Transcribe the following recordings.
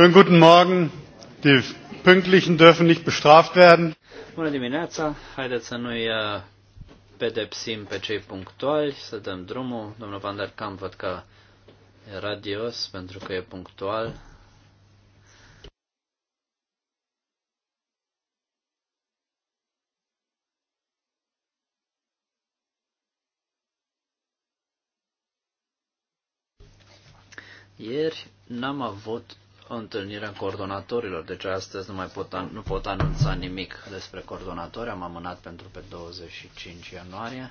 Schönen guten Morgen. Die Pünktlichen dürfen nicht bestraft werden. Bună dimineața. Haideți să nu-i uh, pedepsim pe cei punctuali, să dăm drumul. Domnul Van der Kamp văd că e radios pentru că e punctual. Ieri n-am avut întâlnirea coordonatorilor, deci astăzi nu, mai pot, nu pot anunța nimic despre coordonatori, am amânat pentru pe 25 ianuarie.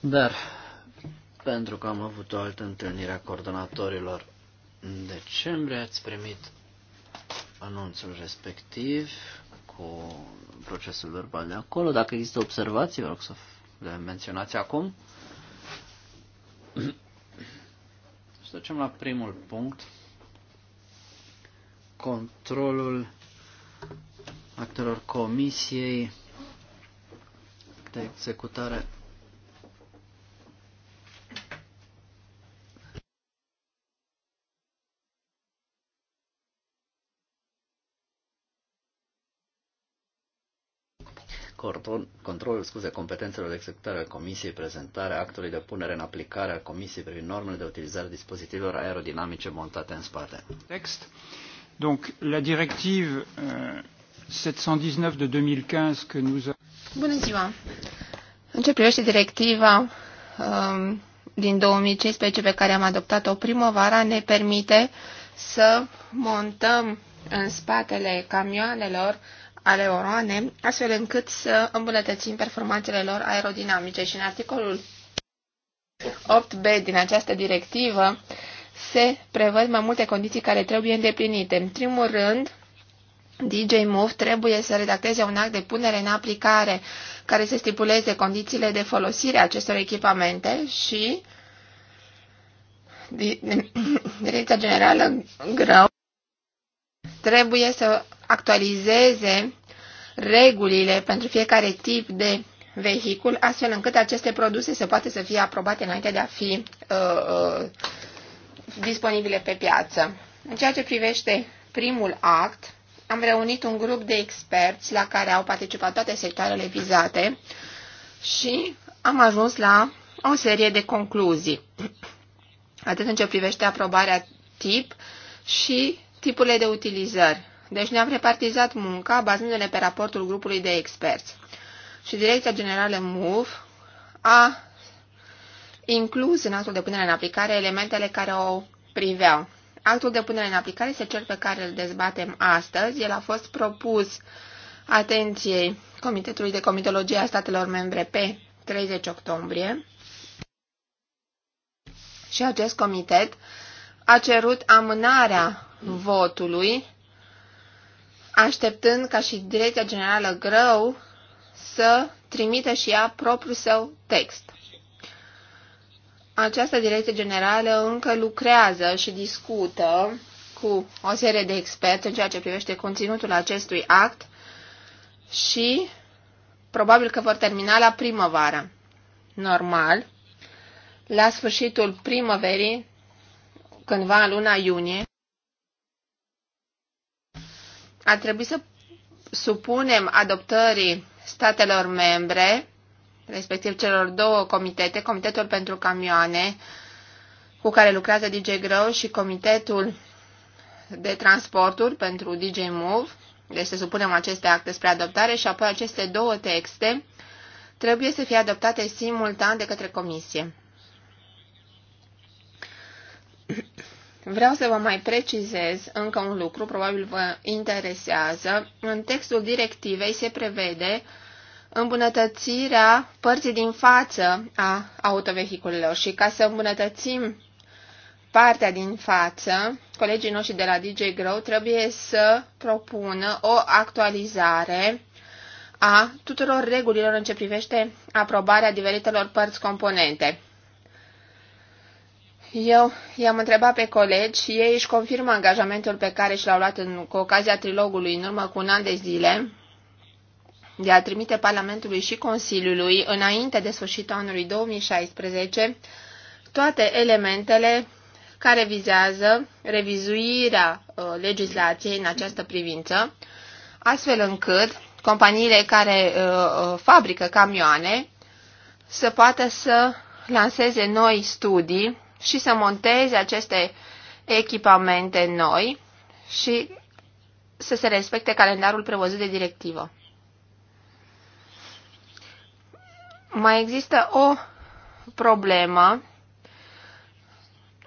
Dar, pentru că am avut o altă întâlnire a coordonatorilor în decembrie, ați primit anunțul respectiv cu procesul verbal de acolo. Dacă există observații, vă rog să le menționați acum. Să ducem la primul punct. Controlul actelor comisiei de executare controlul scuze competențelor de executare al Comisiei, prezentarea actului de punere în aplicare a Comisiei privind normele de utilizare a dispozitivelor aerodinamice montate în spate. Text. Donc, la directive euh, 719 de 2015 que nous a... Bună ziua! În ce privește directiva um, din 2015 pe care am adoptat-o primăvara, ne permite să montăm în spatele camioanelor uh, ale oroane, astfel încât să îmbunătățim performanțele lor aerodinamice. Și în articolul 8b din această directivă se prevăd mai multe condiții care trebuie îndeplinite. În primul rând, DJ Move trebuie să redacteze un act de punere în aplicare care să stipuleze condițiile de folosire a acestor echipamente și Direcția Generală Grău trebuie să actualizeze regulile pentru fiecare tip de vehicul, astfel încât aceste produse să poată să fie aprobate înainte de a fi uh, uh, disponibile pe piață. În ceea ce privește primul act, am reunit un grup de experți la care au participat toate sectoarele vizate și am ajuns la o serie de concluzii, atât în ce privește aprobarea tip și tipurile de utilizări, deci ne-am repartizat munca bazându-ne pe raportul grupului de experți. Și Direcția Generală MUV a inclus în actul de punere în aplicare elementele care o priveau. Actul de punere în aplicare este cel pe care îl dezbatem astăzi. El a fost propus atenției Comitetului de Comitologie a statelor membre pe 30 octombrie și acest comitet a cerut amânarea votului așteptând ca și Direcția Generală Grău să trimite și ea propriul său text. Această direcție generală încă lucrează și discută cu o serie de experți în ceea ce privește conținutul acestui act și probabil că vor termina la primăvară. Normal, la sfârșitul primăverii, cândva în luna iunie, ar trebui să supunem adoptării statelor membre, respectiv celor două comitete, Comitetul pentru Camioane, cu care lucrează DJ Grow și Comitetul de Transporturi pentru DJ Move, deci să supunem aceste acte spre adoptare și apoi aceste două texte trebuie să fie adoptate simultan de către Comisie. Vreau să vă mai precizez încă un lucru, probabil vă interesează. În textul directivei se prevede îmbunătățirea părții din față a autovehiculelor și ca să îmbunătățim partea din față, colegii noștri de la DJ Grow trebuie să propună o actualizare a tuturor regulilor în ce privește aprobarea diferitelor părți componente. Eu i-am întrebat pe colegi și ei își confirmă angajamentul pe care și l-au luat în, cu ocazia trilogului în urmă cu un an de zile de a trimite Parlamentului și Consiliului înainte de sfârșitul anului 2016 toate elementele care vizează revizuirea uh, legislației în această privință, astfel încât companiile care uh, uh, fabrică camioane să poată să lanseze noi studii și să monteze aceste echipamente noi și să se respecte calendarul prevăzut de directivă. Mai există o problemă,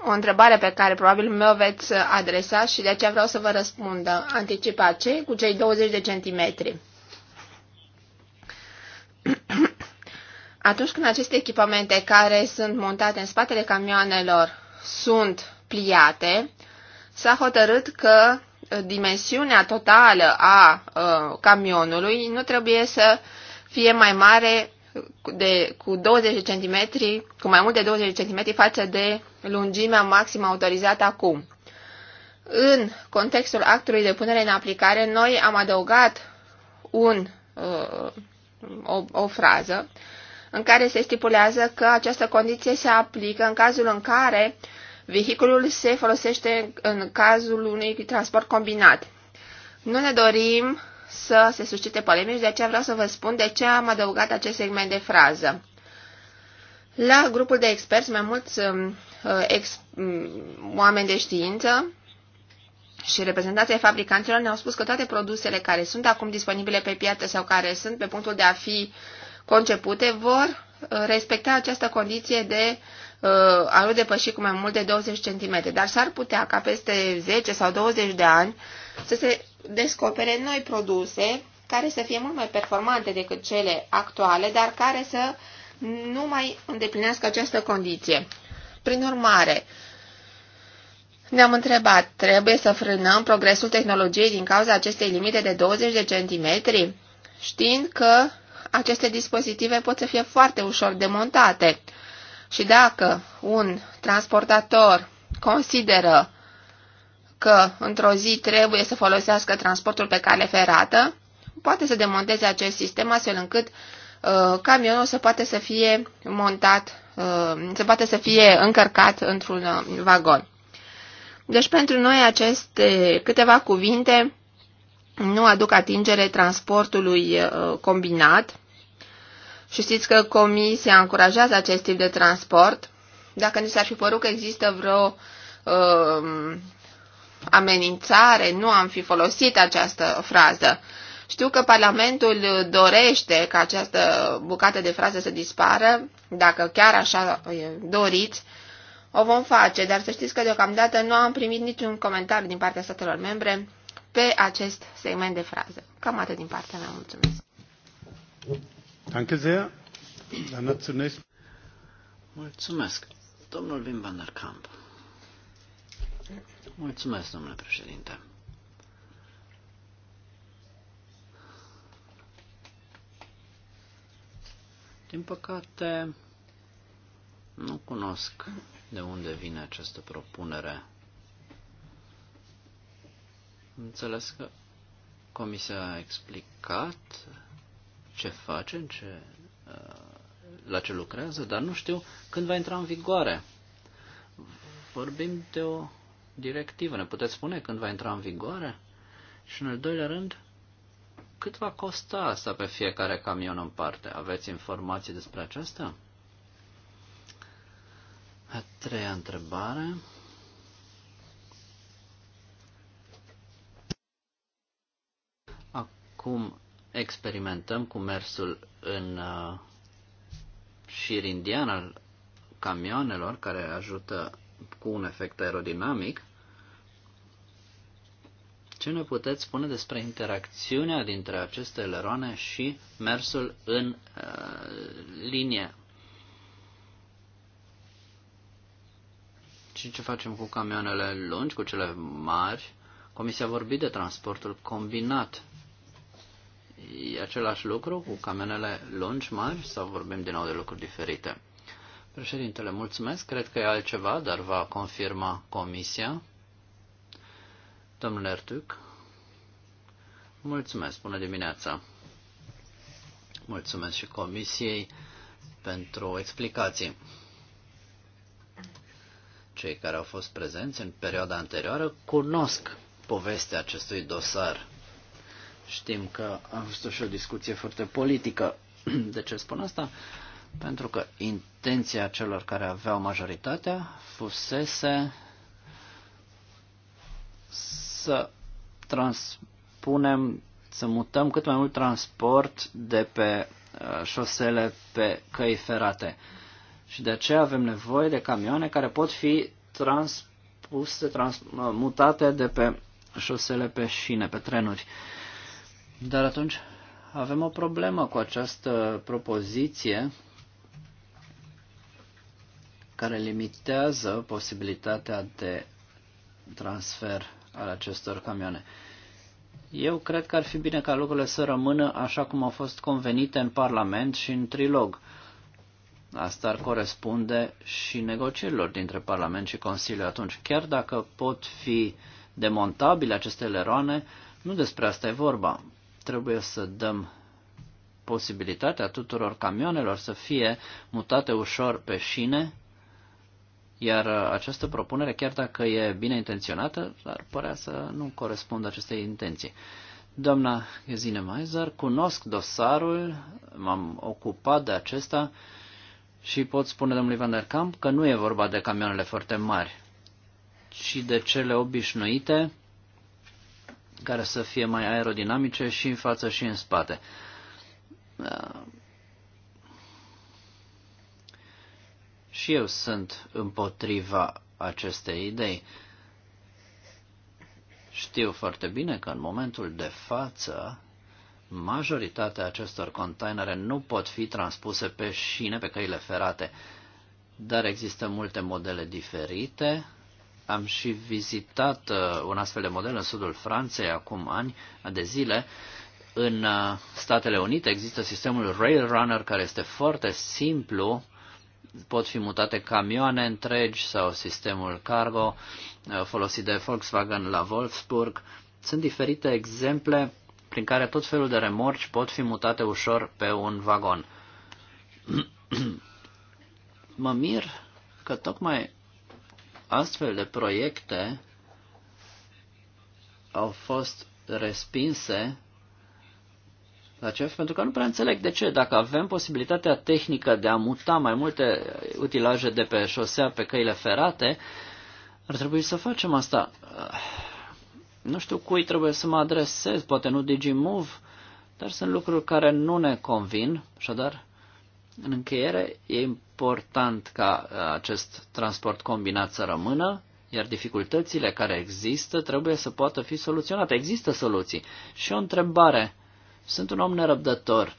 o întrebare pe care probabil mi-o veți adresa și de aceea vreau să vă răspund anticipat. Ce cu cei 20 de centimetri? Atunci când aceste echipamente care sunt montate în spatele camioanelor sunt pliate, s-a hotărât că uh, dimensiunea totală a uh, camionului nu trebuie să fie mai mare de, cu 20 cm, cu mai mult de 20 cm față de lungimea maximă autorizată acum. În contextul actului de punere în aplicare, noi am adăugat un, uh, o, o frază în care se stipulează că această condiție se aplică în cazul în care vehiculul se folosește în cazul unui transport combinat. Nu ne dorim să se suscite polemici, de aceea vreau să vă spun de ce am adăugat acest segment de frază. La grupul de experți, mai mulți um, uh, ex, um, oameni de știință și reprezentanții fabricanților ne-au spus că toate produsele care sunt acum disponibile pe piață sau care sunt pe punctul de a fi concepute vor uh, respecta această condiție de uh, a nu depăși cu mai mult de 20 cm. Dar s-ar putea ca peste 10 sau 20 de ani să se descopere noi produse care să fie mult mai performante decât cele actuale, dar care să nu mai îndeplinească această condiție. Prin urmare, ne-am întrebat, trebuie să frânăm progresul tehnologiei din cauza acestei limite de 20 de centimetri? Știind că aceste dispozitive pot să fie foarte ușor demontate. Și dacă un transportator consideră că într-o zi trebuie să folosească transportul pe cale ferată, poate să demonteze acest sistem astfel încât uh, camionul să poate să fie montat, uh, să poate să fie încărcat într-un uh, vagon. Deci pentru noi aceste câteva cuvinte nu aduc atingere transportului uh, combinat, și știți că comisia încurajează acest tip de transport. Dacă ni s-ar fi părut că există vreo uh, amenințare, nu am fi folosit această frază. Știu că Parlamentul dorește ca această bucată de frază să dispară, dacă chiar așa doriți, o vom face, dar să știți că deocamdată nu am primit niciun comentariu din partea statelor membre pe acest segment de frază. Cam atât din partea mea, mulțumesc. Danke sehr. Dann hat zunächst... Mulțumesc. Domnul Wim van der Kamp. Mulțumesc, domnule președinte. Din păcate, nu cunosc de unde vine această propunere. Înțeles că Comisia a explicat ce face, în ce, uh, la ce lucrează, dar nu știu când va intra în vigoare. Vorbim de o directivă. Ne puteți spune când va intra în vigoare? Și în al doilea rând, cât va costa asta pe fiecare camion în parte? Aveți informații despre aceasta? A treia întrebare. Acum experimentăm cu mersul în uh, șir indian al camioanelor care ajută cu un efect aerodinamic. Ce ne puteți spune despre interacțiunea dintre aceste eleroane și mersul în uh, linie? Și ce facem cu camioanele lungi, cu cele mari? Comisia a vorbit de transportul combinat E același lucru cu camenele lungi, mari sau vorbim din nou de lucruri diferite? Președintele, mulțumesc. Cred că e altceva, dar va confirma comisia. Domnule Ertuc, mulțumesc. Bună dimineața. Mulțumesc și comisiei pentru explicații. Cei care au fost prezenți în perioada anterioară cunosc povestea acestui dosar. Știm că a fost și o discuție foarte politică. De ce spun asta? Pentru că intenția celor care aveau majoritatea fusese să transpunem, să mutăm cât mai mult transport de pe uh, șosele pe căi ferate. Și de aceea avem nevoie de camioane care pot fi transpuse, trans, uh, mutate de pe șosele pe șine, pe trenuri. Uh, dar atunci avem o problemă cu această propoziție care limitează posibilitatea de transfer al acestor camioane. Eu cred că ar fi bine ca lucrurile să rămână așa cum au fost convenite în Parlament și în trilog. Asta ar corespunde și negocierilor dintre Parlament și Consiliu atunci. Chiar dacă pot fi demontabile aceste leroane, nu despre asta e vorba. Trebuie să dăm posibilitatea tuturor camioanelor să fie mutate ușor pe șine, iar uh, această propunere, chiar dacă e bine intenționată, ar părea să nu corespundă acestei intenții. Doamna Gesine Meiser, cunosc dosarul, m-am ocupat de acesta și pot spune domnului Van der Kamp că nu e vorba de camioanele foarte mari, ci de cele obișnuite, care să fie mai aerodinamice și în față și în spate. Și eu sunt împotriva acestei idei. Știu foarte bine că în momentul de față majoritatea acestor containere nu pot fi transpuse pe șine, pe căile ferate, dar există multe modele diferite am și vizitat uh, un astfel de model în sudul Franței acum ani de zile. În uh, Statele Unite există sistemul Rail Runner care este foarte simplu, pot fi mutate camioane întregi sau sistemul cargo uh, folosit de Volkswagen la Wolfsburg. Sunt diferite exemple prin care tot felul de remorci pot fi mutate ușor pe un vagon. mă mir că tocmai astfel de proiecte au fost respinse la ce pentru că nu prea înțeleg de ce. Dacă avem posibilitatea tehnică de a muta mai multe utilaje de pe șosea pe căile ferate, ar trebui să facem asta. Nu știu cui trebuie să mă adresez, poate nu DigiMove, dar sunt lucruri care nu ne convin, așadar în încheiere, e important ca uh, acest transport combinat să rămână, iar dificultățile care există trebuie să poată fi soluționate. Există soluții. Și o întrebare. Sunt un om nerăbdător.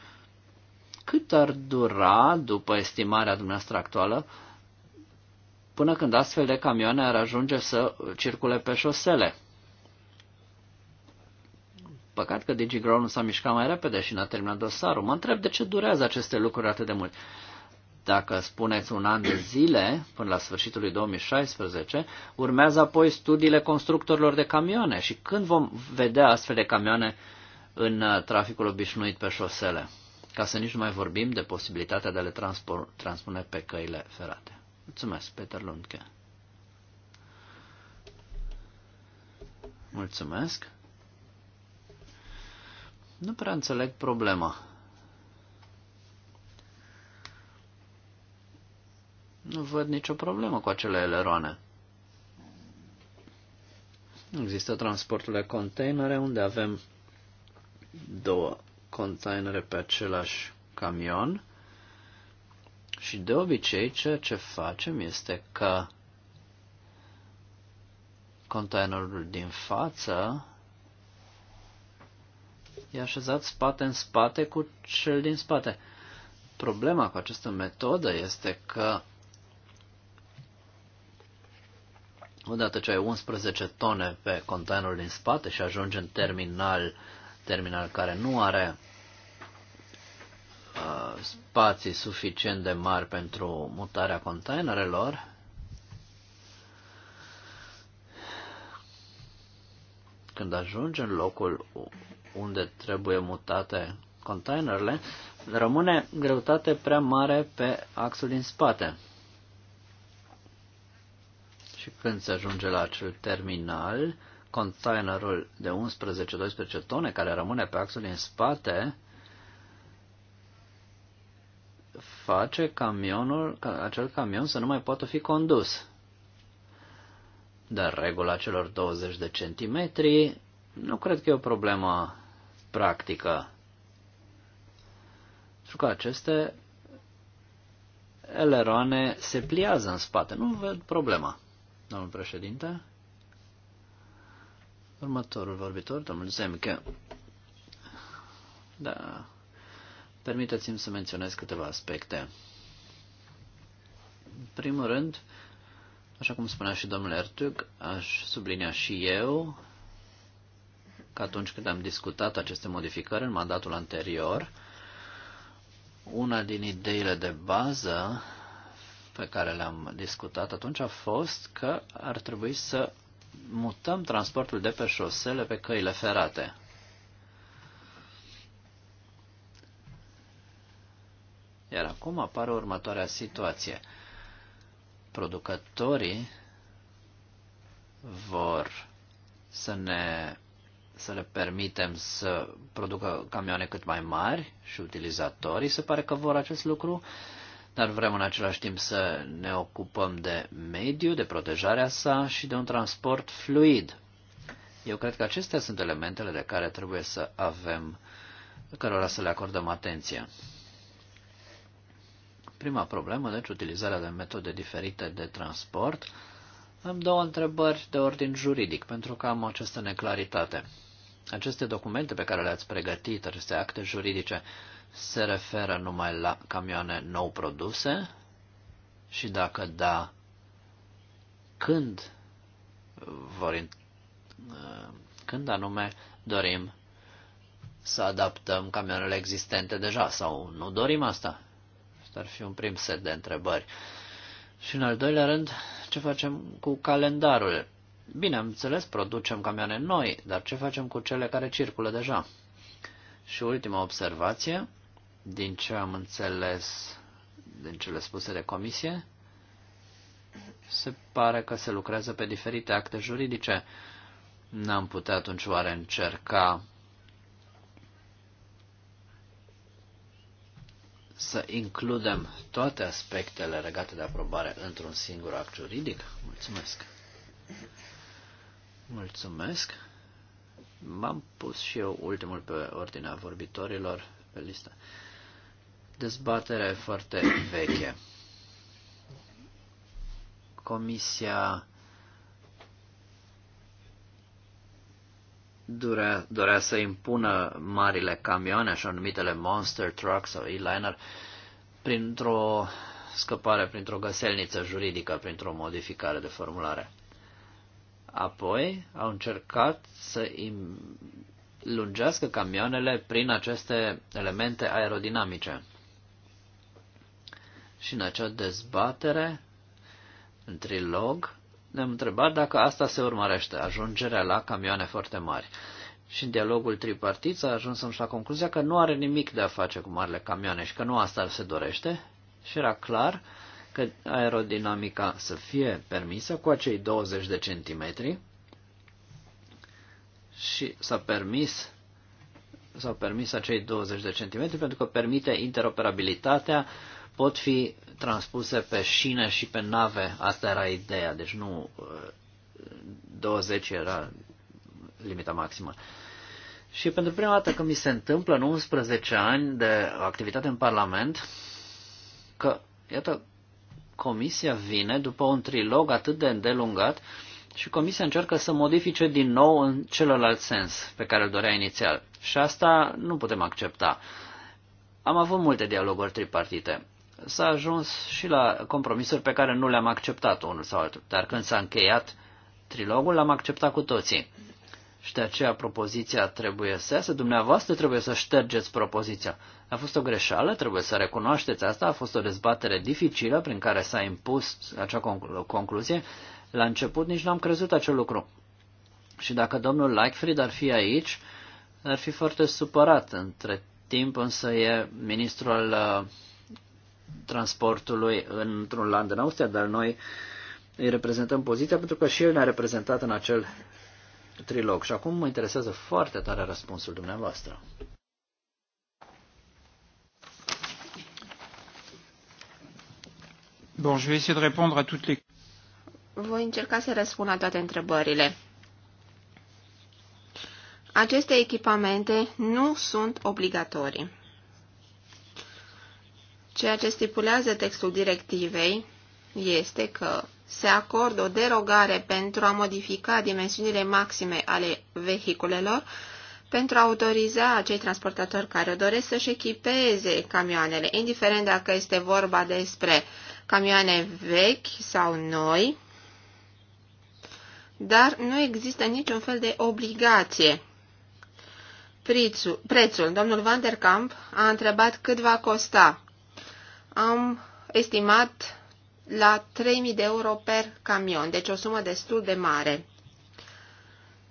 Cât ar dura, după estimarea dumneavoastră actuală, până când astfel de camioane ar ajunge să circule pe șosele? Păcat că grow nu s-a mișcat mai repede și n-a terminat dosarul. Mă întreb de ce durează aceste lucruri atât de mult. Dacă spuneți un an de zile, până la sfârșitul lui 2016, urmează apoi studiile constructorilor de camioane și când vom vedea astfel de camioane în uh, traficul obișnuit pe șosele, ca să nici nu mai vorbim de posibilitatea de a le transpune pe căile ferate. Mulțumesc, Peter Lundke. Mulțumesc. Nu prea înțeleg problema. Nu văd nicio problemă cu acele eleroane. Există transporturile containere unde avem două containere pe același camion și de obicei ceea ce facem este că containerul din față e așezat spate în spate cu cel din spate. Problema cu această metodă este că odată ce ai 11 tone pe containerul din spate și ajungi în terminal, terminal care nu are uh, spații suficient de mari pentru mutarea containerelor, când ajungi în locul unde trebuie mutate containerele, rămâne greutate prea mare pe axul din spate. Și când se ajunge la acel terminal, containerul de 11-12 tone care rămâne pe axul din spate face camionul, acel camion să nu mai poată fi condus. Dar regula celor 20 de centimetri nu cred că e o problemă practică. Pentru că aceste eleroane se pliază în spate. Nu văd problema, domnul președinte. Următorul vorbitor, domnul Zemke. Da. Permiteți-mi să menționez câteva aspecte. În primul rând, așa cum spunea și domnul Ertug, aș sublinia și eu că atunci când am discutat aceste modificări în mandatul anterior, una din ideile de bază pe care le-am discutat atunci a fost că ar trebui să mutăm transportul de pe șosele pe căile ferate. Iar acum apare următoarea situație. Producătorii vor să ne să le permitem să producă camioane cât mai mari și utilizatorii se pare că vor acest lucru, dar vrem în același timp să ne ocupăm de mediu, de protejarea sa și de un transport fluid. Eu cred că acestea sunt elementele de care trebuie să avem, cărora să le acordăm atenție. Prima problemă, deci utilizarea de metode diferite de transport, am două întrebări de ordin juridic, pentru că am această neclaritate. Aceste documente pe care le-ați pregătit, aceste acte juridice, se referă numai la camioane nou produse? Și dacă da, când vor, când anume dorim să adaptăm camioanele existente deja sau nu dorim asta? Asta ar fi un prim set de întrebări. Și în al doilea rând, ce facem cu calendarul? Bine, am înțeles, producem camioane noi, dar ce facem cu cele care circulă deja? Și ultima observație, din ce am înțeles din cele spuse de comisie, se pare că se lucrează pe diferite acte juridice. N-am putea atunci oare încerca să includem toate aspectele legate de aprobare într-un singur act juridic? Mulțumesc! Mulțumesc! M-am pus și eu ultimul pe ordinea vorbitorilor pe listă. e foarte veche. Comisia durea, dorea să impună marile camioane, așa numitele monster trucks sau e-liner, printr-o scăpare, printr-o găselniță juridică, printr-o modificare de formulare. Apoi au încercat să lungească camioanele prin aceste elemente aerodinamice. Și în acea dezbatere, în trilog, ne-am întrebat dacă asta se urmărește, ajungerea la camioane foarte mari. Și în dialogul tripartit s-a ajuns și la concluzia că nu are nimic de a face cu marile camioane și că nu asta se dorește și era clar că aerodinamica să fie permisă cu acei 20 de centimetri și s-a permis s-au permis acei 20 de centimetri pentru că permite interoperabilitatea, pot fi transpuse pe șine și pe nave. Asta era ideea, deci nu 20 uh, era limita maximă. Și pentru prima dată când mi se întâmplă în 11 ani de activitate în Parlament, că, iată, Comisia vine după un trilog atât de îndelungat și Comisia încearcă să modifice din nou în celălalt sens pe care îl dorea inițial. Și asta nu putem accepta. Am avut multe dialoguri tripartite s-a ajuns și la compromisuri pe care nu le-am acceptat unul sau altul, dar când s-a încheiat trilogul, l-am acceptat cu toții. Și de aceea propoziția trebuie să iasă, dumneavoastră trebuie să ștergeți propoziția. A fost o greșeală, trebuie să recunoașteți asta, a fost o dezbatere dificilă prin care s-a impus acea conclu- concluzie. La început nici n-am crezut acel lucru. Și dacă domnul Lightfried ar fi aici, ar fi foarte supărat. Între timp însă e ministrul uh, transportului într-un land în Austria, dar noi îi reprezentăm poziția pentru că și el ne-a reprezentat în acel trilog. Și acum mă interesează foarte tare răspunsul dumneavoastră. Bon, je vais essayer de répondre à toutes les... Voi încerca să răspund la toate întrebările. Aceste echipamente nu sunt obligatorii. Ceea ce stipulează textul directivei este că se acordă o derogare pentru a modifica dimensiunile maxime ale vehiculelor pentru a autoriza acei transportatori care doresc să-și echipeze camioanele, indiferent dacă este vorba despre camioane vechi sau noi, dar nu există niciun fel de obligație. Prețul, prețul domnul Vanderkamp, a întrebat cât va costa am estimat la 3.000 de euro per camion, deci o sumă destul de mare.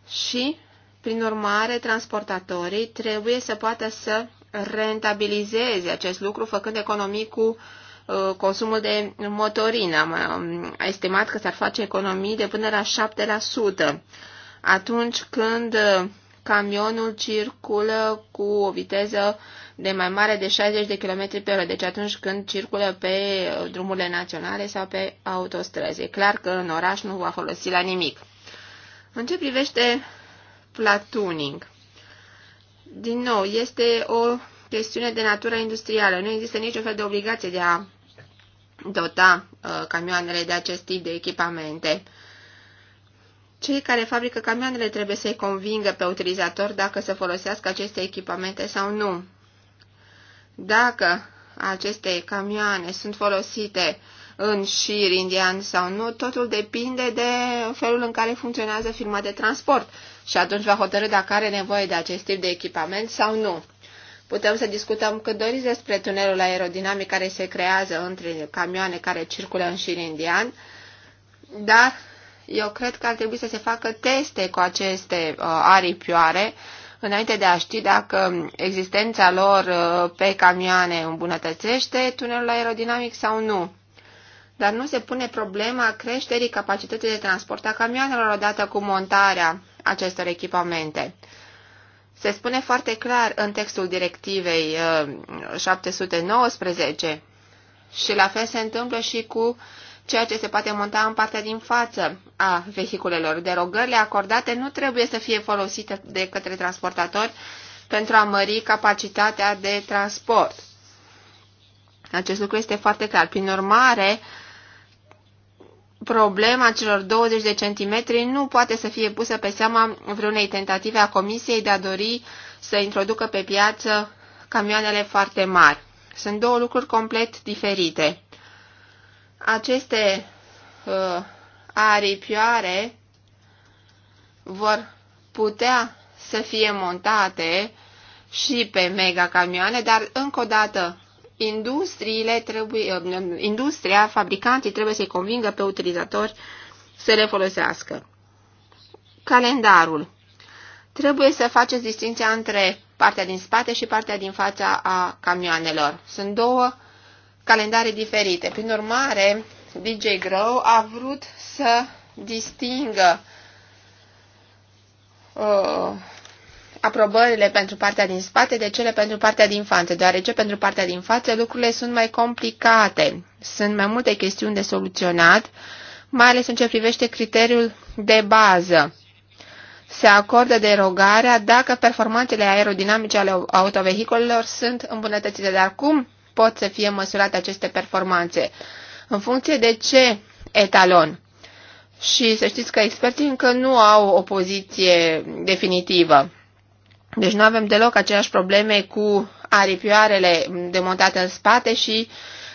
Și, prin urmare, transportatorii trebuie să poată să rentabilizeze acest lucru, făcând economii cu uh, consumul de motorină. Am estimat că s-ar face economii de până la 7% atunci când uh, camionul circulă cu o viteză de mai mare de 60 de km pe oră, deci atunci când circulă pe uh, drumurile naționale sau pe autostrăzi. E clar că în oraș nu va folosi la nimic. În ce privește platooning? Din nou, este o chestiune de natură industrială. Nu există niciun fel de obligație de a dota uh, camioanele de acest tip de echipamente. Cei care fabrică camioanele trebuie să-i convingă pe utilizator dacă să folosească aceste echipamente sau nu. Dacă aceste camioane sunt folosite în șir indian sau nu, totul depinde de felul în care funcționează firma de transport și atunci va hotărâ dacă are nevoie de acest tip de echipament sau nu. Putem să discutăm cât doriți despre tunelul aerodinamic care se creează între camioane care circulă în șir indian, dar eu cred că ar trebui să se facă teste cu aceste uh, aripioare înainte de a ști dacă existența lor uh, pe camioane îmbunătățește tunelul aerodinamic sau nu. Dar nu se pune problema creșterii capacității de transport a camioanelor odată cu montarea acestor echipamente. Se spune foarte clar în textul directivei 719 uh, și la fel se întâmplă și cu uh, ceea ce se poate monta în partea din față a vehiculelor. Derogările acordate nu trebuie să fie folosite de către transportatori pentru a mări capacitatea de transport. Acest lucru este foarte clar. Prin urmare, problema celor 20 de centimetri nu poate să fie pusă pe seama vreunei tentative a Comisiei de a dori să introducă pe piață camioanele foarte mari. Sunt două lucruri complet diferite. Aceste uh, aripioare vor putea să fie montate și pe megacamioane, dar încă o dată industriile trebuie, uh, industria, fabricanții trebuie să-i convingă pe utilizatori să le folosească. Calendarul. Trebuie să faceți distinția între partea din spate și partea din fața a camioanelor. Sunt două calendare diferite. Prin urmare, DJ Grow a vrut să distingă uh, aprobările pentru partea din spate de cele pentru partea din față, deoarece pentru partea din față lucrurile sunt mai complicate. Sunt mai multe chestiuni de soluționat, mai ales în ce privește criteriul de bază. Se acordă derogarea dacă performanțele aerodinamice ale autovehicolelor sunt îmbunătățite, dar cum pot să fie măsurate aceste performanțe? În funcție de ce etalon? Și să știți că experții încă nu au o poziție definitivă. Deci nu avem deloc aceleași probleme cu aripioarele demontate în spate și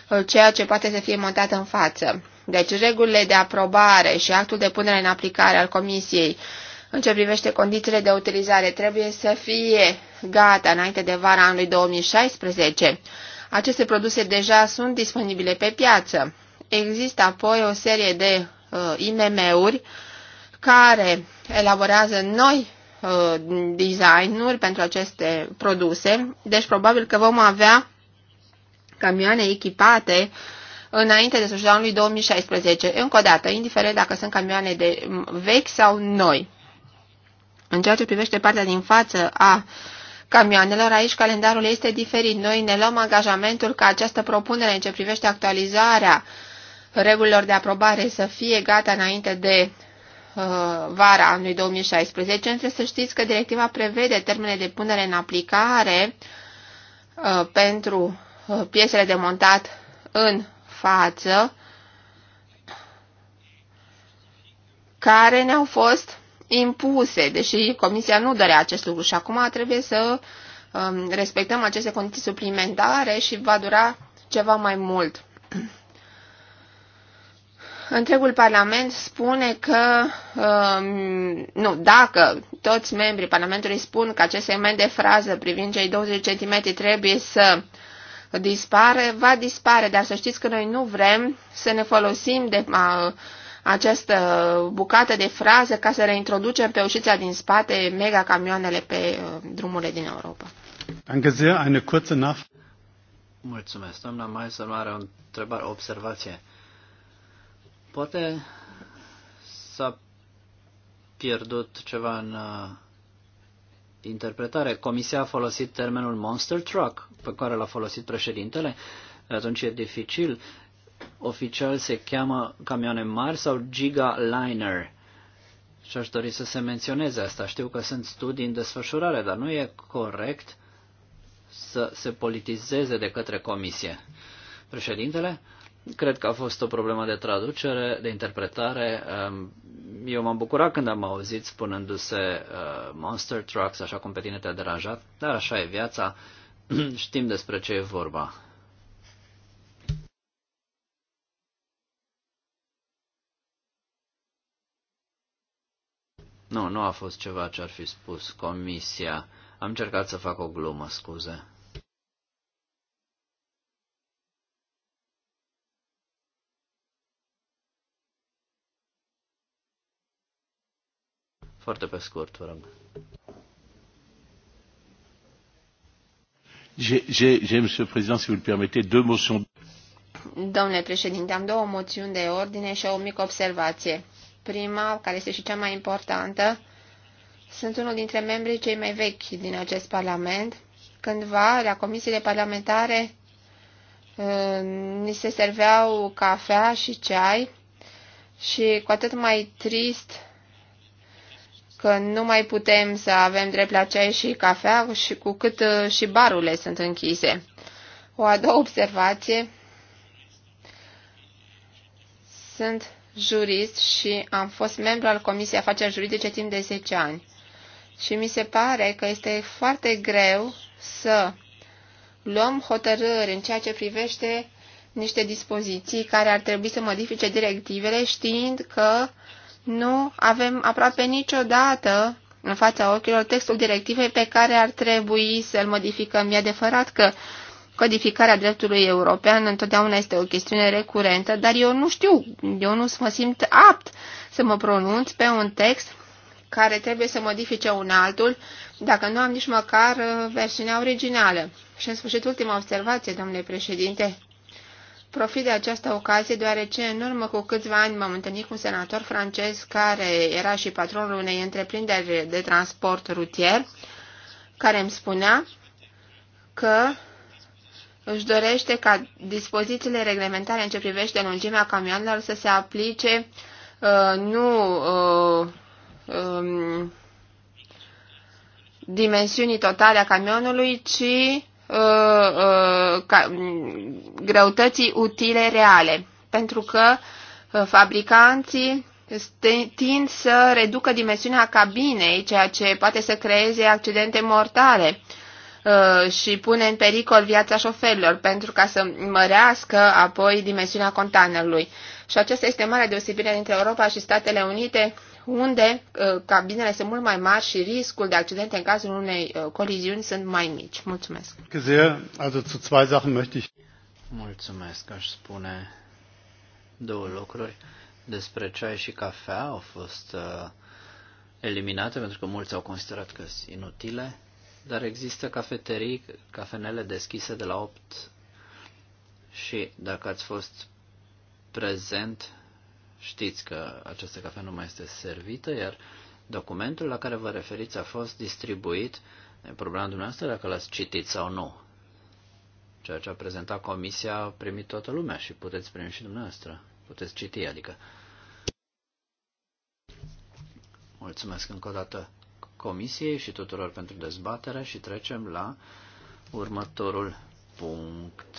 uh, ceea ce poate să fie montat în față. Deci regulile de aprobare și actul de punere în aplicare al comisiei în ce privește condițiile de utilizare trebuie să fie gata înainte de vara anului 2016. Aceste produse deja sunt disponibile pe piață. Există apoi o serie de uh, IMM-uri care elaborează noi uh, designuri pentru aceste produse, deci probabil că vom avea camioane echipate înainte de sfârșitul anului 2016, încă o dată, indiferent dacă sunt camioane de vechi sau noi. În ceea ce privește partea din față a uh, camioanelor. Aici calendarul este diferit. Noi ne luăm angajamentul ca această propunere în ce privește actualizarea regulilor de aprobare să fie gata înainte de uh, vara anului 2016, însă să știți că directiva prevede termene de punere în aplicare uh, pentru uh, piesele de montat în față, care ne-au fost impuse, deși Comisia nu dorea acest lucru și acum trebuie să um, respectăm aceste condiții suplimentare și va dura ceva mai mult. Întregul Parlament spune că, um, nu, dacă toți membrii Parlamentului spun că acest segment de frază privind cei 20 cm trebuie să dispare, va dispare, dar să știți că noi nu vrem să ne folosim de această bucată de frază ca să reintroducem pe ușița din spate mega camioanele pe uh, drumurile din Europa. Danke sehr, eine kurze Nach Mulțumesc, doamna Meiser, are o întrebare, o observație. Poate s-a pierdut ceva în uh, interpretare. Comisia a folosit termenul monster truck pe care l-a folosit președintele. Atunci e dificil oficial se cheamă camioane mari sau gigaliner. Și aș dori să se menționeze asta. Știu că sunt studii în desfășurare, dar nu e corect să se politizeze de către comisie. Președintele, cred că a fost o problemă de traducere, de interpretare. Eu m-am bucurat când am auzit spunându-se uh, Monster Trucks, așa cum pe tine te-a deranjat, dar așa e viața, știm despre ce e vorba. Nu, nu a fost ceva ce ar fi spus comisia. Am încercat să fac o glumă, scuze. Foarte pe scurt, vă rog. J'ai, Monsieur le Président, si vous le permettez, deux motions. Domnule președinte, am două moțiuni de ordine și o mică observație prima, care este și cea mai importantă. Sunt unul dintre membrii cei mai vechi din acest Parlament. Cândva, la comisiile parlamentare, uh, ni se serveau cafea și ceai și cu atât mai trist că nu mai putem să avem drept la ceai și cafea și cu cât uh, și barurile sunt închise. O a doua observație sunt jurist și am fost membru al Comisiei Afaceri Juridice timp de 10 ani. Și mi se pare că este foarte greu să luăm hotărâri în ceea ce privește niște dispoziții care ar trebui să modifice directivele știind că nu avem aproape niciodată în fața ochilor textul directivei pe care ar trebui să-l modificăm. E adevărat că codificarea dreptului european întotdeauna este o chestiune recurentă, dar eu nu știu, eu nu mă simt apt să mă pronunț pe un text care trebuie să modifice un altul, dacă nu am nici măcar uh, versiunea originală. Și în sfârșit, ultima observație, domnule președinte. Profit de această ocazie, deoarece în urmă cu câțiva ani m-am întâlnit cu un senator francez care era și patronul unei întreprinderi de transport rutier, care îmi spunea că își dorește ca dispozițiile reglementare în ce privește lungimea camioanelor să se aplice uh, nu uh, um, dimensiunii totale a camionului, ci uh, uh, ca, um, greutății utile reale, pentru că uh, fabricanții tind să reducă dimensiunea cabinei, ceea ce poate să creeze accidente mortale Uh, și pune în pericol viața șoferilor pentru ca să mărească apoi dimensiunea containerului. Și aceasta este mare deosebire dintre Europa și Statele Unite, unde uh, cabinele sunt mult mai mari și riscul de accidente în cazul unei uh, coliziuni sunt mai mici. Mulțumesc. Mulțumesc, aș spune două lucruri. Despre ceai și cafea au fost uh, eliminate pentru că mulți au considerat că sunt inutile dar există cafeterii, cafenele deschise de la 8 și dacă ați fost prezent, știți că această cafea nu mai este servită, iar documentul la care vă referiți a fost distribuit, e problema dumneavoastră dacă l-ați citit sau nu. Ceea ce a prezentat comisia a primit toată lumea și puteți primi și dumneavoastră. Puteți citi, adică. Mulțumesc încă o dată Comisiei și tuturor pentru dezbatere și trecem la următorul punct.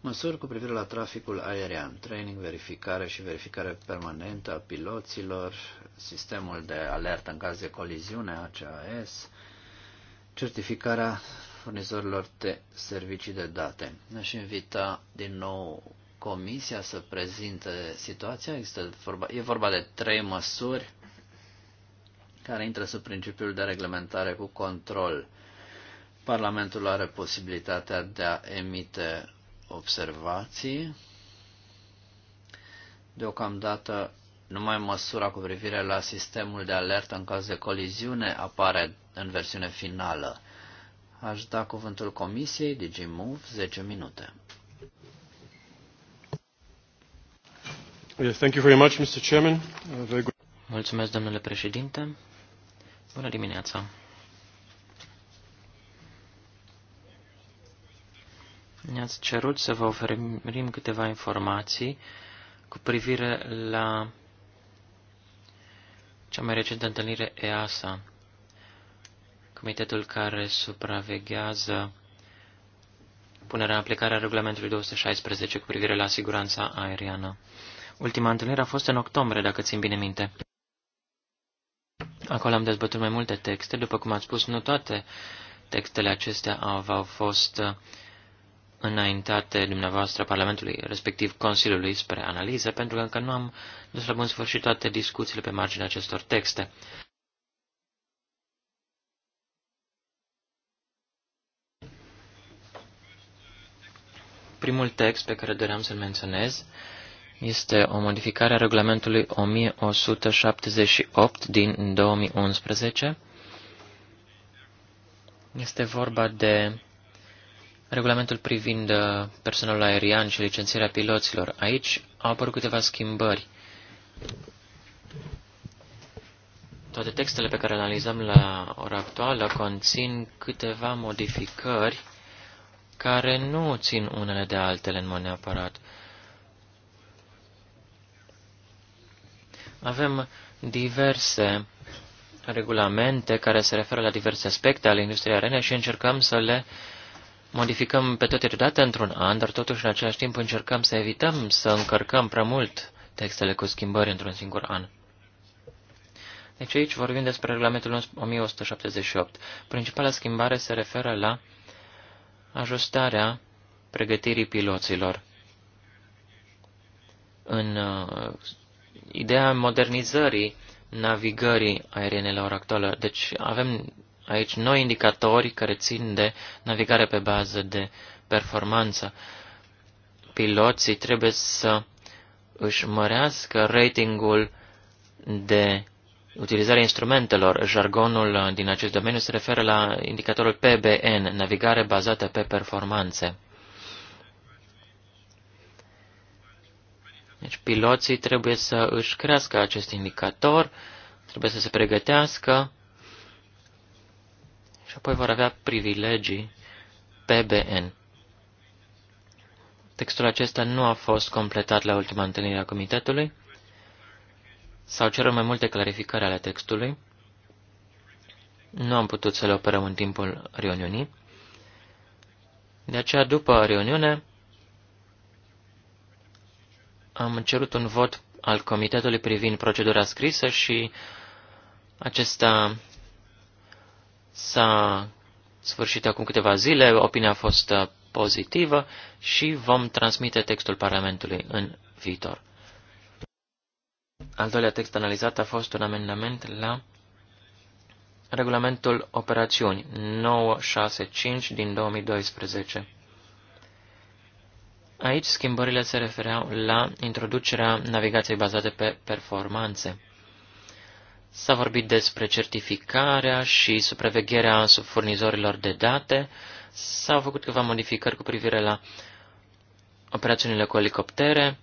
Măsuri cu privire la traficul aerian, training, verificare și verificare permanentă a piloților, sistemul de alertă în caz de coliziune ACAS, certificarea furnizorilor de servicii de date. Aș invita din nou Comisia să prezinte situația. Există vorba, e vorba de trei măsuri care intră sub principiul de reglementare cu control. Parlamentul are posibilitatea de a emite observații. Deocamdată numai măsura cu privire la sistemul de alertă în caz de coliziune apare în versiune finală. Aș da cuvântul Comisiei DigiMove 10 minute. Uh, Mulțumesc, domnule președinte. Bună dimineața. Ne-ați cerut să vă oferim câteva informații cu privire la cea mai recentă întâlnire EASA, comitetul care supraveghează punerea în aplicare a regulamentului 216 cu privire la siguranța aeriană. Ultima întâlnire a fost în octombrie, dacă țin bine minte. Acolo am dezbătut mai multe texte. După cum ați spus, nu toate textele acestea au fost uh, înaintate dumneavoastră Parlamentului, respectiv Consiliului, spre analiză, pentru că încă nu am dus la bun sfârșit toate discuțiile pe marginea acestor texte. Primul text pe care doream să-l menționez este o modificare a regulamentului 1178 din 2011. Este vorba de regulamentul privind uh, personalul aerian și licențierea piloților. Aici au apărut câteva schimbări. Toate textele pe care le analizăm la ora actuală conțin câteva modificări care nu țin unele de altele în mod neapărat. Avem diverse regulamente care se referă la diverse aspecte ale industriei arene și încercăm să le modificăm pe toate deodată într-un an, dar totuși în același timp încercăm să evităm să încărcăm prea mult textele cu schimbări într-un singur an. Deci aici vorbim despre regulamentul 1178. Principala schimbare se referă la ajustarea pregătirii piloților în uh, ideea modernizării navigării aerienelor actuale. Deci avem aici noi indicatori care țin de navigare pe bază de performanță. Piloții trebuie să își mărească ratingul de utilizarea instrumentelor. Jargonul din acest domeniu se referă la indicatorul PBN, navigare bazată pe performanțe. Deci piloții trebuie să își crească acest indicator, trebuie să se pregătească și apoi vor avea privilegii PBN. Textul acesta nu a fost completat la ultima întâlnire a comitetului. S-au cerut mai multe clarificări ale textului. Nu am putut să le operăm în timpul reuniunii. De aceea, după reuniune, am cerut un vot al comitetului privind procedura scrisă și acesta s-a sfârșit acum câteva zile, opinia a fost uh, pozitivă și vom transmite textul Parlamentului în viitor. Al doilea text analizat a fost un amendament la regulamentul operațiuni 965 din 2012. Aici schimbările se refereau la introducerea navigației bazate pe performanțe. S-a vorbit despre certificarea și supravegherea furnizorilor de date, s-au făcut câteva modificări cu privire la operațiunile cu elicoptere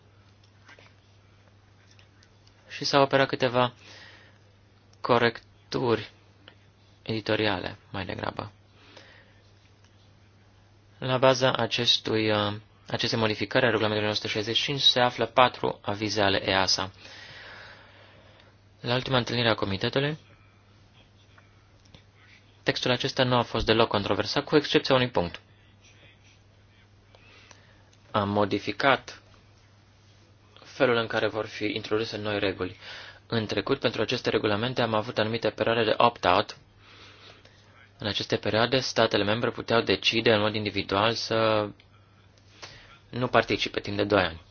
și s-au operat câteva corecturi editoriale, mai degrabă. La baza acestui uh, aceste modificări a regulamentului 165 se află patru avize ale EASA. La ultima întâlnire a comitetului, textul acesta nu a fost deloc controversat, cu excepția unui punct. Am modificat felul în care vor fi introduse noi reguli. În trecut, pentru aceste regulamente am avut anumite perioade de opt-out. În aceste perioade, statele membre puteau decide în mod individual să nu participe timp de doi ani.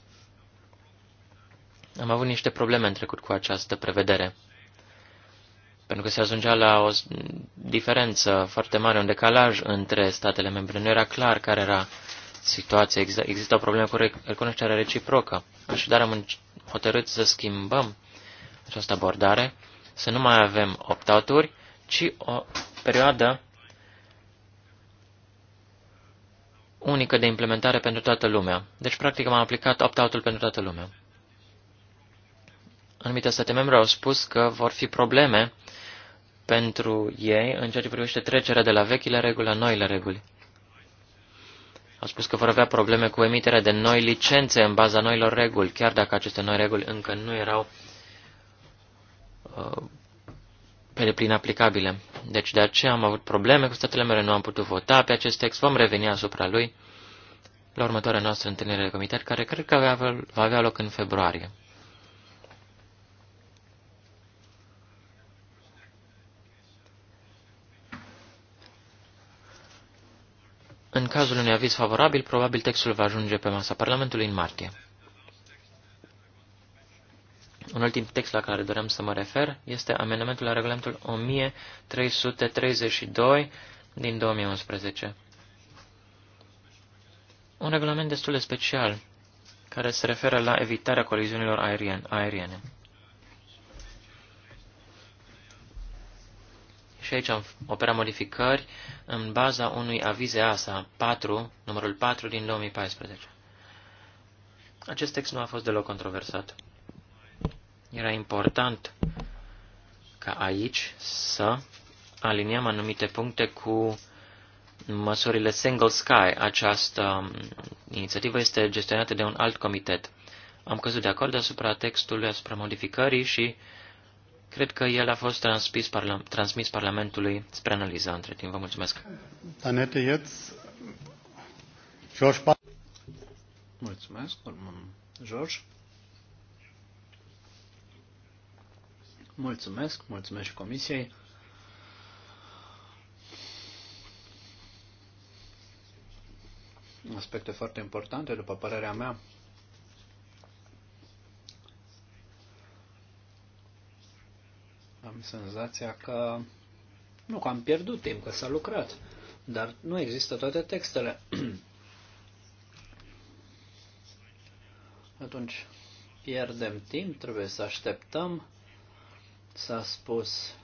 Am avut niște probleme în trecut cu această prevedere, pentru că se ajungea la o diferență foarte mare, un decalaj între statele membre. Nu era clar care era situația, există o problemă cu recunoașterea reciprocă. Așadar am hotărât să schimbăm această abordare, să nu mai avem opt outuri ci o perioadă unică de implementare pentru toată lumea. Deci, practic, am aplicat opt-out-ul pentru toată lumea. Anumite state membre au spus că vor fi probleme pentru ei în ceea ce privește trecerea de la vechile reguli la noile reguli. Au spus că vor avea probleme cu emiterea de noi licențe în baza noilor reguli, chiar dacă aceste noi reguli încă nu erau uh, pe deplin aplicabile. Deci de aceea am avut probleme cu statele mele, nu am putut vota pe acest text, vom reveni asupra lui la următoarea noastră întâlnire de comitet, care cred că va avea loc în februarie. În cazul unui aviz favorabil, probabil textul va ajunge pe masa Parlamentului în martie. Un ultim text la care doream să mă refer este amendamentul la regulamentul 1332 din 2011. Un regulament destul de special care se referă la evitarea coliziunilor aeriene. Și aici am operat modificări în baza unui avize ASA 4, numărul 4 din 2014. Acest text nu a fost deloc controversat. Era important ca aici să aliniem anumite puncte cu măsurile Single Sky. Această um, inițiativă este gestionată de un alt comitet. Am căzut de acord asupra textului, asupra modificării și cred că el a fost transmis, parla- transmis Parlamentului spre analiză între timp. Vă mulțumesc. Danete, jetzt George Mulțumesc, George. Mulțumesc, mulțumesc și comisiei. Aspecte foarte importante, după părerea mea. Am senzația că nu că am pierdut timp, că s-a lucrat, dar nu există toate textele. Atunci pierdem timp, trebuie să așteptăm. S-a spus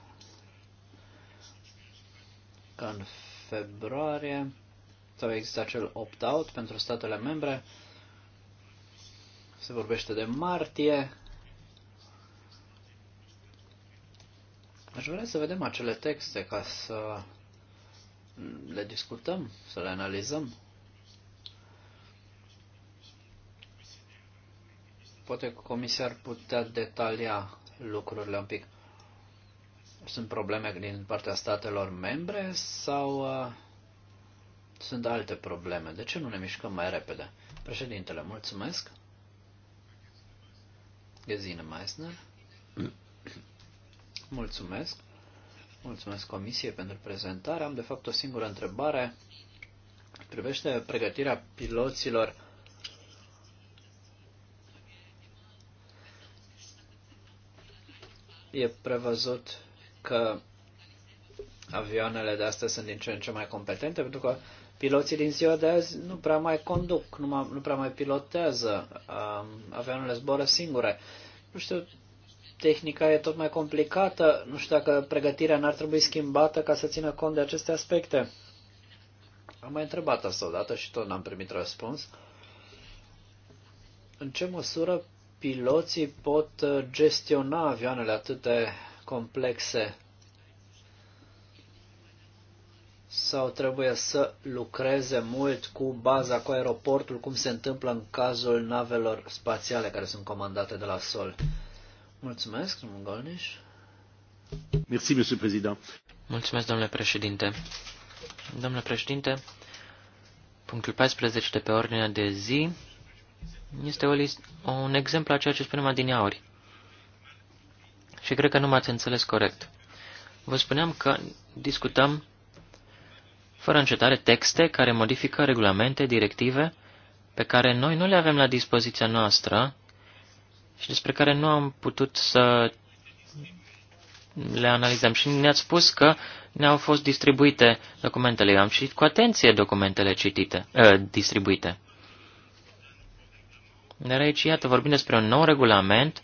că în februarie sau există acel opt-out pentru statele membre. Se vorbește de martie. Aș vrea să vedem acele texte ca să le discutăm, să le analizăm. Poate comisia ar putea detalia lucrurile un pic sunt probleme din partea statelor membre sau uh, sunt alte probleme? De ce nu ne mișcăm mai repede? Președintele, mulțumesc. Gesine Meissner. Mulțumesc. Mulțumesc Comisie pentru prezentare. Am de fapt o singură întrebare. Privește pregătirea piloților e prevăzut că avioanele de astăzi sunt din ce în ce mai competente, pentru că piloții din ziua de azi nu prea mai conduc, nu, mai, nu prea mai pilotează, um, avioanele zboară singure. Nu știu, tehnica e tot mai complicată, nu știu dacă pregătirea n-ar trebui schimbată ca să țină cont de aceste aspecte. Am mai întrebat asta odată și tot n-am primit răspuns. În ce măsură piloții pot uh, gestiona avioanele atât de complexe sau trebuie să lucreze mult cu baza, cu aeroportul, cum se întâmplă în cazul navelor spațiale care sunt comandate de la sol. Mulțumesc, domnul Golniș. Merci, monsieur président. Mulțumesc, domnule președinte. Domnule președinte, punctul 14 de pe ordinea de zi este o list, un exemplu a ceea ce spunem adineauri și cred că nu m-ați înțeles corect. Vă spuneam că discutăm fără încetare texte care modifică regulamente, directive, pe care noi nu le avem la dispoziția noastră și despre care nu am putut să le analizăm. Și ne-ați spus că ne-au fost distribuite documentele. Eu am citit cu atenție documentele citite, uh, distribuite. Dar aici, iată, vorbim despre un nou regulament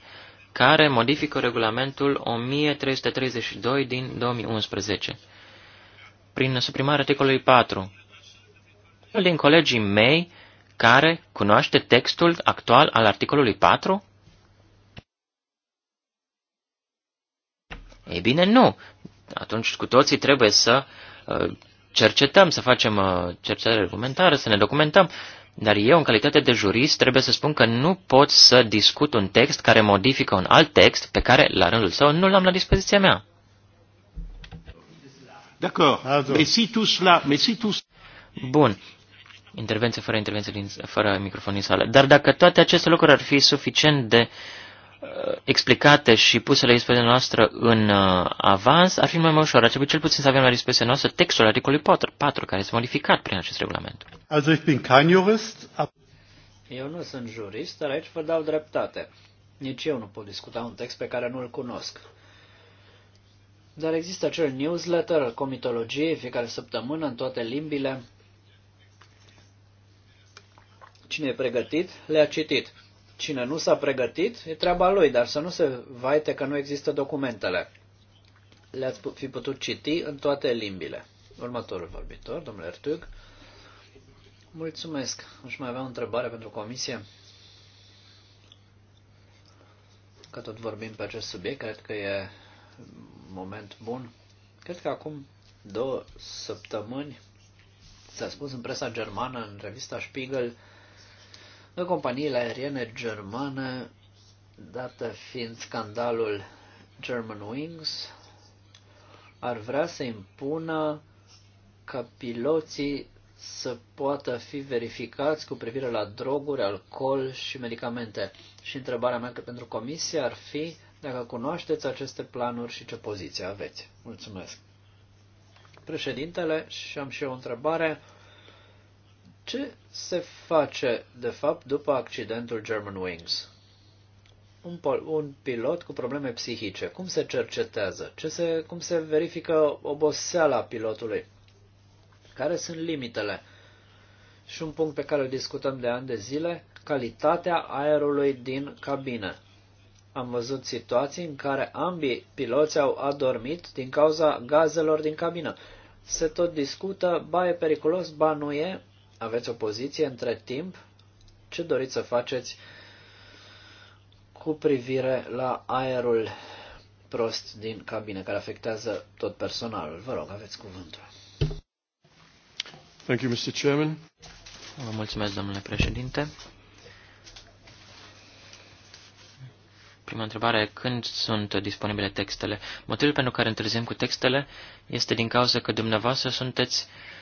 care modifică regulamentul 1332 din 2011, prin suprimarea articolului 4. Unul din colegii mei care cunoaște textul actual al articolului 4? Ei bine, nu. Atunci cu toții trebuie să uh, cercetăm, să facem uh, cercetare argumentară, să ne documentăm. Dar eu, în calitate de jurist, trebuie să spun că nu pot să discut un text care modifică un alt text pe care, la rândul său, nu l-am la dispoziția mea. Bun. Intervenție fără intervenție din, fără microfon din sală. Dar dacă toate aceste lucruri ar fi suficient de uh, Uh, explicate și puse la dispoziția noastră în uh, avans, ar fi mai, mai ușor. Ar trebui cel puțin să avem la dispoziția noastră textul articolului 4, 4 care este modificat prin acest regulament. Also ich bin kein jurist. Eu nu sunt jurist, dar aici vă dau dreptate. Nici eu nu pot discuta un text pe care nu-l cunosc. Dar există acel newsletter al comitologiei fiecare săptămână în toate limbile. Cine e pregătit, le-a citit. Cine nu s-a pregătit, e treaba lui, dar să nu se vaite că nu există documentele. Le-ați fi putut citi în toate limbile. Următorul vorbitor, domnule Ertug. Mulțumesc. Aș mai avea o întrebare pentru comisie. Că tot vorbim pe acest subiect, cred că e moment bun. Cred că acum două săptămâni s-a spus în presa germană, în revista Spiegel, în companiile aeriene germane, dată fiind scandalul German Wings, ar vrea să impună ca piloții să poată fi verificați cu privire la droguri, alcool și medicamente. Și întrebarea mea pentru comisie ar fi dacă cunoașteți aceste planuri și ce poziție aveți. Mulțumesc. Președintele, și am și eu o întrebare. Ce se face, de fapt, după accidentul German Wings? Un, un pilot cu probleme psihice, cum se cercetează? Ce se, cum se verifică oboseala pilotului? Care sunt limitele? Și un punct pe care îl discutăm de ani de zile, calitatea aerului din cabină. Am văzut situații în care ambii piloți au adormit din cauza gazelor din cabină. Se tot discută, ba e periculos, ba nu e, aveți o poziție între timp? Ce doriți să faceți cu privire la aerul prost din cabine, care afectează tot personalul? Vă rog, aveți cuvântul. Thank you, Mr. Chairman. Vă mulțumesc, domnule președinte. Prima întrebare, când sunt disponibile textele? Motivul pentru care întârziem cu textele este din cauza că dumneavoastră sunteți uh,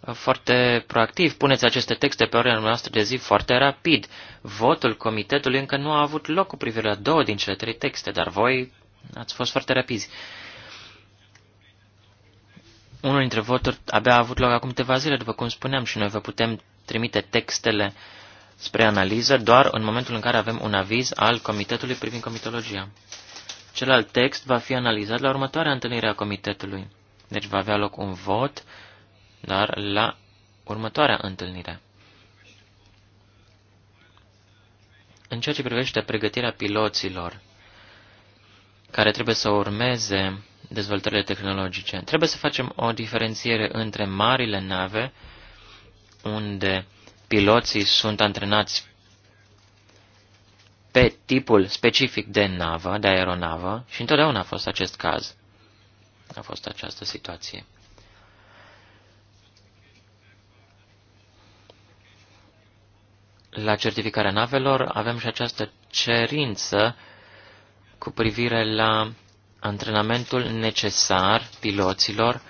foarte proactiv. Puneți aceste texte pe ordinea noastră de zi foarte rapid. Votul comitetului încă nu a avut loc cu privire la două din cele trei texte, dar voi ați fost foarte rapizi. Unul dintre voturi abia a avut loc acum câteva zile, după cum spuneam, și noi vă putem trimite textele spre analiză doar în momentul în care avem un aviz al comitetului privind comitologia. Celălalt text va fi analizat la următoarea întâlnire a comitetului. Deci va avea loc un vot dar la următoarea întâlnire. În ceea ce privește pregătirea piloților, care trebuie să urmeze dezvoltările tehnologice, trebuie să facem o diferențiere între marile nave, unde piloții sunt antrenați pe tipul specific de navă, de aeronavă, și întotdeauna a fost acest caz. A fost această situație. la certificarea navelor avem și această cerință cu privire la antrenamentul necesar piloților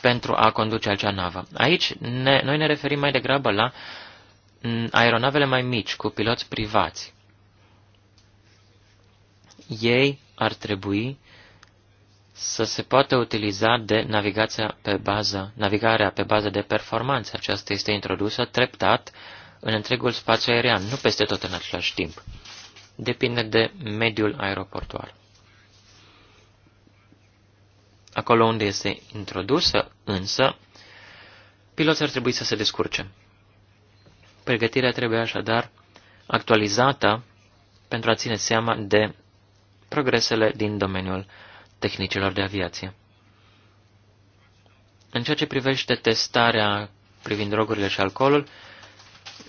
pentru a conduce acea navă. Aici ne, noi ne referim mai degrabă la mm, aeronavele mai mici, cu piloți privați. Ei ar trebui să se poată utiliza de navigația pe bază, navigarea pe bază de performanță. Aceasta este introdusă treptat în întregul spațiu aerian, nu peste tot în același timp. Depinde de mediul aeroportuar. Acolo unde este introdusă, însă, piloții ar trebui să se descurce. Pregătirea trebuie așadar actualizată pentru a ține seama de progresele din domeniul tehnicilor de aviație. În ceea ce privește testarea privind drogurile și alcoolul,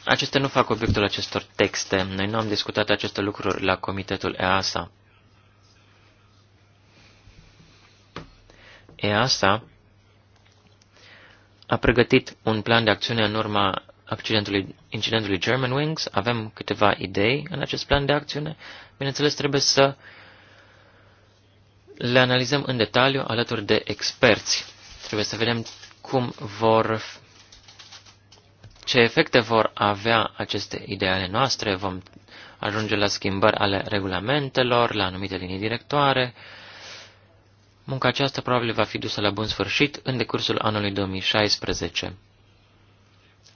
acestea nu fac obiectul acestor texte. Noi nu am discutat aceste lucruri la comitetul EASA. EASA a pregătit un plan de acțiune în urma accidentului, incidentului Germanwings. Avem câteva idei în acest plan de acțiune. Bineînțeles, trebuie să uh, le analizăm în detaliu alături de experți. Trebuie să vedem cum vor, ce efecte vor avea aceste ideale noastre. Vom ajunge la schimbări ale regulamentelor, la anumite linii directoare. Munca aceasta probabil va fi dusă la bun sfârșit în decursul anului 2016.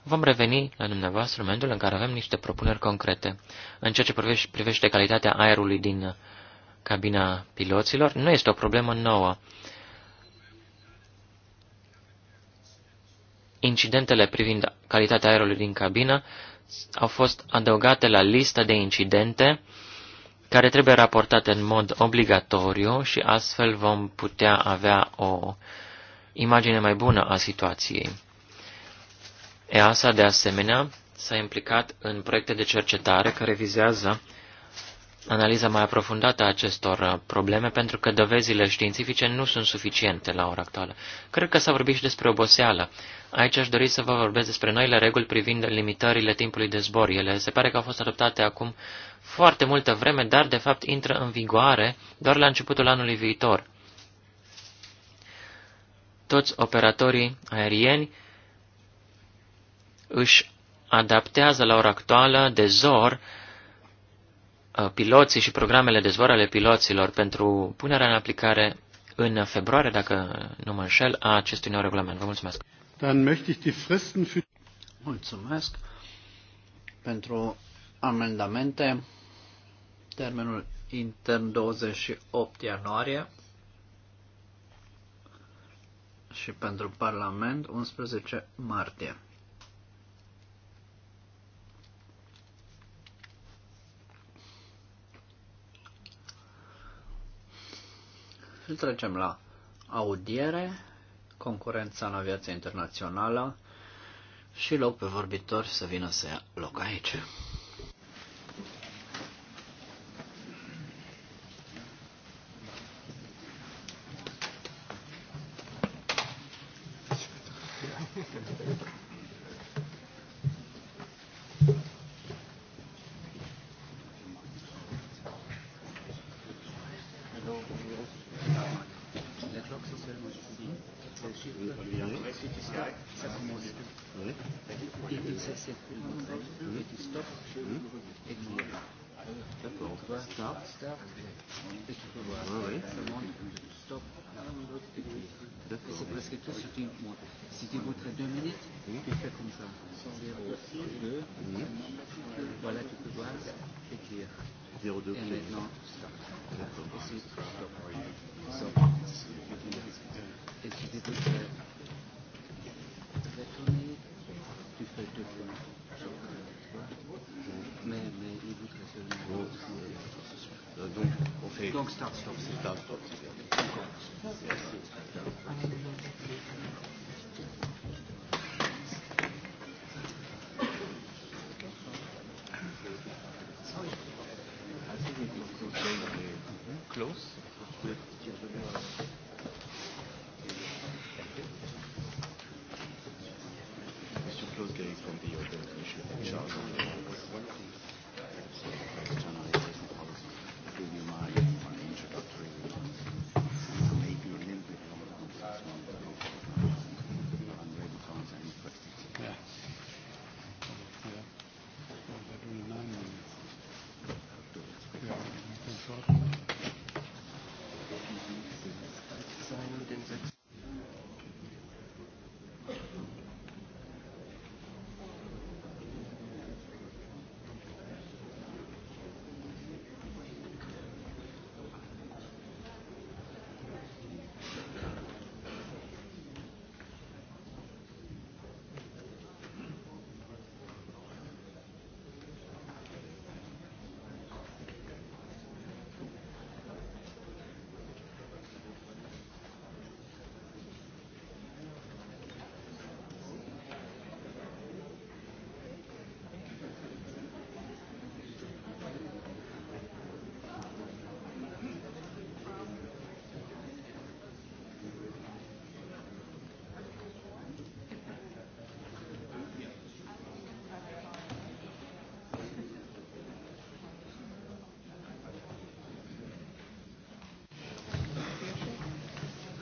Vom reveni la dumneavoastră în momentul în care avem niște propuneri concrete în ceea ce privește calitatea aerului din cabina piloților nu este o problemă nouă. Incidentele privind calitatea aerului din cabină au fost adăugate la lista de incidente care trebuie raportate în mod obligatoriu și astfel vom putea avea o imagine mai bună a situației. EASA, de asemenea, s-a implicat în proiecte de cercetare care vizează analiza mai aprofundată a acestor uh, probleme, pentru că dovezile științifice nu sunt suficiente la ora actuală. Cred că s-a vorbit și despre oboseală. Aici aș dori să vă vorbesc despre noile reguli privind limitările timpului de zbor. Ele se pare că au fost adoptate acum foarte multă vreme, dar de fapt intră în vigoare doar la începutul anului viitor. Toți operatorii aerieni își adaptează la ora actuală de zor Uh, piloții și programele de zbor ale piloților pentru punerea în aplicare în februarie, dacă nu mă înșel, a acestui nou regulament. Vă mulțumesc. Dann möchte ich die Fristen für... Mulțumesc pentru amendamente. Termenul intern 28 ianuarie și pentru Parlament 11 martie. Și trecem la audiere, concurența în aviația internațională și loc pe vorbitori să vină să ia loc aici. D'accord. C'est presque tout ce qui moi. Si tu voudrais deux minutes, oui. tu fais comme ça. Deux. Oui. Voilà, tu peux voir, écrire. 02. Et maintenant, stop. D'accord. Ici, stop. Stop.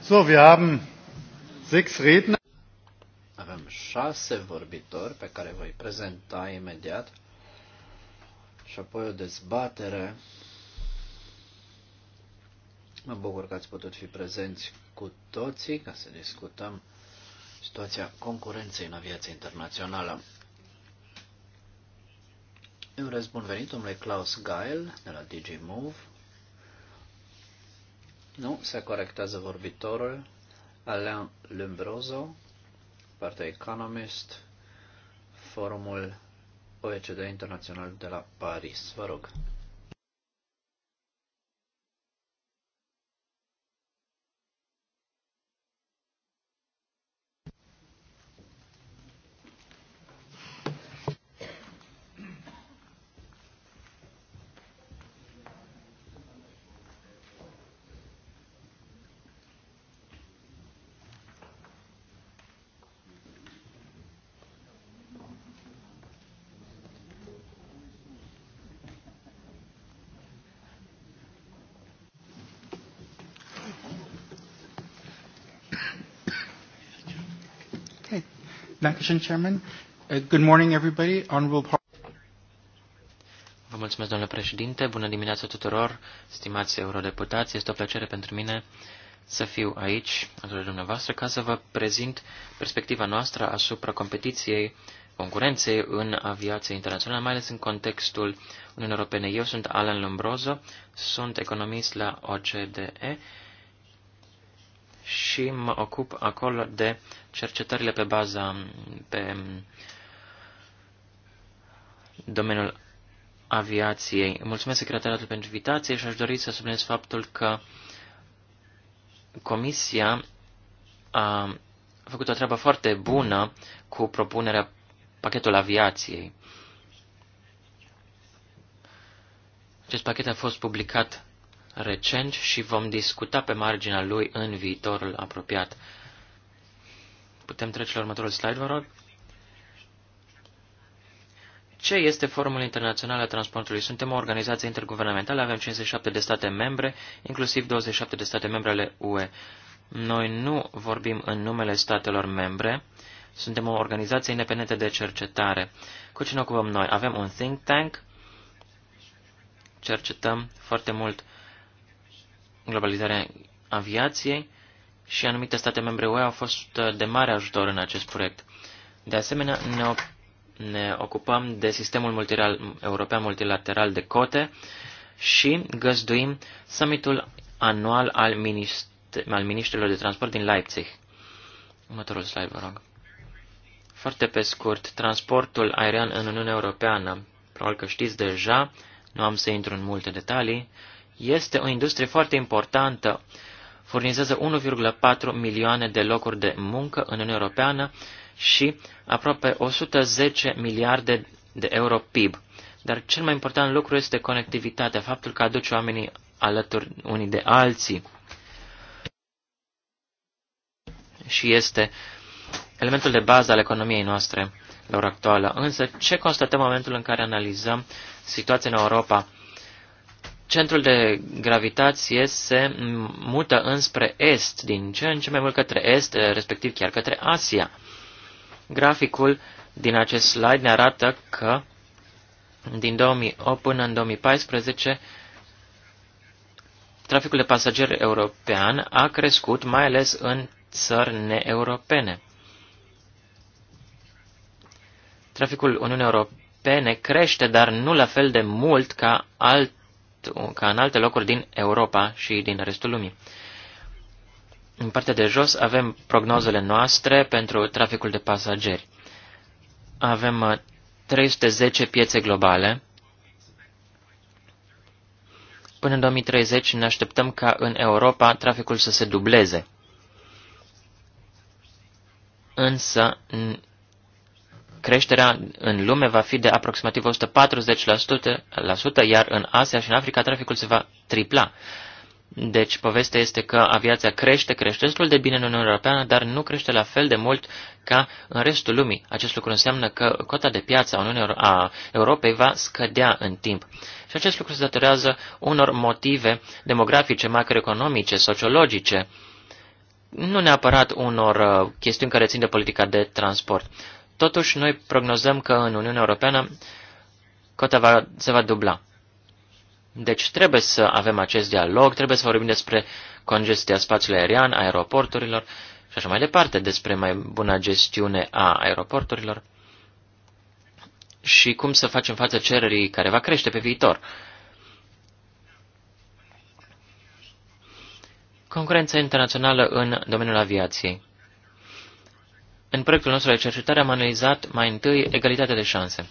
So, wir haben sechs Redner. Avem șase vorbitori pe care voi prezenta imediat și apoi o dezbatere. Mă bucur că ați putut fi prezenți cu toții ca să discutăm situația concurenței în aviația internațională. Eu răzbun venit domnului Klaus Geil de la DJ Move, nu, se corectează vorbitorul. Alain Lumbroso, partea Economist, forumul OECD Internațional de la Paris. Vă rog. Commission Chairman. Uh, good morning, everybody. Honorable Vă mulțumesc, domnule președinte. Bună dimineața tuturor, stimați eurodeputați. Este o plăcere pentru mine să fiu aici, alături de dumneavoastră, ca să vă prezint perspectiva noastră asupra competiției, concurenței în aviație internațională, mai ales în contextul Uniunii Europene. Eu sunt Alan Lombroso, sunt economist la OCDE și mă ocup acolo de cercetările pe baza, pe domeniul aviației. Mulțumesc secretariatul pentru invitație și aș dori să subliniez faptul că Comisia a făcut o treabă foarte bună cu propunerea pachetul aviației. Acest pachet a fost publicat recent și vom discuta pe marginea lui în viitorul apropiat. Putem trece la următorul slide, vă rog? Ce este Forumul Internațional al Transportului? Suntem o organizație interguvernamentală, avem 57 de state membre, inclusiv 27 de state membre ale UE. Noi nu vorbim în numele statelor membre, suntem o organizație independentă de cercetare. Cu ce ne ocupăm noi? Avem un think tank, cercetăm foarte mult globalizarea aviației și anumite state membre UE au fost uh, de mare ajutor în acest proiect. De asemenea, ne, ne ocupăm de sistemul multilateral, european multilateral de cote și găzduim summitul anual al, minist- al ministrilor de transport din Leipzig. Următorul slide, vă rog. Foarte pe scurt, transportul aerian în Uniunea Europeană, probabil că știți deja, nu am să intru în multe detalii, este o industrie foarte importantă. Furnizează 1,4 milioane de locuri de muncă în Uniunea Europeană și aproape 110 miliarde de euro PIB. Dar cel mai important lucru este conectivitatea, faptul că aduce oamenii alături unii de alții. Și este elementul de bază al economiei noastre la ora actuală. Însă, ce constatăm în momentul în care analizăm situația în Europa? centrul de gravitație se mută înspre est, din ce în ce mai mult către est, respectiv chiar către Asia. Graficul din acest slide ne arată că din 2008 până în 2014 traficul de pasageri european a crescut, mai ales în țări neeuropene. Traficul Uniunii Europene crește, dar nu la fel de mult ca alt ca în alte locuri din Europa și din restul lumii. În partea de jos avem prognozele noastre pentru traficul de pasageri. Avem 310 uh, piețe globale. Până în 2030 ne așteptăm ca în Europa traficul să se dubleze. Însă creșterea în lume va fi de aproximativ 140%, iar în Asia și în Africa traficul se va tripla. Deci povestea este că aviația crește, crește destul de bine în Uniunea Europeană, dar nu crește la fel de mult ca în restul lumii. Acest lucru înseamnă că cota de piață a, Uniunii, a Europei va scădea în timp. Și acest lucru se datorează unor motive demografice, macroeconomice, sociologice, nu neapărat unor uh, chestiuni care țin de politica de transport. Totuși, noi prognozăm că în Uniunea Europeană cota va, se va dubla. Deci trebuie să avem acest dialog, trebuie să vorbim despre congestia spațiului aerian, aeroporturilor și așa mai departe, despre mai bună gestiune a aeroporturilor și cum să facem față cererii care va crește pe viitor. Concurența internațională în domeniul aviației. În proiectul nostru de cercetare am analizat mai întâi egalitatea de șanse.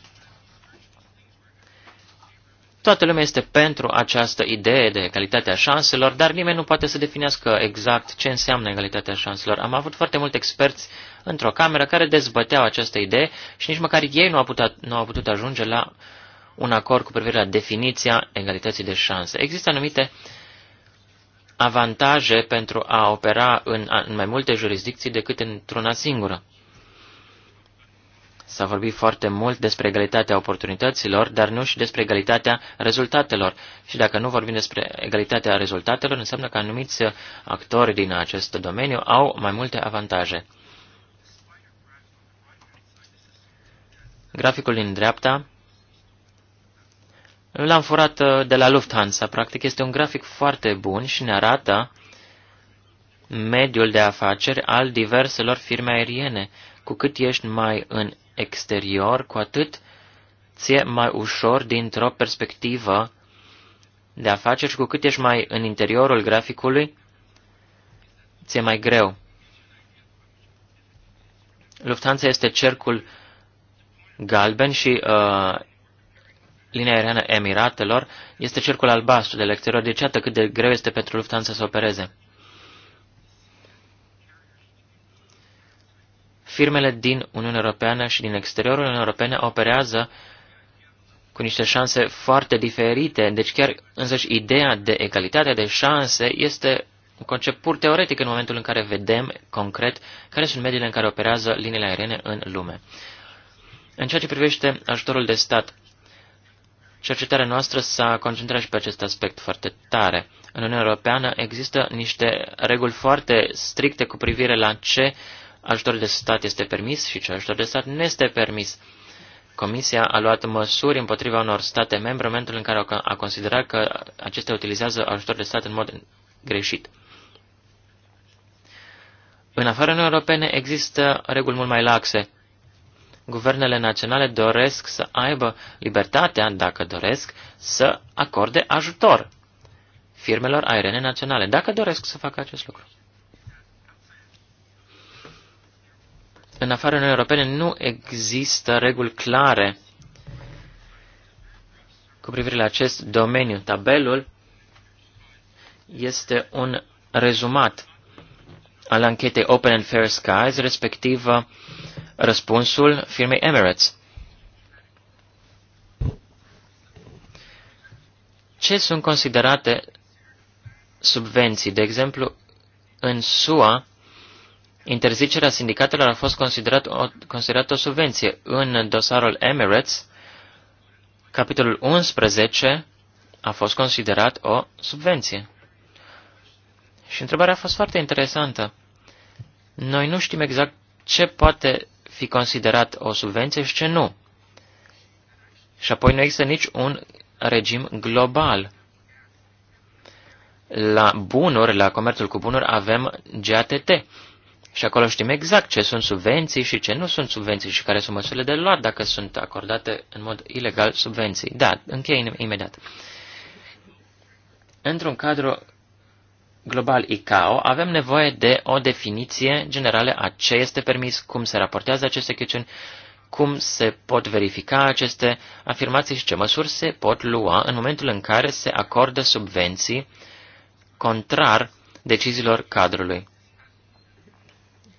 Toată lumea este pentru această idee de egalitatea șanselor, dar nimeni nu poate să definească exact ce înseamnă egalitatea șanselor. Am avut foarte mulți experți într-o cameră care dezbăteau această idee și nici măcar ei nu au putut, nu au putut ajunge la un acord cu privire la definiția egalității de șanse. Există anumite avantaje pentru a opera în, în mai multe jurisdicții decât într-una singură. S-a vorbit foarte mult despre egalitatea oportunităților, dar nu și despre egalitatea rezultatelor. Și dacă nu vorbim despre egalitatea rezultatelor, înseamnă că anumiți actori din acest domeniu au mai multe avantaje. Graficul din dreapta l-am furat uh, de la Lufthansa. Practic este un grafic foarte bun și ne arată mediul de afaceri al diverselor firme aeriene. Cu cât ești mai în exterior, cu atât ție mai ușor dintr-o perspectivă de afaceri și cu cât ești mai în interiorul graficului, ți-e mai greu. Lufthansa este cercul galben și uh, linia aeriană Emiratelor este cercul albastru de exterior. Deci atât cât de greu este pentru Lufthansa să opereze. firmele din Uniunea Europeană și din exteriorul Uniunii Europene operează cu niște șanse foarte diferite. Deci chiar însăși ideea de egalitate de șanse este un concept pur teoretic în momentul în care vedem concret care sunt mediile în care operează liniile aeriene în lume. În ceea ce privește ajutorul de stat, cercetarea noastră s-a concentrat și pe acest aspect foarte tare. În Uniunea Europeană există niște reguli foarte stricte cu privire la ce uh, Ajutor de stat este permis și ce ajutor de stat nu este permis. Comisia a luat măsuri împotriva unor state membre în momentul în care a considerat că acestea utilizează ajutor de stat în mod greșit. În afara Uniunii Europene există reguli mult mai laxe. Guvernele naționale doresc să aibă libertatea, dacă doresc, să acorde ajutor firmelor aerene naționale, dacă doresc să facă acest lucru. în afara Uniunii Europene nu există reguli clare cu privire la acest domeniu. Tabelul este un rezumat al anchetei Open and Fair Skies, respectiv răspunsul firmei Emirates. Ce sunt considerate subvenții? De exemplu, în SUA, interzicerea sindicatelor a fost considerat o, considerată o subvenție. În dosarul Emirates, capitolul 11 a fost considerat o subvenție. Și întrebarea a fost foarte interesantă. Noi nu știm exact ce poate fi considerat o subvenție și ce nu. Și apoi nu există nici un regim global. La bunuri, la comerțul cu bunuri, avem GATT, și acolo știm exact ce sunt subvenții și ce nu sunt subvenții și care sunt măsurile de luat dacă sunt acordate în mod ilegal subvenții. Da, închei imediat. Într-un cadru global ICAO avem nevoie de o definiție generală a ce este permis, cum se raportează aceste chestiuni, cum se pot verifica aceste afirmații și ce măsuri se pot lua în momentul în care se acordă subvenții contrar deciziilor cadrului.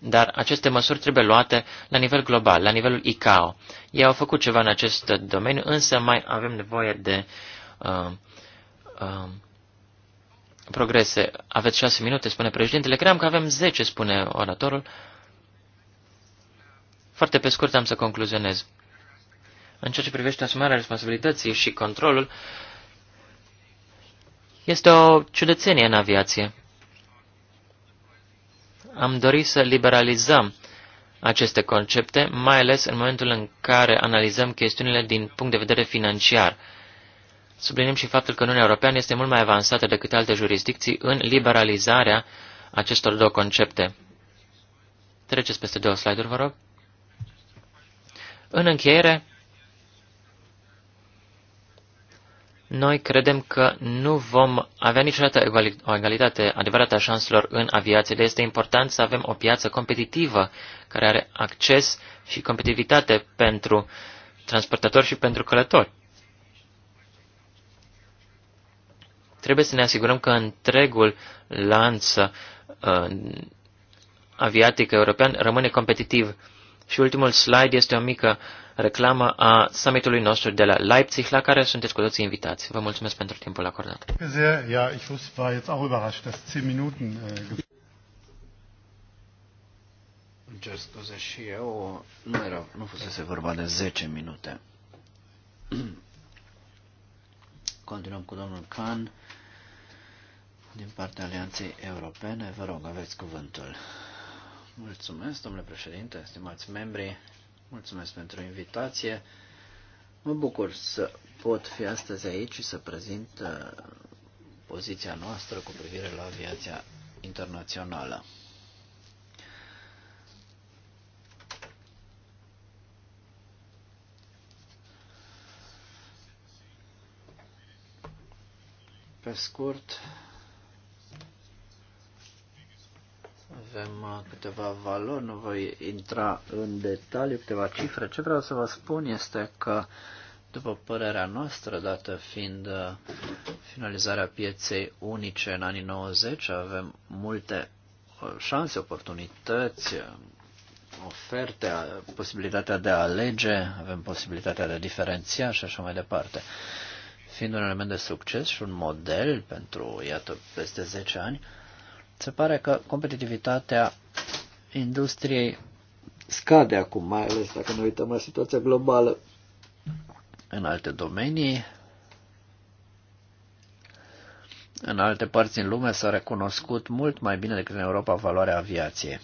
Dar aceste măsuri trebuie luate la nivel global, la nivelul ICAO. Ei au făcut ceva în acest domeniu, însă mai avem nevoie de uh, uh, progrese. Aveți șase minute, spune președintele. Cream că avem zece, spune oratorul. Foarte pe scurt am să concluzionez. În ceea ce privește asumarea responsabilității și controlul, este o ciudățenie în aviație am dorit să liberalizăm aceste concepte, mai ales în momentul în care analizăm chestiunile din punct de vedere financiar. Subliniem și faptul că Uniunea Europeană este mult mai avansată decât alte jurisdicții în liberalizarea acestor două concepte. Treceți peste două slide-uri, vă rog. În încheiere, Noi credem că nu vom avea niciodată o egalitate adevărată a șanselor în aviație, de este important să avem o piață competitivă care are acces și competitivitate pentru transportatori și pentru călători. Trebuie să ne asigurăm că întregul lanț uh, aviatic european rămâne competitiv. Și ultimul slide este o mică uh, reclamă a summitului nostru de la Leipzig, la care sunteți cu toții invitați. Vă mulțumesc pentru timpul acordat. Cer äh, scuze și eu, nu, era, nu fusese vorba de 10 minute. Continuăm cu domnul Khan din partea Alianței Europene. Vă rog, aveți cuvântul. Mulțumesc, domnule președinte, stimați membri. Mulțumesc pentru invitație. Mă bucur să pot fi astăzi aici și să prezint uh, poziția noastră cu privire la aviația internațională. Pe scurt, Avem uh, câteva valori, nu voi intra în detaliu, câteva cifre. Ce vreau să vă spun este că, după părerea noastră, dată fiind uh, finalizarea pieței unice în anii 90, avem multe uh, șanse, oportunități, oferte, posibilitatea de a alege, avem posibilitatea de a diferenția și așa mai departe. Fiind un element de succes și un model pentru, iată, peste 10 ani, se pare că competitivitatea industriei scade acum, mai ales dacă ne uităm la situația globală în alte domenii. În alte părți în lume s-a recunoscut mult mai bine decât în Europa valoarea aviației.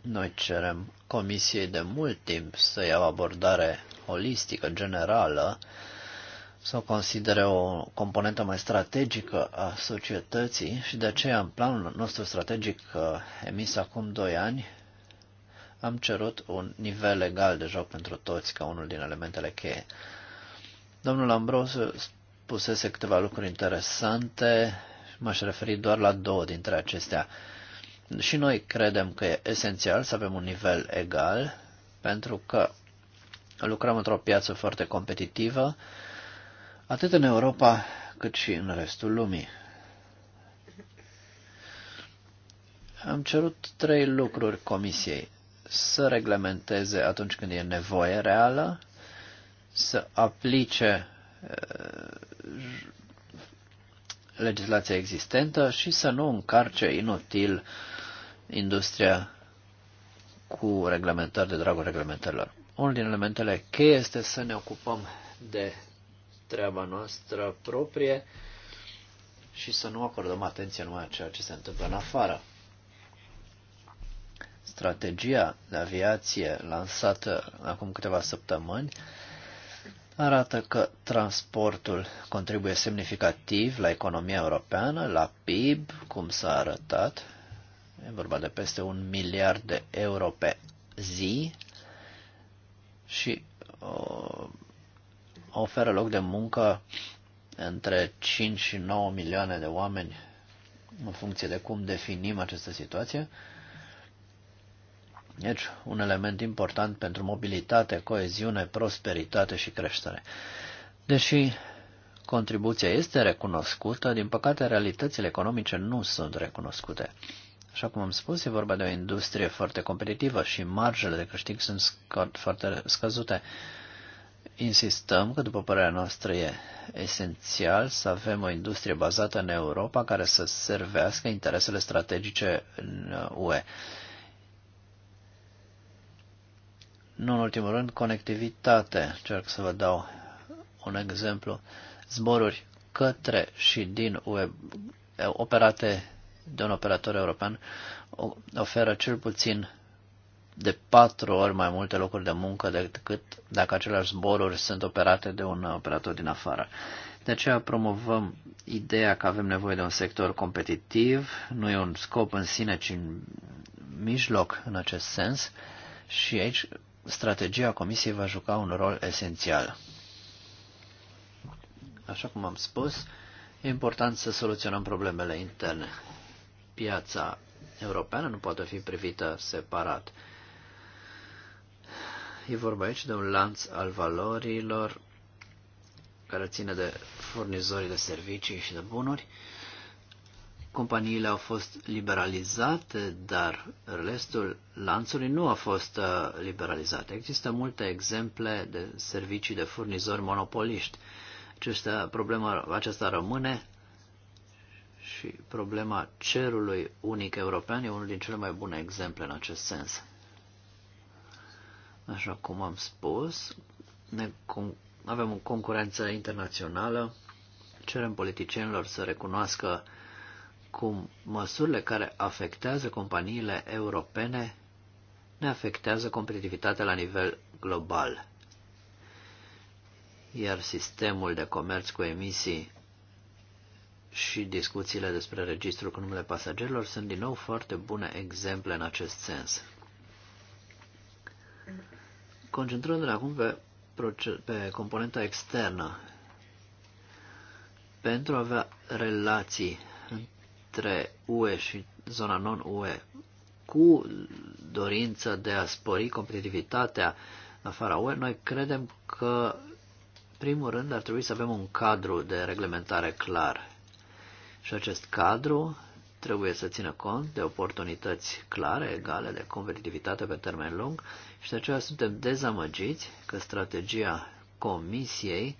Noi cerem Comisiei de mult timp să ia o abordare holistică, generală, să o considere o componentă mai strategică a societății și de aceea în planul nostru strategic uh, emis acum 2 ani am cerut un nivel legal de joc pentru toți ca unul din elementele cheie. Domnul Ambrosiu spusese câteva lucruri interesante, m-aș referi doar la două dintre acestea. Și noi credem că e esențial să avem un nivel egal, pentru că lucrăm într-o piață foarte competitivă, atât în Europa cât și în restul lumii. Am cerut trei lucruri comisiei. Să reglementeze atunci când e nevoie reală, să aplice uh, legislația existentă și să nu încarce inutil industria cu reglementări de dragul reglementărilor. Unul din elementele cheie este să ne ocupăm de treaba noastră proprie și să nu acordăm atenție numai ceea ce se întâmplă în afară. Strategia de aviație lansată acum câteva săptămâni arată că transportul contribuie semnificativ la economia europeană, la PIB, cum s-a arătat. E vorba de peste un miliard de euro pe zi și uh, oferă loc de muncă între 5 și 9 milioane de oameni în funcție de cum definim această situație. Deci, un element important pentru mobilitate, coeziune, prosperitate și creștere. Deși contribuția este recunoscută, din păcate realitățile economice nu sunt recunoscute. Așa cum am spus, e vorba de o industrie foarte competitivă și marjele de câștig sunt foarte scăzute insistăm că, după părerea noastră, e esențial să avem o industrie bazată în Europa care să servească interesele strategice în UE. Uh, nu în ultimul rând, conectivitate. Cerc să vă dau un exemplu. Zboruri către și din UE operate de un operator european oferă cel puțin de patru ori mai multe locuri de muncă decât dacă aceleași zboruri sunt operate de un operator din afară. De aceea promovăm ideea că avem nevoie de un sector competitiv, nu e un scop în sine, ci un mijloc în acest sens și aici strategia Comisiei va juca un rol esențial. Așa cum am spus, e important să soluționăm problemele interne. Piața europeană nu poate fi privită separat. E vorba aici de un lanț al valorilor care ține de furnizorii de servicii și de bunuri. Companiile au fost liberalizate, dar restul lanțului nu a fost uh, liberalizat. Există multe exemple de servicii de furnizori monopoliști. Aceștia, problema aceasta rămâne și problema cerului unic european e unul din cele mai bune exemple în acest sens. Așa cum am spus, ne avem o concurență internațională, cerem politicienilor să recunoască cum măsurile care afectează companiile europene ne afectează competitivitatea la nivel global. Iar sistemul de comerț cu emisii și discuțiile despre registrul cu numele pasagerilor sunt din nou foarte bune exemple în acest sens. Concentrându-ne acum pe, pe componenta externă, pentru a avea relații între UE și zona non-UE cu dorința de a spori competitivitatea în afara UE, noi credem că, primul rând, ar trebui să avem un cadru de reglementare clar. Și acest cadru trebuie să țină cont de oportunități clare, egale, de competitivitate pe termen lung și de aceea suntem dezamăgiți că strategia Comisiei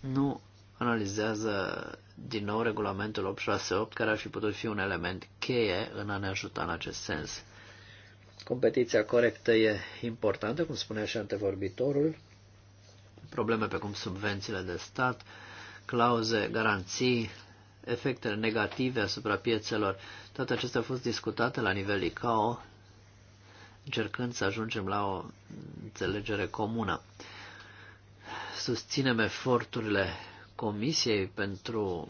nu analizează din nou regulamentul 868, care ar fi putut fi un element cheie în a ne ajuta în acest sens. Competiția corectă e importantă, cum spunea și antevorbitorul, probleme pe cum subvențiile de stat, clauze, garanții, efectele negative asupra piețelor. Toate acestea au fost discutate la nivel ICAO, încercând să ajungem la o înțelegere comună. Susținem eforturile Comisiei pentru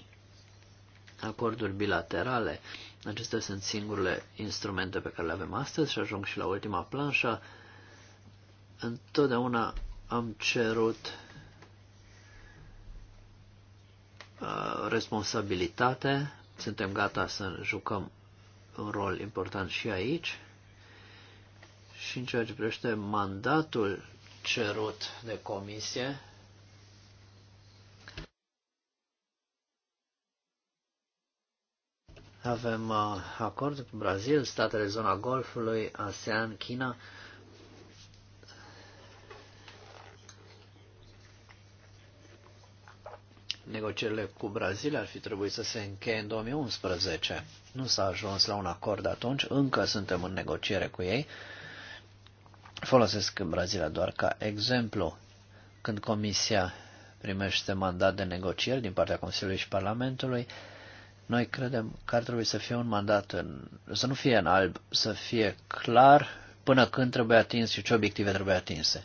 acorduri bilaterale. Acestea sunt singurele instrumente pe care le avem astăzi și ajung și la ultima planșă. Întotdeauna am cerut Uh, responsabilitate. Suntem gata să jucăm un rol important și aici. Și în ceea ce privește mandatul cerut de comisie, avem uh, acord cu Brazil, statele zona Golfului, ASEAN, China, negocierile cu Brazilia ar fi trebuit să se încheie în 2011. Nu s-a ajuns la un acord atunci, încă suntem în negociere cu ei. Folosesc Brazilia doar ca exemplu. Când Comisia primește mandat de negocieri din partea Consiliului și Parlamentului, noi credem că ar trebui să fie un mandat, în, să nu fie în alb, să fie clar până când trebuie atins și ce obiective trebuie atinse.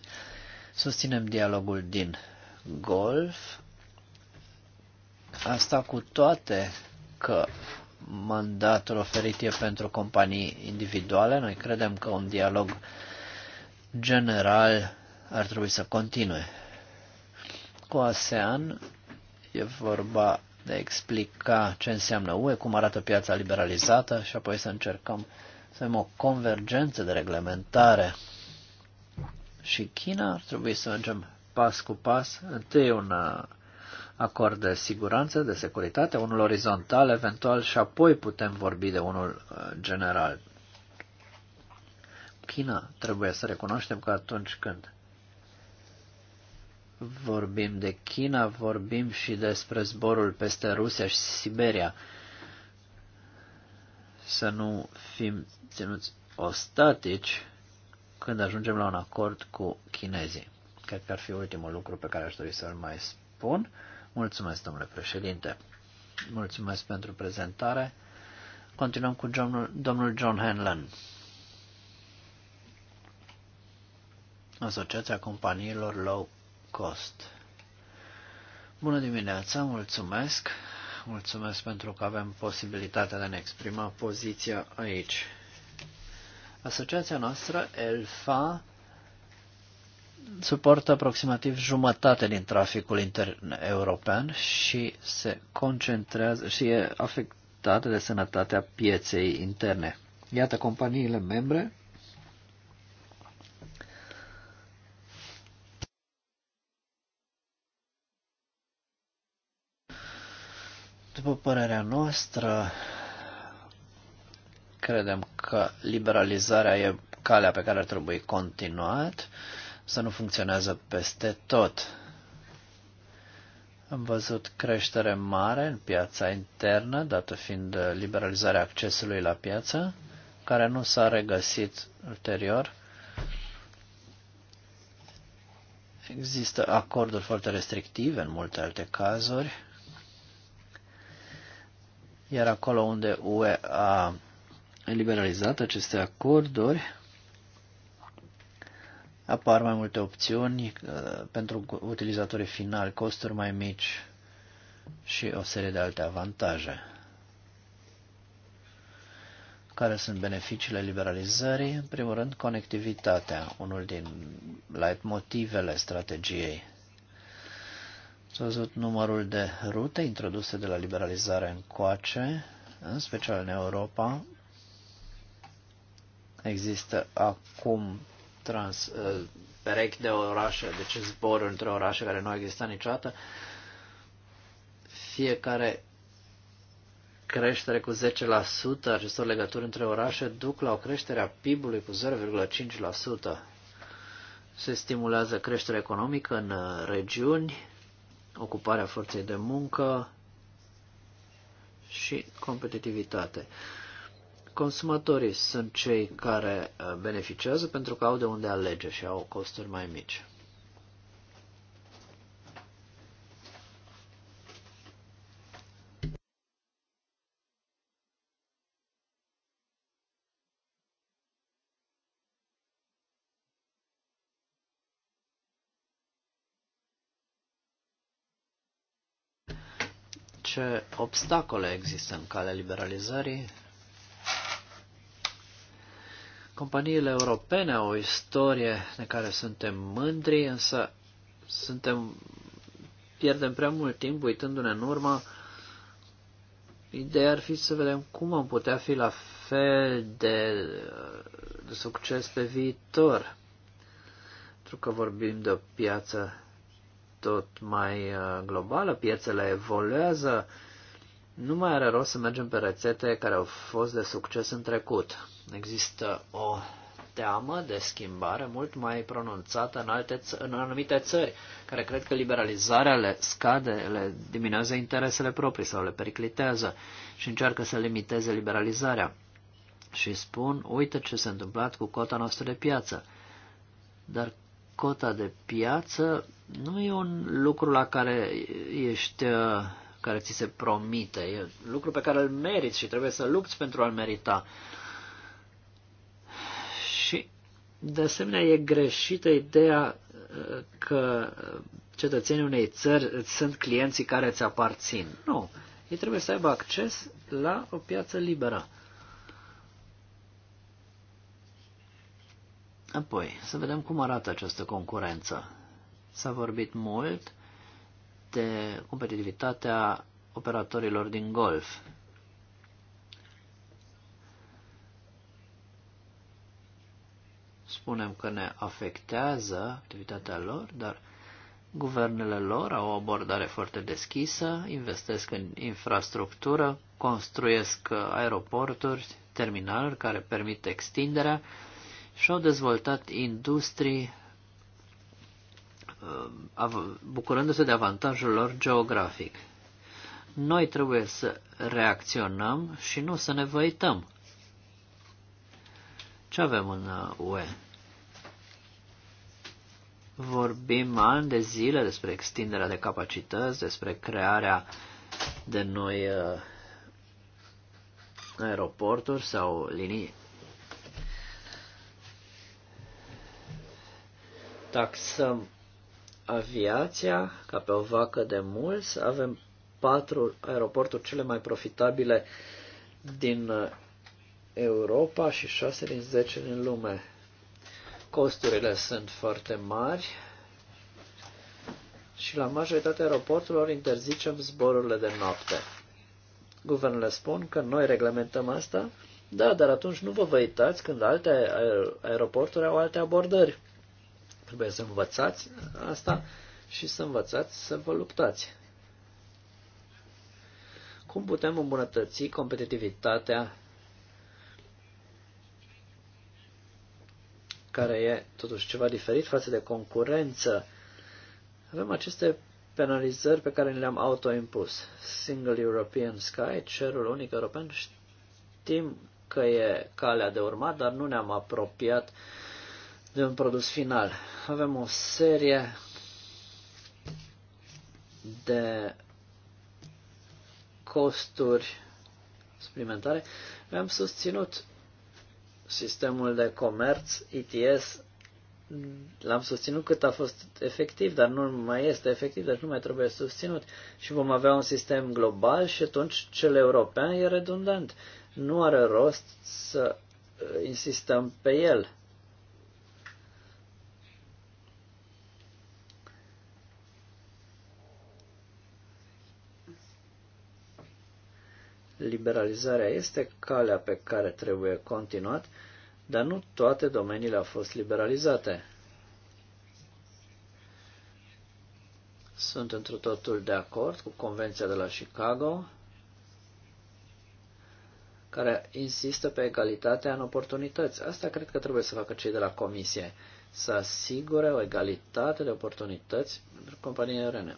Susținem dialogul din golf, Asta cu toate că mandatul oferit e pentru companii individuale. Noi credem că un dialog general ar trebui să continue. Cu ASEAN e vorba de a explica ce înseamnă UE, cum arată piața liberalizată și apoi să încercăm să avem o convergență de reglementare. Și China ar trebui să mergem pas cu pas. Întâi una acord de siguranță, de securitate, unul orizontal eventual și apoi putem vorbi de unul uh, general. China trebuie să recunoaștem că atunci când vorbim de China, vorbim și despre zborul peste Rusia și Siberia. Să nu fim ținuți ostatici când ajungem la un acord cu chinezii. Cred că ar fi ultimul lucru pe care aș dori să-l mai spun. Mulțumesc, domnule președinte. Mulțumesc pentru prezentare. Continuăm cu domnul, domnul John Hanlon. Asociația Companiilor Low Cost. Bună dimineața, mulțumesc. Mulțumesc pentru că avem posibilitatea de a ne exprima poziția aici. Asociația noastră, ELFA, suportă aproximativ jumătate din traficul intern european și se concentrează și e afectată de sănătatea pieței interne. Iată companiile membre După părerea noastră, credem că liberalizarea e calea pe care ar trebui continuat să nu funcționează peste tot. Am văzut creștere mare în piața internă, dată fiind liberalizarea accesului la piață, care nu s-a regăsit ulterior. Există acorduri foarte restrictive în multe alte cazuri, iar acolo unde UE a liberalizat aceste acorduri, Apar mai multe opțiuni uh, pentru utilizatorii finali, costuri mai mici și o serie de alte avantaje. Care sunt beneficiile liberalizării? În primul rând, conectivitatea, unul din motivele strategiei. S-a văzut numărul de rute introduse de la liberalizare coace, în special în Europa. Există acum trans, uh, perechi de orașe, deci zboruri între orașe care nu au existat niciodată, fiecare creștere cu 10% acestor legături între orașe duc la o creștere a PIB-ului cu 0,5%. Se stimulează creșterea economică în uh, regiuni, ocuparea forței de muncă și competitivitate consumatorii sunt cei care uh, beneficiază pentru că au de unde alege și au costuri mai mici. ce obstacole există în calea liberalizării Companiile europene au o istorie de care suntem mândri, însă suntem, pierdem prea mult timp uitându-ne în urmă. Ideea ar fi să vedem cum am putea fi la fel de, de succes pe viitor. Pentru că vorbim de o piață tot mai uh, globală, piețele evoluează, nu mai are rost să mergem pe rețete care au fost de succes în trecut. Există o teamă de schimbare mult mai pronunțată în, alte ț- în anumite țări, care cred că liberalizarea le scade, le diminuează interesele proprii sau le periclitează și încearcă să limiteze liberalizarea. Și spun, uite ce s-a întâmplat cu cota noastră de piață. Dar cota de piață nu e un lucru la care ești uh, care ți se promite. E lucru pe care îl meriți și trebuie să lupți pentru a-l merita. Și, de asemenea, e greșită ideea uh, că cetățenii unei țări sunt clienții care îți aparțin. Nu. Ei trebuie să aibă acces la o piață liberă. Apoi, să vedem cum arată această concurență. S-a vorbit mult de competitivitatea operatorilor din golf. Spunem că ne afectează activitatea lor, dar guvernele lor au o abordare foarte deschisă, investesc în infrastructură, construiesc aeroporturi, terminaluri care permit extinderea și au dezvoltat industrii Uh, bucurându-se de avantajul lor geografic. Noi trebuie să reacționăm și nu să ne văităm. Ce avem în uh, UE? Vorbim ani de zile despre extinderea de capacități, despre crearea de noi uh, aeroporturi sau linii taxăm aviația ca pe o vacă de mulți. Avem patru aeroporturi cele mai profitabile din uh, Europa și 6 din 10 din lume. Costurile sunt foarte mari și la majoritatea aeroporturilor interzicem zborurile de noapte. Guvernele spun că noi reglementăm asta, da, dar atunci nu vă văitați când alte aer aeroporturi au alte abordări. Trebuie să învățați asta și să învățați să vă luptați. Cum putem îmbunătăți competitivitatea care e totuși ceva diferit față de concurență? Avem aceste penalizări pe care le-am autoimpus. Single European Sky, cerul unic european, știm că e calea de urmat, dar nu ne-am apropiat uh, de un produs final. Avem o serie de costuri suplimentare. Am susținut sistemul de comerț, ETS, l-am susținut cât a fost efectiv, dar nu mai este efectiv, deci nu mai trebuie susținut. Și vom avea un sistem global și atunci cel european e redundant. Nu are rost să uh, insistăm pe el. Liberalizarea este calea pe care trebuie continuat, dar nu toate domeniile au fost liberalizate. Sunt într totul de acord cu Convenția de la Chicago, care insistă pe egalitatea în oportunități. Asta cred că trebuie să facă cei de la Comisie, să asigure o egalitate de oportunități pentru companiile rene.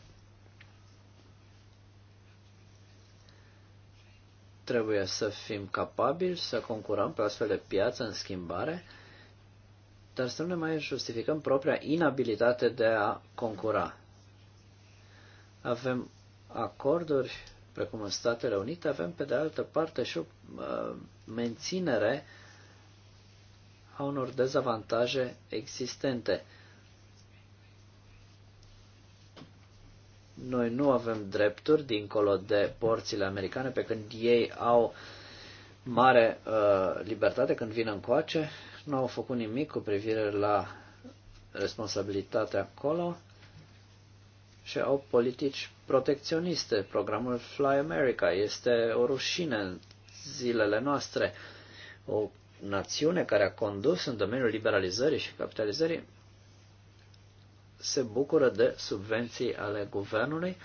Trebuie să fim capabili să concurăm pe astfel de piață în schimbare, dar să nu ne mai justificăm propria inabilitate de a concura. Avem acorduri precum în Statele Unite, avem pe de altă parte și o uh, menținere a unor dezavantaje existente. Noi nu avem drepturi dincolo de porțile americane, pe când ei au mare uh, libertate când vin încoace. Nu au făcut nimic cu privire la responsabilitatea acolo și au politici protecționiste. Programul Fly America este o rușine în zilele noastre. O națiune care a condus în domeniul liberalizării și capitalizării se bucură de subvenții ale guvernului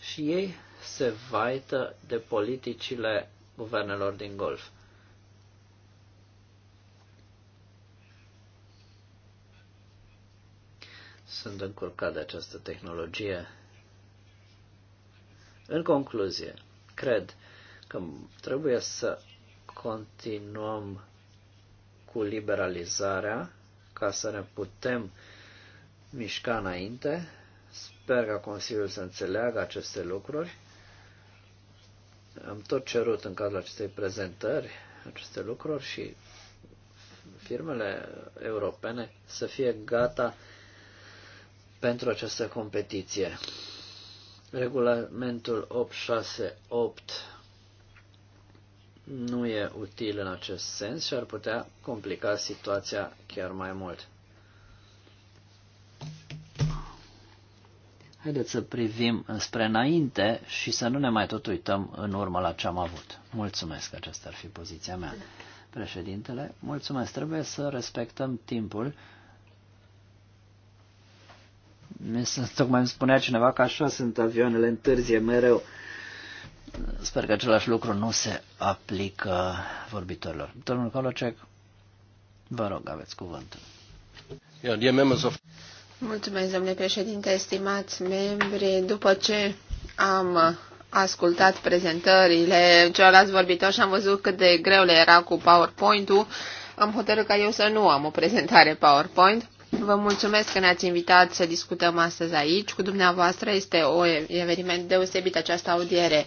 și ei se vaită de politicile guvernelor din Golf. Sunt încurcat de această tehnologie. În concluzie, cred că trebuie să continuăm cu liberalizarea ca să ne putem mișca înainte. Sper ca Consiliul să înțeleagă aceste lucruri. Am tot cerut în cadrul acestei prezentări aceste lucruri și firmele europene să fie gata pentru această competiție. Regulamentul 868 nu e util în acest sens și ar putea complica situația chiar mai mult. Haideți să privim spre înainte și să nu ne mai tot uităm în urmă la ce am avut. Mulțumesc, aceasta ar fi poziția mea. Președintele, mulțumesc, trebuie să respectăm timpul. Mi se, tocmai îmi spunea cineva că așa sunt avioanele, întârzie mereu. Sper că același lucru nu se aplică vorbitorilor. Domnul Kolocek, vă rog, aveți cuvântul. Yeah, dear members of... Mulțumesc, domnule președinte, estimați membri. După ce am ascultat prezentările celorlalți vorbitori și am văzut cât de greu le era cu PowerPoint-ul, am hotărât ca eu să nu am o prezentare PowerPoint. Vă mulțumesc că ne-ați invitat să discutăm astăzi aici. Cu dumneavoastră este o eveniment deosebit această audiere.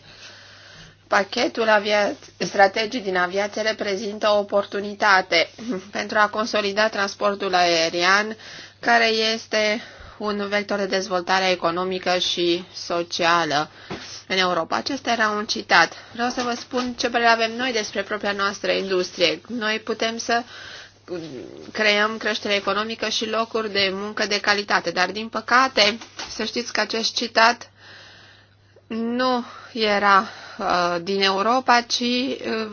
Pachetul avia... strategii din aviație reprezintă o oportunitate pentru a consolida transportul aerian care este un vector de dezvoltare economică și socială în Europa. Acesta era un citat. Vreau să vă spun ce părere avem noi despre propria noastră industrie. Noi putem să creăm creștere economică și locuri de muncă de calitate, dar din păcate, să știți că acest citat nu era uh, din Europa, ci uh,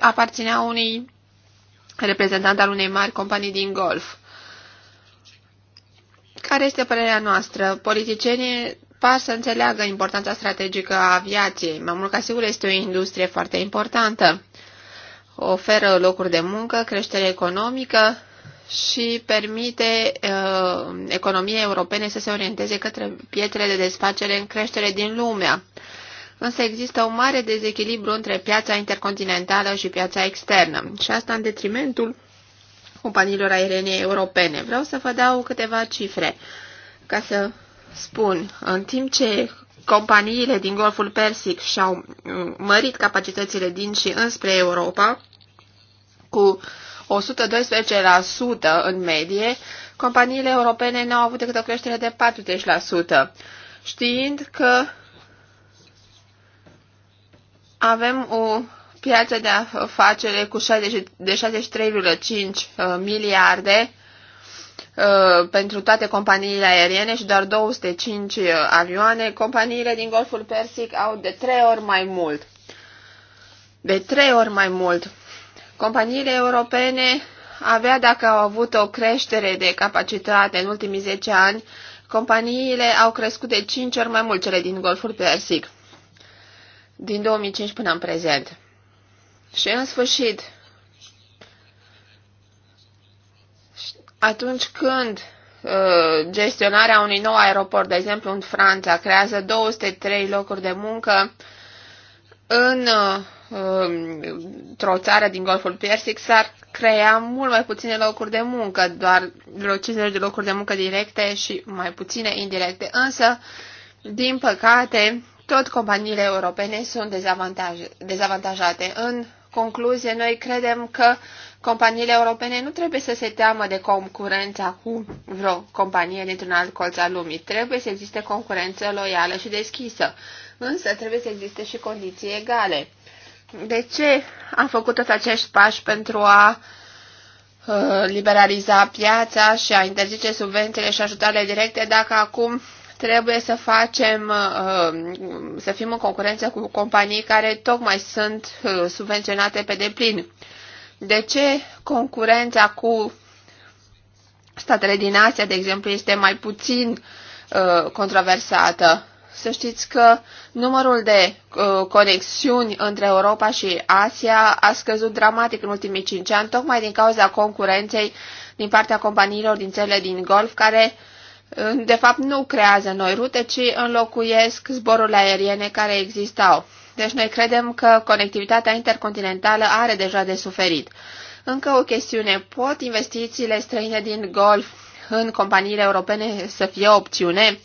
aparținea unui reprezentant al unei mari companii din Golf. Care este părerea noastră? Politicienii par să înțeleagă importanța strategică a aviației. Mai mult ca sigur este o industrie foarte importantă. Oferă locuri de muncă, creștere economică și permite uh, economiei europene să se orienteze către pietrele de desfacere în creștere din lumea. Însă există un mare dezechilibru între piața intercontinentală și piața externă și asta în detrimentul companiilor aeriene europene. Vreau să vă dau câteva cifre ca să spun, în timp ce companiile din Golful Persic și-au mărit capacitățile din și înspre Europa cu 112% în medie, companiile europene n-au avut decât o creștere de 40%, știind că avem o Piața de afacere cu 63,5 uh, miliarde uh, pentru toate companiile aeriene și doar 205 uh, avioane. Companiile din Golful Persic au de trei ori mai mult. De trei ori mai mult. Companiile europene avea dacă au avut o creștere de capacitate în ultimii 10 ani, companiile au crescut de 5 ori mai mult cele din Golful Persic, din 2005 până în prezent. Și în sfârșit, atunci când uh, gestionarea unui nou aeroport, de exemplu în Franța, creează 203 locuri de muncă în, uh, um, într-o țară din Golful Persic, s-ar crea mult mai puține locuri de muncă, doar vreo 50 de locuri de muncă directe și mai puține indirecte. Însă, din păcate, tot companiile europene sunt dezavantaj- dezavantajate. În concluzie, noi credem că companiile europene nu trebuie să se teamă de concurența cu vreo companie dintr-un alt colț al lumii. Trebuie să existe concurență loială și deschisă, însă trebuie să existe și condiții egale. De ce am făcut toți acești pași pentru a uh, liberaliza piața și a interzice subvențiile și ajutoarele directe dacă acum trebuie să facem, uh, să fim în concurență cu companii care tocmai sunt uh, subvenționate pe deplin. De ce concurența cu statele din Asia, de exemplu, este mai puțin uh, controversată? Să știți că numărul de conexiuni între Europa și Asia a scăzut dramatic în ultimii cinci ani, tocmai din cauza concurenței din partea companiilor din țările din Golf, care uh, de fapt nu creează noi rute, ci înlocuiesc zborurile aeriene care existau. Deci noi credem că conectivitatea intercontinentală are deja de suferit. Încă o chestiune, pot investițiile străine din Golf în companiile europene să fie o opțiune?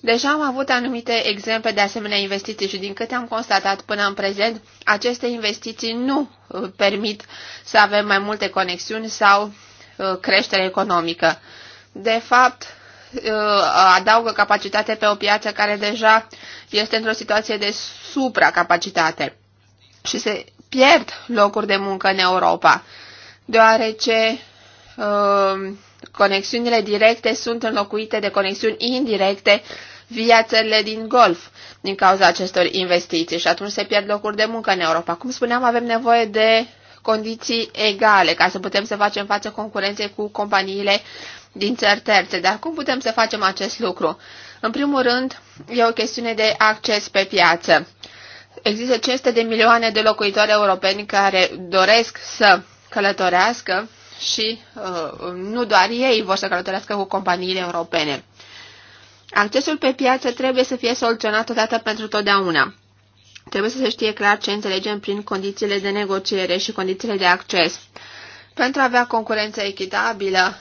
Deja am avut anumite exemple de asemenea investiții și din câte am constatat până în prezent, aceste investiții nu uh, permit să avem mai multe conexiuni sau uh, creștere economică. De fapt, Uh, adaugă capacitate pe o piață care deja este într-o situație de supracapacitate și se pierd locuri de muncă în Europa, deoarece uh, conexiunile directe sunt înlocuite de conexiuni indirecte via țările din Golf din cauza acestor investiții și atunci se pierd locuri de muncă în Europa. Cum spuneam, avem nevoie de condiții egale ca să putem să facem față concurenței cu companiile din țări terțe. Dar cum putem să facem acest lucru? În primul rând, e o chestiune de acces pe piață. Există 500 de milioane de locuitori europeni care doresc să călătorească și uh, nu doar ei vor să călătorească cu companiile europene. Accesul pe piață trebuie să fie soluționat odată pentru totdeauna. Trebuie să se știe clar ce înțelegem prin condițiile de negociere și condițiile de acces. Pentru a avea concurență echitabilă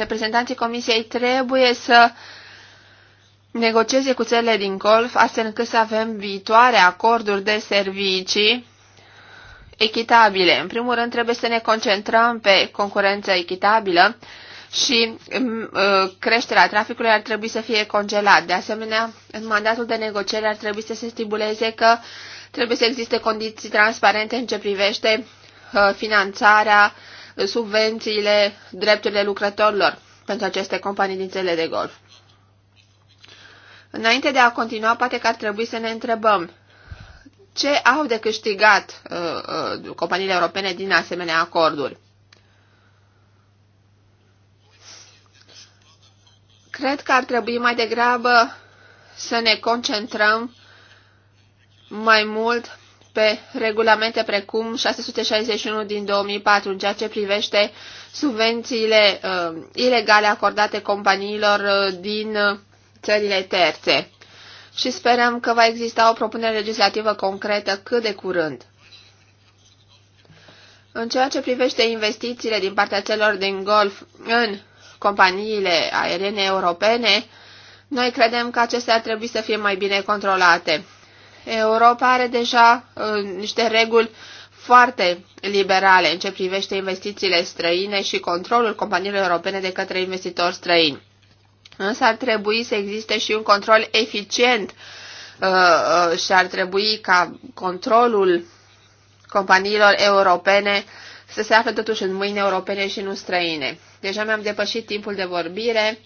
reprezentanții Comisiei trebuie să negocieze cu țările din Golf, astfel încât să avem viitoare acorduri de servicii echitabile. În primul rând, trebuie să ne concentrăm pe concurența echitabilă și mm, ă, creșterea traficului ar trebui să fie congelat. De asemenea, în mandatul de negociere ar trebui să se stipuleze că trebuie să existe condiții transparente în ce privește ă, finanțarea subvențiile, drepturile lucrătorilor pentru aceste companii din țele de golf. Înainte de a continua, poate că ar trebui să ne întrebăm ce au de câștigat uh, uh, companiile europene din asemenea acorduri. Cred că ar trebui mai degrabă să ne concentrăm mai mult pe regulamente precum 661 din 2004 în ceea ce privește subvențiile uh, ilegale acordate companiilor uh, din uh, țările terțe. Și sperăm că va exista o propunere legislativă concretă cât de curând. În ceea ce privește investițiile din partea celor din Golf în companiile aeriene europene, noi credem că acestea ar trebui să fie mai bine controlate. Europa are deja uh, niște reguli foarte liberale în ce privește investițiile străine și controlul companiilor europene de către investitori străini. Însă ar trebui să existe și un control eficient uh, uh și ar trebui ca controlul companiilor europene să se afle totuși în mâini europene și nu străine. Deja mi-am depășit timpul de vorbire.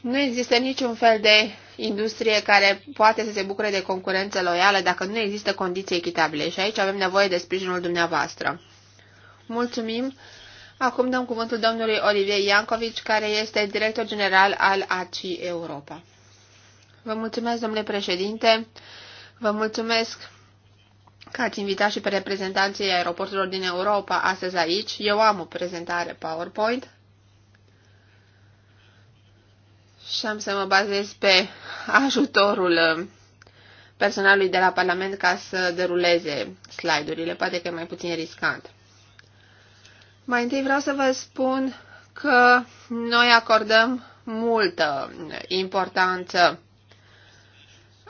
Nu există niciun fel de industrie care poate să se bucure de concurență loială dacă nu există condiții echitabile și aici avem nevoie de sprijinul dumneavoastră. Mulțumim! Acum dăm cuvântul domnului Olivier Iancovici, care este director general al ACI Europa. Vă mulțumesc, domnule președinte, vă mulțumesc că ați invitat și pe reprezentanții aeroporturilor din Europa astăzi aici. Eu am o prezentare PowerPoint. și am să mă bazez pe ajutorul uh, personalului de la Parlament ca să deruleze slide-urile. Poate că e mai puțin riscant. Mai întâi vreau să vă spun că noi acordăm multă importanță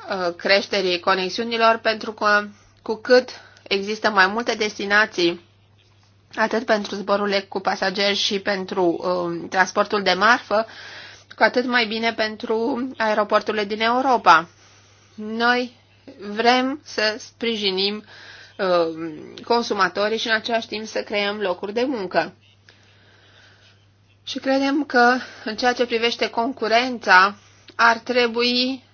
uh, creșterii conexiunilor pentru că cu cât există mai multe destinații atât pentru zborurile cu pasageri și pentru uh, transportul de marfă, cu atât mai bine pentru aeroporturile din Europa. Noi vrem să sprijinim uh, consumatorii și în același timp să creăm locuri de muncă. Și credem că în ceea ce privește concurența ar trebui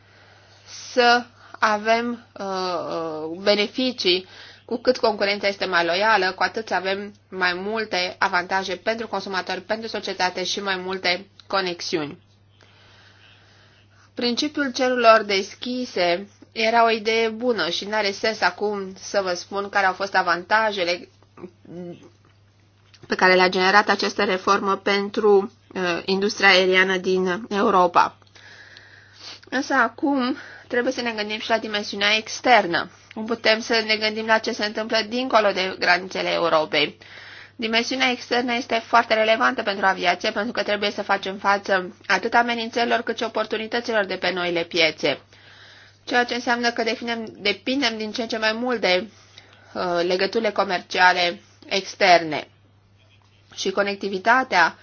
să avem uh, uh beneficii cu cât concurența este mai loială, cu atât avem mai multe avantaje pentru consumatori, pentru societate și mai multe conexiuni. Principiul cerurilor deschise era o idee bună și n-are sens acum să vă spun care au fost avantajele pe care le-a generat această reformă pentru uh, industria aeriană din Europa. Însă acum trebuie să ne gândim și la dimensiunea externă. Putem să ne gândim la ce se întâmplă dincolo de granițele Europei. Dimensiunea externă este foarte relevantă pentru aviație pentru că trebuie să facem față atât amenințărilor cât și oportunităților de pe noile piețe. Ceea ce înseamnă că definem, depindem din ce în ce mai mult de uh, legăturile comerciale externe. Și conectivitatea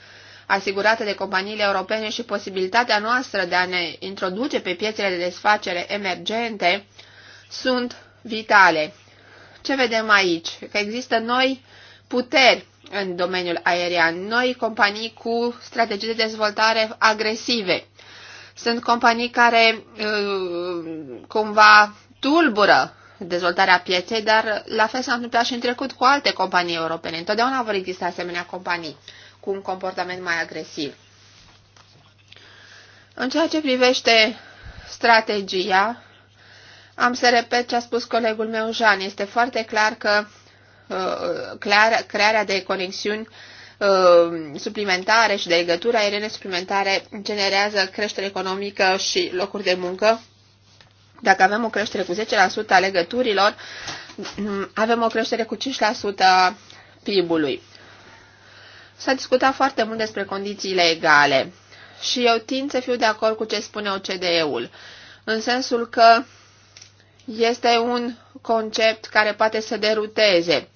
asigurată de companiile europene și posibilitatea noastră de a ne introduce pe piețele de desfacere emergente sunt vitale. Ce vedem aici? Că există noi puteri în domeniul aerian, noi companii cu strategii de dezvoltare agresive. Sunt companii care uh, cumva tulbură dezvoltarea pieței, dar la fel s-a întâmplat și în trecut cu alte companii europene. Întotdeauna vor exista asemenea companii cu un comportament mai agresiv. În ceea ce privește strategia, am să repet ce a spus colegul meu Jean. Este foarte clar că Uh, crearea de conexiuni uh, suplimentare și de legături aeriene suplimentare generează creștere economică și locuri de muncă. Dacă avem o creștere cu 10% a legăturilor, mm, avem o creștere cu 5% a PIB-ului. S-a discutat foarte mult despre condițiile egale și eu tind să fiu de acord cu ce spune OCDE-ul, în sensul că este un concept care poate să deruteze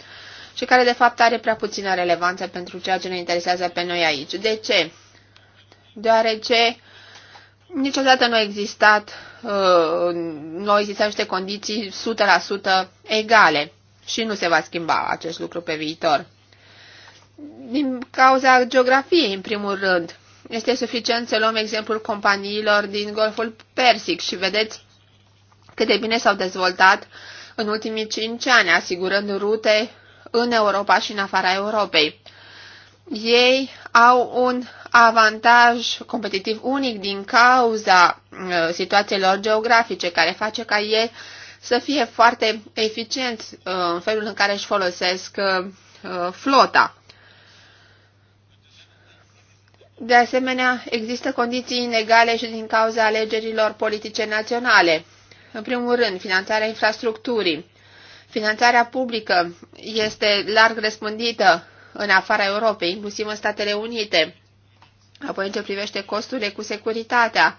și care de fapt are prea puțină relevanță pentru ceea ce ne interesează pe noi aici. De ce? Deoarece niciodată nu a existat, uh, nu au existat niște condiții 100% egale și nu se va schimba acest lucru pe viitor. Din cauza geografiei, în primul rând, este suficient să luăm exemplul companiilor din Golful Persic și vedeți cât de bine s-au dezvoltat în ultimii cinci ani, asigurând rute în Europa și în afara Europei. Ei au un avantaj competitiv unic din cauza uh, situațiilor geografice, care face ca ei să fie foarte eficienți uh, în felul în care își folosesc uh, flota. De asemenea, există condiții inegale și din cauza alegerilor politice naționale. În primul rând, finanțarea infrastructurii. Finanțarea publică este larg răspândită în afara Europei, inclusiv în Statele Unite. Apoi, în ce privește costurile cu securitatea,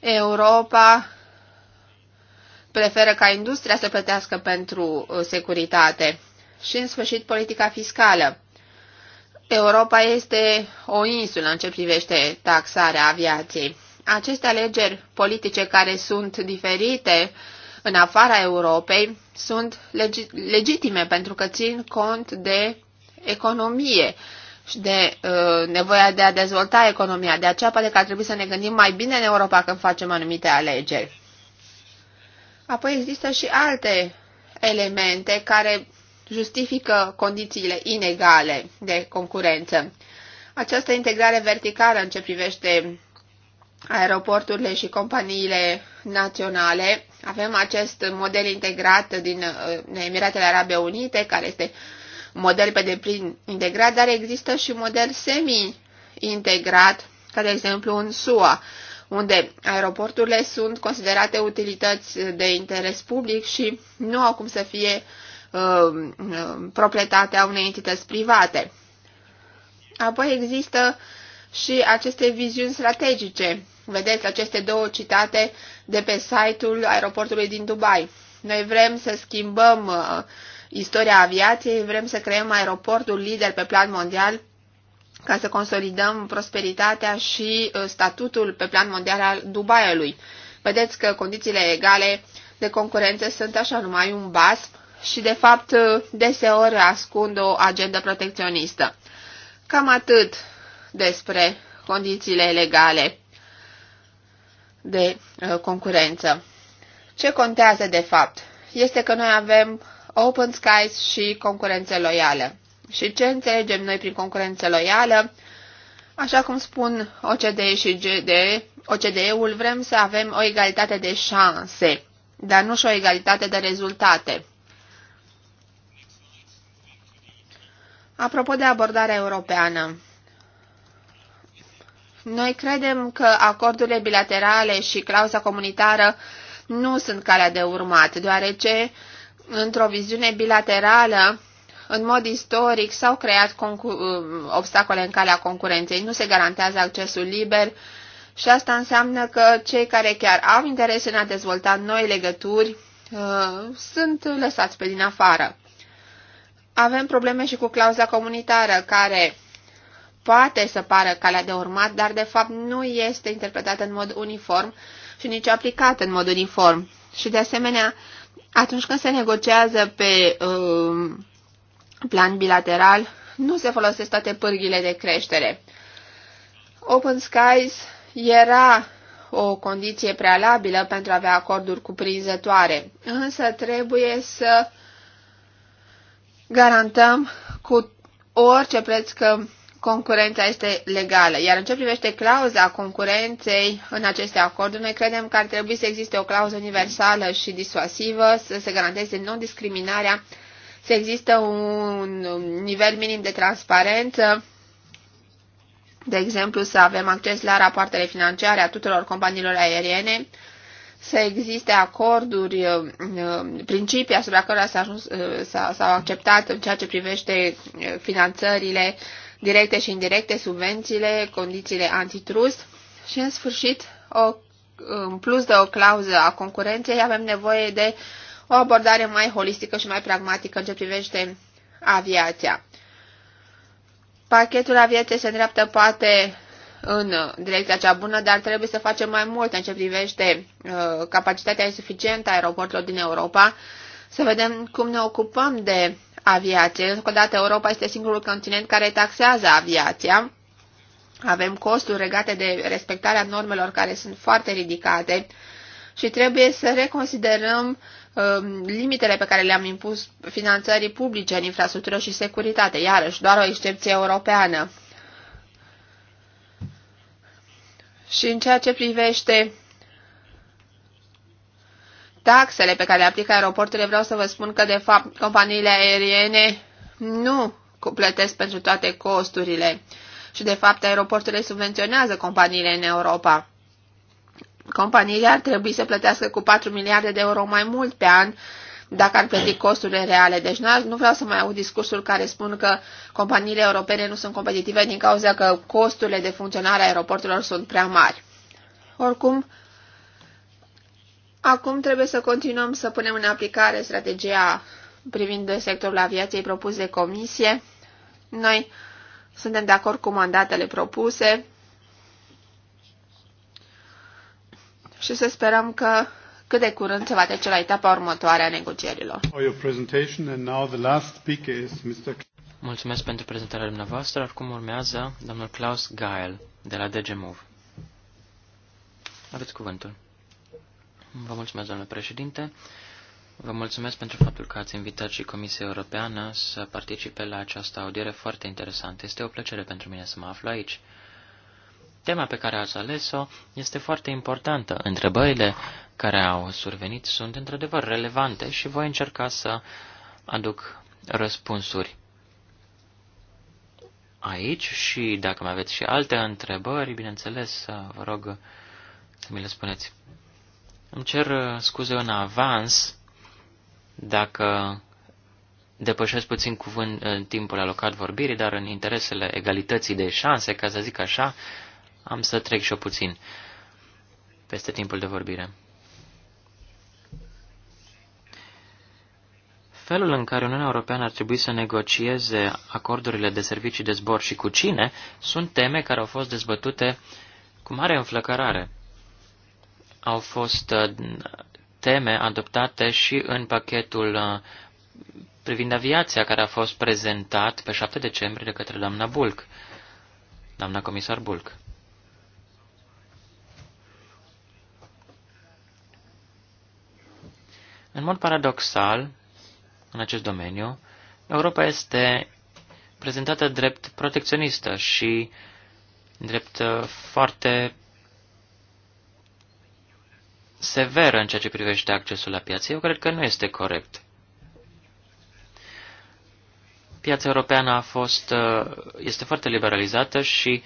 Europa preferă ca industria să plătească pentru uh, securitate. Și, în sfârșit, politica fiscală. Europa este o insulă în ce privește taxarea aviației. Aceste alegeri politice care sunt diferite în afara Europei sunt legi legitime pentru că țin cont de economie și de uh, nevoia de a dezvolta economia. De aceea poate că ar trebui să ne gândim mai bine în Europa când facem anumite alegeri. Apoi există și alte elemente care justifică condițiile inegale de concurență. Această integrare verticală în ce privește aeroporturile și companiile naționale. Avem acest model integrat din uh, Emiratele Arabe Unite, care este model pe deplin integrat, dar există și model semi-integrat, ca de exemplu în SUA, unde aeroporturile sunt considerate utilități de interes public și nu au cum să fie uh, proprietatea unei entități private. Apoi există și aceste viziuni strategice Vedeți aceste două citate de pe site-ul aeroportului din Dubai. Noi vrem să schimbăm uh, istoria aviației, vrem să creăm aeroportul lider pe plan mondial ca să consolidăm prosperitatea și uh, statutul pe plan mondial al Dubaiului. Vedeți că condițiile egale de concurență sunt așa numai un basm și, de fapt, uh, deseori ascund o agendă protecționistă. Cam atât despre condițiile legale de uh, concurență. Ce contează de fapt? Este că noi avem open skies și concurență loială. Și ce înțelegem noi prin concurență loială? Așa cum spun OCDE și GDE, OCDE-ul vrem să avem o egalitate de șanse, dar nu și o egalitate de rezultate. Apropo de abordarea europeană, noi credem că acordurile bilaterale și clauza comunitară nu sunt calea de urmat, deoarece într-o viziune bilaterală, în mod istoric, s-au creat um, obstacole în calea concurenței, nu se garantează accesul liber și asta înseamnă că cei care chiar au interes în a dezvolta noi legături uh, sunt lăsați pe din afară. Avem probleme și cu clauza comunitară, care poate să pară calea de urmat, dar de fapt nu este interpretată în mod uniform și nici aplicată în mod uniform. Și de asemenea, atunci când se negociază pe uh, plan bilateral, nu se folosesc toate pârghile de creștere. Open Skies era o condiție prealabilă pentru a avea acorduri cuprinzătoare, însă trebuie să garantăm cu orice preț că concurența este legală. Iar în ce privește clauza concurenței în aceste acorduri, noi credem că ar trebui să existe o clauză universală și disuasivă, să se garanteze non-discriminarea, să există un nivel minim de transparență, de exemplu să avem acces la rapoartele financiare a tuturor companiilor aeriene, să existe acorduri, uh, principii asupra cărora uh, s-au acceptat în ceea ce privește uh, finanțările directe și indirecte, subvențiile, condițiile antitrust și, în sfârșit, o, în plus de o clauză a concurenței, avem nevoie de o abordare mai holistică și mai pragmatică în ce privește aviația. Pachetul aviației se îndreaptă poate în direcția cea bună, dar trebuie să facem mai mult în ce privește uh, capacitatea insuficientă a aeroportelor din Europa, să vedem cum ne ocupăm de Aviație. Încă Europa este singurul continent care taxează aviația. Avem costuri legate de respectarea normelor care sunt foarte ridicate și trebuie să reconsiderăm um, limitele pe care le-am impus finanțării publice în infrastructură și securitate, iarăși doar o excepție europeană. Și în ceea ce privește taxele pe care le aplică aeroporturile, vreau să vă spun că, de fapt, companiile aeriene nu plătesc pentru toate costurile și, de fapt, aeroporturile subvenționează companiile în Europa. Companiile ar trebui să plătească cu 4 miliarde de euro mai mult pe an dacă ar plăti costurile reale. Deci nu vreau să mai aud discursul care spun că companiile europene nu sunt competitive din cauza că costurile de funcționare a aeroporturilor sunt prea mari. Oricum, Acum trebuie să continuăm să punem în aplicare strategia privind sectorul aviației propus de comisie. Noi suntem de acord cu mandatele propuse și să sperăm că cât de curând se va trece la etapa următoare a negocierilor. Mulțumesc pentru prezentarea dumneavoastră. Acum urmează domnul Klaus Geil de la DGMOV. Aveți cuvântul. Vă mulțumesc, domnule președinte. Vă mulțumesc pentru faptul că ați invitat și Comisia Europeană să participe la această audiere foarte interesantă. Este o plăcere pentru mine să mă aflu aici. Tema pe care ați ales-o este foarte importantă. Întrebările care au survenit sunt într-adevăr relevante și voi încerca să aduc răspunsuri aici și dacă mai aveți și alte întrebări, bineînțeles, vă rog să mi le spuneți. Îmi cer uh, scuze în avans dacă depășesc puțin cuvânt, uh, timpul alocat vorbirii, dar în interesele egalității de șanse, ca să zic așa, am să trec și o puțin peste timpul de vorbire. Felul în care Uniunea Europeană ar trebui să negocieze acordurile de servicii de zbor și cu cine sunt teme care au fost dezbătute cu mare înflăcărare au fost uh, teme adoptate și în pachetul uh, privind aviația, care a fost prezentat pe 7 decembrie de către doamna Bulc, doamna comisar Bulc. În mod paradoxal, în acest domeniu, Europa este prezentată drept protecționistă și drept uh, foarte severă în ceea ce privește accesul la piață. Eu cred că nu este corect. Piața europeană a fost, uh, este foarte liberalizată și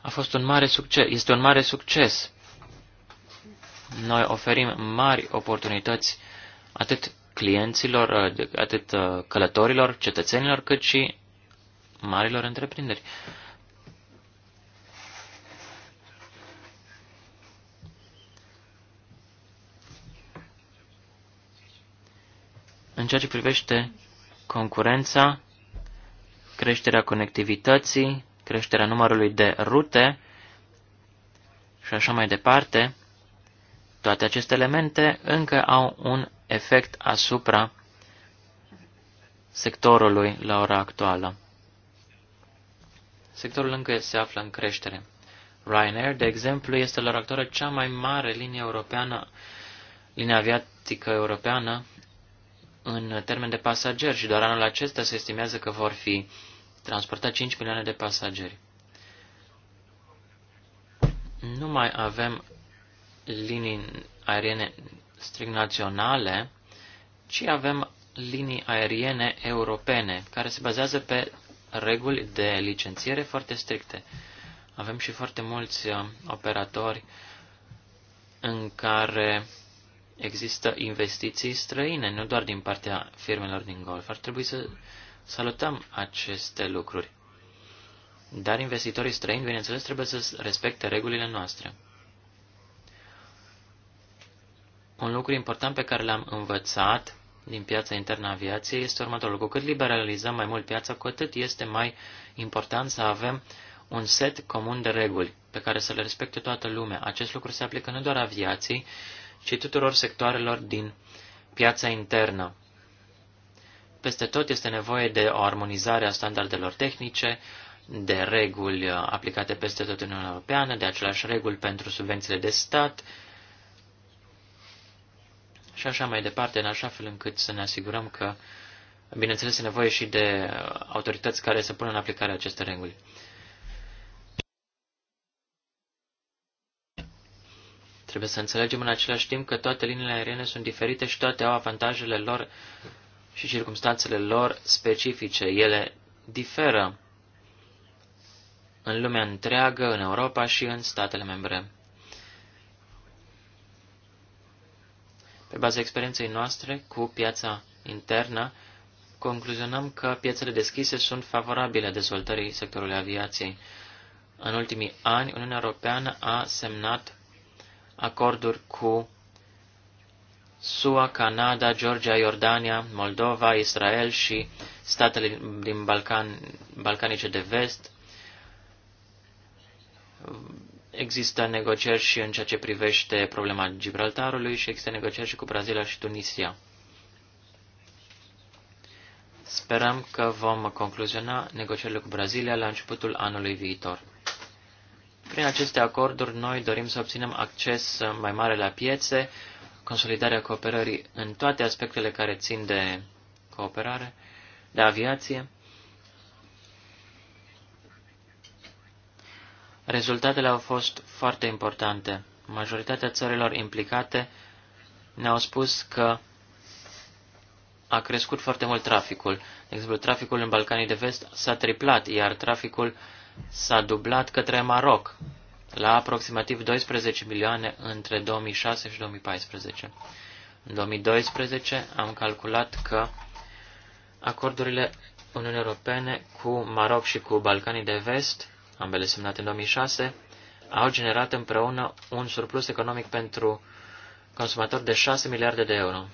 a fost un mare succes, este un mare succes. Noi oferim mari oportunități atât clienților, uh, atât uh, călătorilor, cetățenilor, cât și marilor întreprinderi. În ceea ce privește concurența, creșterea conectivității, creșterea numărului de rute și așa mai departe, toate aceste elemente încă au un efect asupra sectorului la ora actuală. Sectorul încă se află în creștere. Ryanair, de exemplu, este la ora actuală cea mai mare linie europeană, linie aviatică europeană în termen de pasageri și doar anul acesta se estimează că vor fi transportați 5 milioane de pasageri. Nu mai avem linii aeriene strict naționale, ci avem linii aeriene europene, care se bazează pe reguli de licențiere foarte stricte. Avem și foarte mulți uh, operatori în care există investiții străine, nu doar din partea firmelor din golf. Ar trebui să salutăm aceste lucruri. Dar investitorii străini, bineînțeles, trebuie să respecte regulile noastre. Un lucru important pe care l-am învățat din piața internă a aviației este următorul. Cu cât liberalizăm mai mult piața, cu atât este mai important să avem un set comun de reguli pe care să le respecte toată lumea. Acest lucru se aplică nu doar aviației, și tuturor sectoarelor din piața internă. Peste tot este nevoie de o armonizare a standardelor tehnice, de reguli aplicate peste tot în Uniunea Europeană, de aceleași reguli pentru subvențiile de stat și așa mai departe, în așa fel încât să ne asigurăm că, bineînțeles, e nevoie și de autorități care să pună în aplicare aceste reguli. Trebuie să înțelegem în același timp că toate liniile aeriene sunt diferite și toate au avantajele lor și circumstanțele lor specifice. Ele diferă în lumea întreagă, în Europa și în statele membre. Pe baza experienței noastre cu piața internă, concluzionăm că piețele deschise sunt favorabile dezvoltării sectorului aviației. În ultimii ani, Uniunea Europeană a semnat acorduri cu SUA, Canada, Georgia, Iordania, Moldova, Israel și statele din Balcan, Balcanice de Vest. Există negocieri și în ceea ce privește problema Gibraltarului și există negocieri și cu Brazilia și Tunisia. Sperăm că vom concluziona negocierile cu Brazilia la începutul anului viitor. Prin aceste acorduri, noi dorim să obținem acces mai mare la piețe, consolidarea cooperării în toate aspectele care țin de cooperare, de aviație. Rezultatele au fost foarte importante. Majoritatea țărilor implicate ne-au spus că a crescut foarte mult traficul. De exemplu, traficul în Balcanii de Vest s-a triplat, iar traficul uh, s-a dublat către Maroc, la aproximativ 12 milioane între 2006 și 2014. În 2012 am calculat că acordurile Uniunii Europene cu Maroc și cu Balcanii de Vest, ambele semnate în 2006, au generat împreună un surplus economic pentru consumatori de 6 miliarde de euro.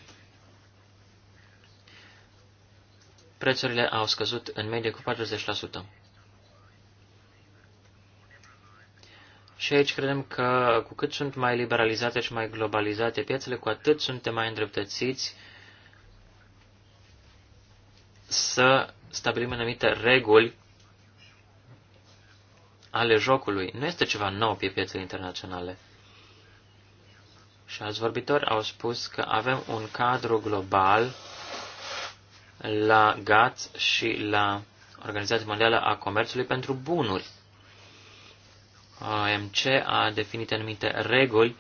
Prețurile au scăzut în medie cu 40%. Și aici credem că cu cât sunt mai liberalizate și mai globalizate piețele, cu atât suntem mai îndreptățiți să stabilim anumite reguli ale jocului. Nu este ceva nou pe piețele internaționale. Și alți vorbitori au spus că avem un cadru global la GATS și la Organizația Mondială a Comerțului pentru bunuri. OMC a definit anumite reguli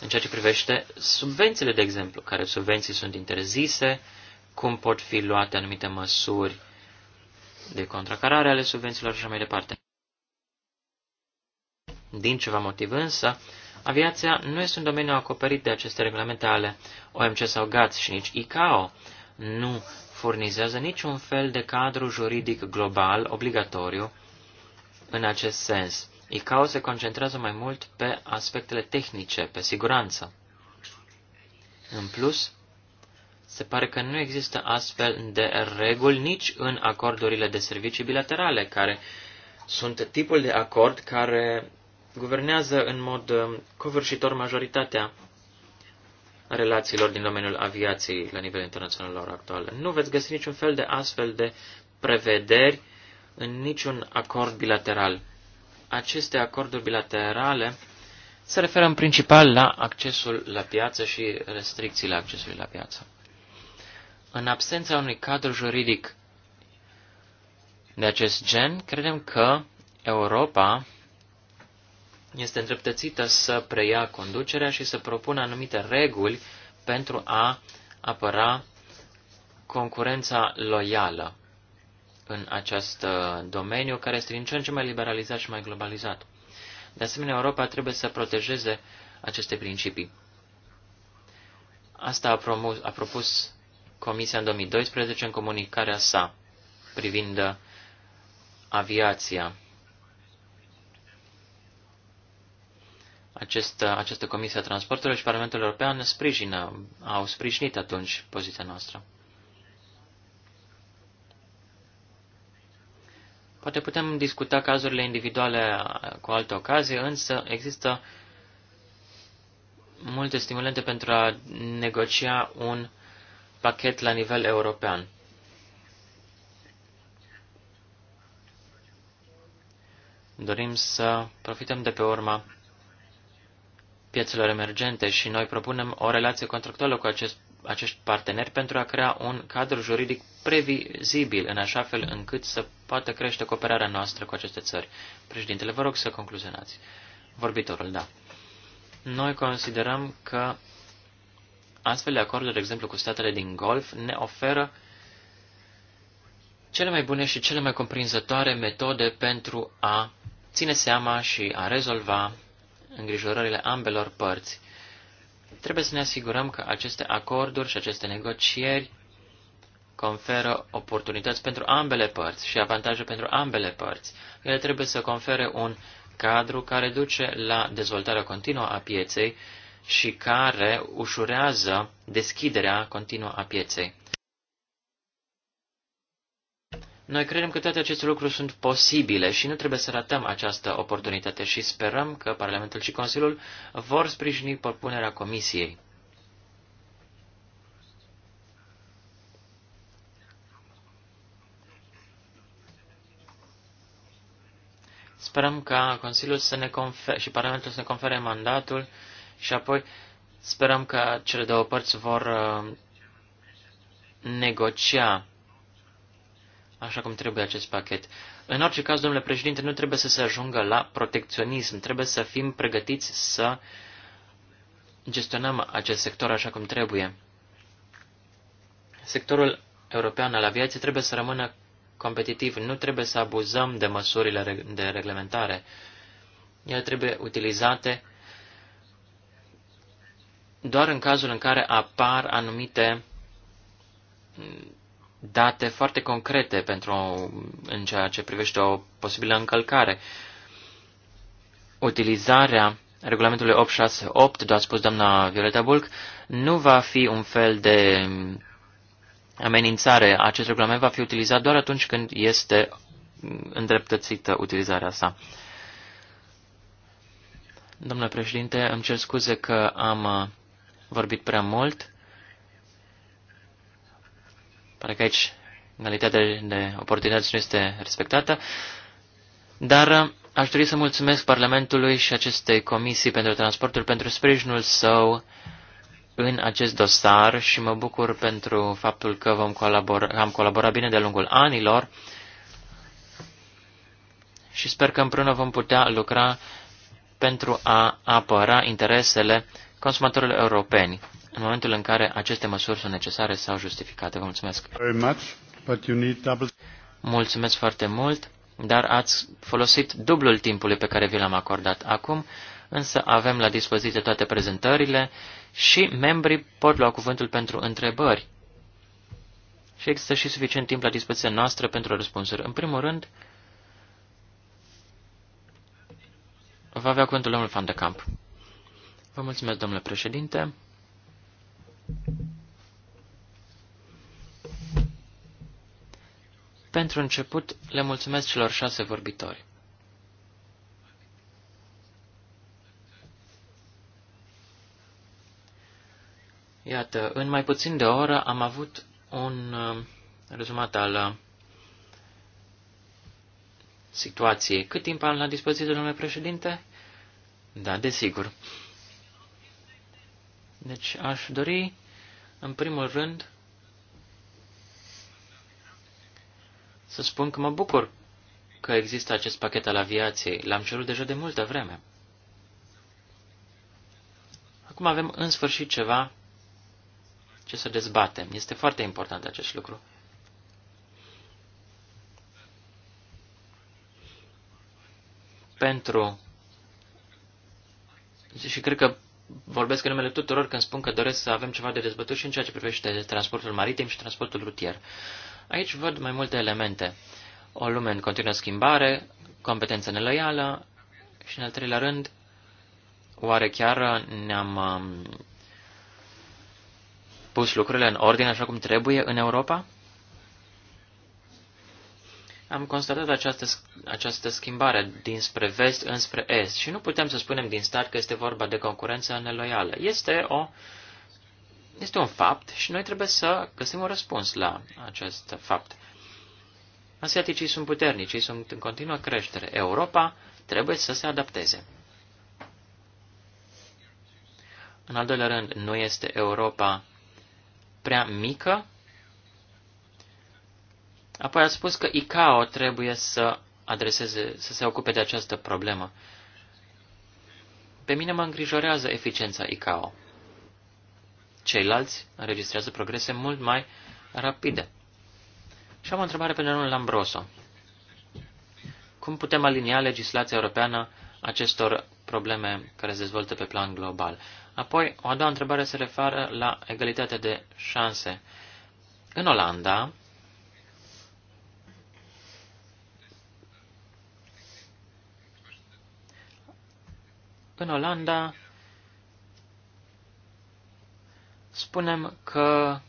în ceea ce privește subvențiile, de exemplu, care subvenții sunt interzise, cum pot fi luate anumite măsuri de contracarare ale subvențiilor și așa mai departe. Din ceva motiv însă, aviația nu este un domeniu acoperit de aceste regulamente ale OMC sau GATS și nici ICAO. Nu furnizează niciun fel de cadru juridic global obligatoriu în acest sens. ICAO se concentrează mai mult pe aspectele tehnice, pe siguranță. În plus, se pare că nu există astfel de reguli nici în acordurile de servicii bilaterale, care sunt tipul de acord care guvernează în mod um, covârșitor majoritatea relațiilor din domeniul aviației la nivel internațional la ora actuală. Nu veți găsi niciun fel de astfel de prevederi în niciun acord bilateral aceste acorduri bilaterale se referă în principal la accesul la piață și restricțiile accesului la piață. În absența unui cadru juridic de acest gen, credem că Europa este îndreptățită să preia conducerea și să propună anumite reguli pentru a apăra concurența loială în acest uh, domeniu, care este din ce în ce mai liberalizat și mai globalizat. De asemenea, Europa trebuie să protejeze aceste principii. Asta a, promus, a propus Comisia în 2012 în comunicarea sa privind uh, aviația. Acest, uh, această Comisie a Transporturilor și Parlamentul European sprijină, au sprijinit atunci poziția noastră. Poate putem discuta cazurile individuale uh, cu alte ocazie, însă există multe stimulente pentru a negocia un pachet la nivel european. Dorim să profităm de pe urma piețelor emergente și noi propunem o relație contractuală cu acest acești parteneri pentru a crea un cadru juridic previzibil, în așa fel încât să poată crește cooperarea noastră cu aceste țări. Președintele, vă rog să concluzionați. Vorbitorul, da. Noi considerăm că astfel de acorduri, de exemplu, cu statele din Golf, ne oferă cele mai bune și cele mai comprinzătoare metode pentru a ține seama și a rezolva îngrijorările ambelor părți Trebuie să ne asigurăm că aceste acorduri și aceste negocieri conferă oportunități pentru ambele părți și avantaje pentru ambele părți. Ele trebuie să confere un cadru care duce la dezvoltarea continuă a pieței și care ușurează deschiderea continuă a pieței. Noi credem că toate aceste lucruri sunt posibile și nu trebuie să ratăm această oportunitate și sperăm că Parlamentul și Consiliul vor sprijini propunerea Comisiei. Sperăm ca Consiliul să ne confere, și Parlamentul să ne confere mandatul și apoi sperăm că cele două părți vor uh, negocia așa cum trebuie acest pachet. În orice caz, domnule președinte, nu trebuie să se ajungă la protecționism, trebuie să fim pregătiți să gestionăm acest sector așa cum trebuie. Sectorul european al aviației trebuie să rămână competitiv, nu trebuie să abuzăm de măsurile de reglementare. Ele trebuie utilizate doar în cazul în care apar anumite date foarte concrete pentru în ceea ce privește o posibilă încălcare. Utilizarea regulamentului 868, doar spus doamna Violeta Bulc, nu va fi un fel de amenințare. Acest regulament va fi utilizat doar atunci când este îndreptățită utilizarea sa. Domnule președinte, îmi cer scuze că am vorbit prea mult. Pare că aici egalitatea de oportunități nu este respectată. Dar uh, aș dori să mulțumesc Parlamentului și acestei comisii pentru transportul pentru sprijinul său în acest dosar și mă bucur pentru faptul că vom colabora, am colaborat bine de-a lungul anilor și sper că împreună vom putea lucra pentru a apăra interesele consumatorilor europeni în momentul în care aceste măsuri sunt necesare sau justificate. Vă mulțumesc! Very much, but you need double... Mulțumesc foarte mult, dar ați folosit dublul timpului pe care vi l-am acordat acum, însă avem la dispoziție toate prezentările și membrii pot lua cuvântul pentru întrebări. Și există și suficient timp la dispoziția noastră pentru răspunsuri. În primul rând, va avea cuvântul domnul Van de Camp. Vă mulțumesc, domnule președinte. Pentru început, le mulțumesc celor șase vorbitori. Iată, în mai puțin de o oră am avut un um, rezumat al uh, situației. Cât timp am la dispoziție, domnule președinte? Da, desigur. Deci aș dori, în primul rând, să spun că mă bucur că există acest pachet al aviației. L-am cerut deja de multă vreme. Acum avem în sfârșit ceva ce să dezbatem. Este foarte important acest lucru. Pentru. Și cred că vorbesc în numele tuturor când spun că doresc să avem ceva de dezbătut și în ceea ce privește transportul maritim și transportul rutier. Aici văd mai multe elemente. O lume în continuă schimbare, competență neloială și, în al treilea rând, oare chiar ne-am um, pus lucrurile în ordine așa cum trebuie în Europa? am constatat această, această schimbare dinspre vest înspre est și nu putem să spunem din start că este vorba de concurență neloială. Este, o, este un fapt și noi trebuie să găsim un răspuns la acest fapt. Asiaticii sunt puternici, ei sunt în continuă creștere. Europa trebuie să se adapteze. În al doilea rând, nu este Europa prea mică Apoi a spus că ICAO trebuie să adreseze, să se ocupe de această problemă. Pe mine mă îngrijorează eficiența ICAO. Ceilalți înregistrează progrese mult mai rapide. Și am o întrebare pe domnul Lambroso. Cum putem alinia legislația europeană acestor probleme care se dezvoltă pe plan global? Apoi, o a doua întrebare se referă la egalitatea de șanse. În Olanda, În Olanda spunem că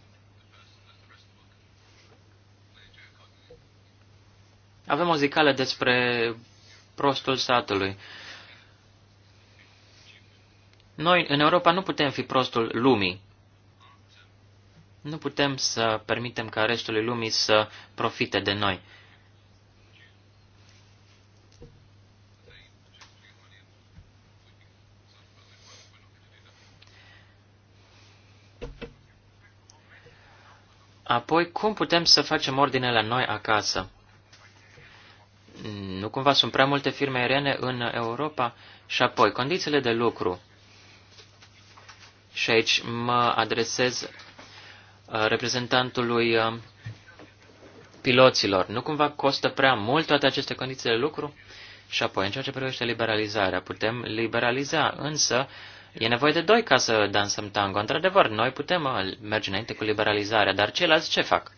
avem o zicală despre prostul satului. Noi, în Europa, nu putem fi prostul lumii. Nu putem să permitem ca restul lumii să profite de noi. Apoi, cum putem să facem ordine la noi acasă? Nu cumva sunt prea multe firme aeriene în Europa? Și apoi, condițiile de lucru. Și aici mă adresez uh, reprezentantului uh, piloților. Nu cumva costă prea mult toate aceste condiții de lucru? Și apoi, în ceea ce privește liberalizarea, putem liberaliza, însă E nevoie de doi ca să dansăm tango. Într-adevăr, noi putem uh, merge înainte cu liberalizarea, dar ceilalți ce fac?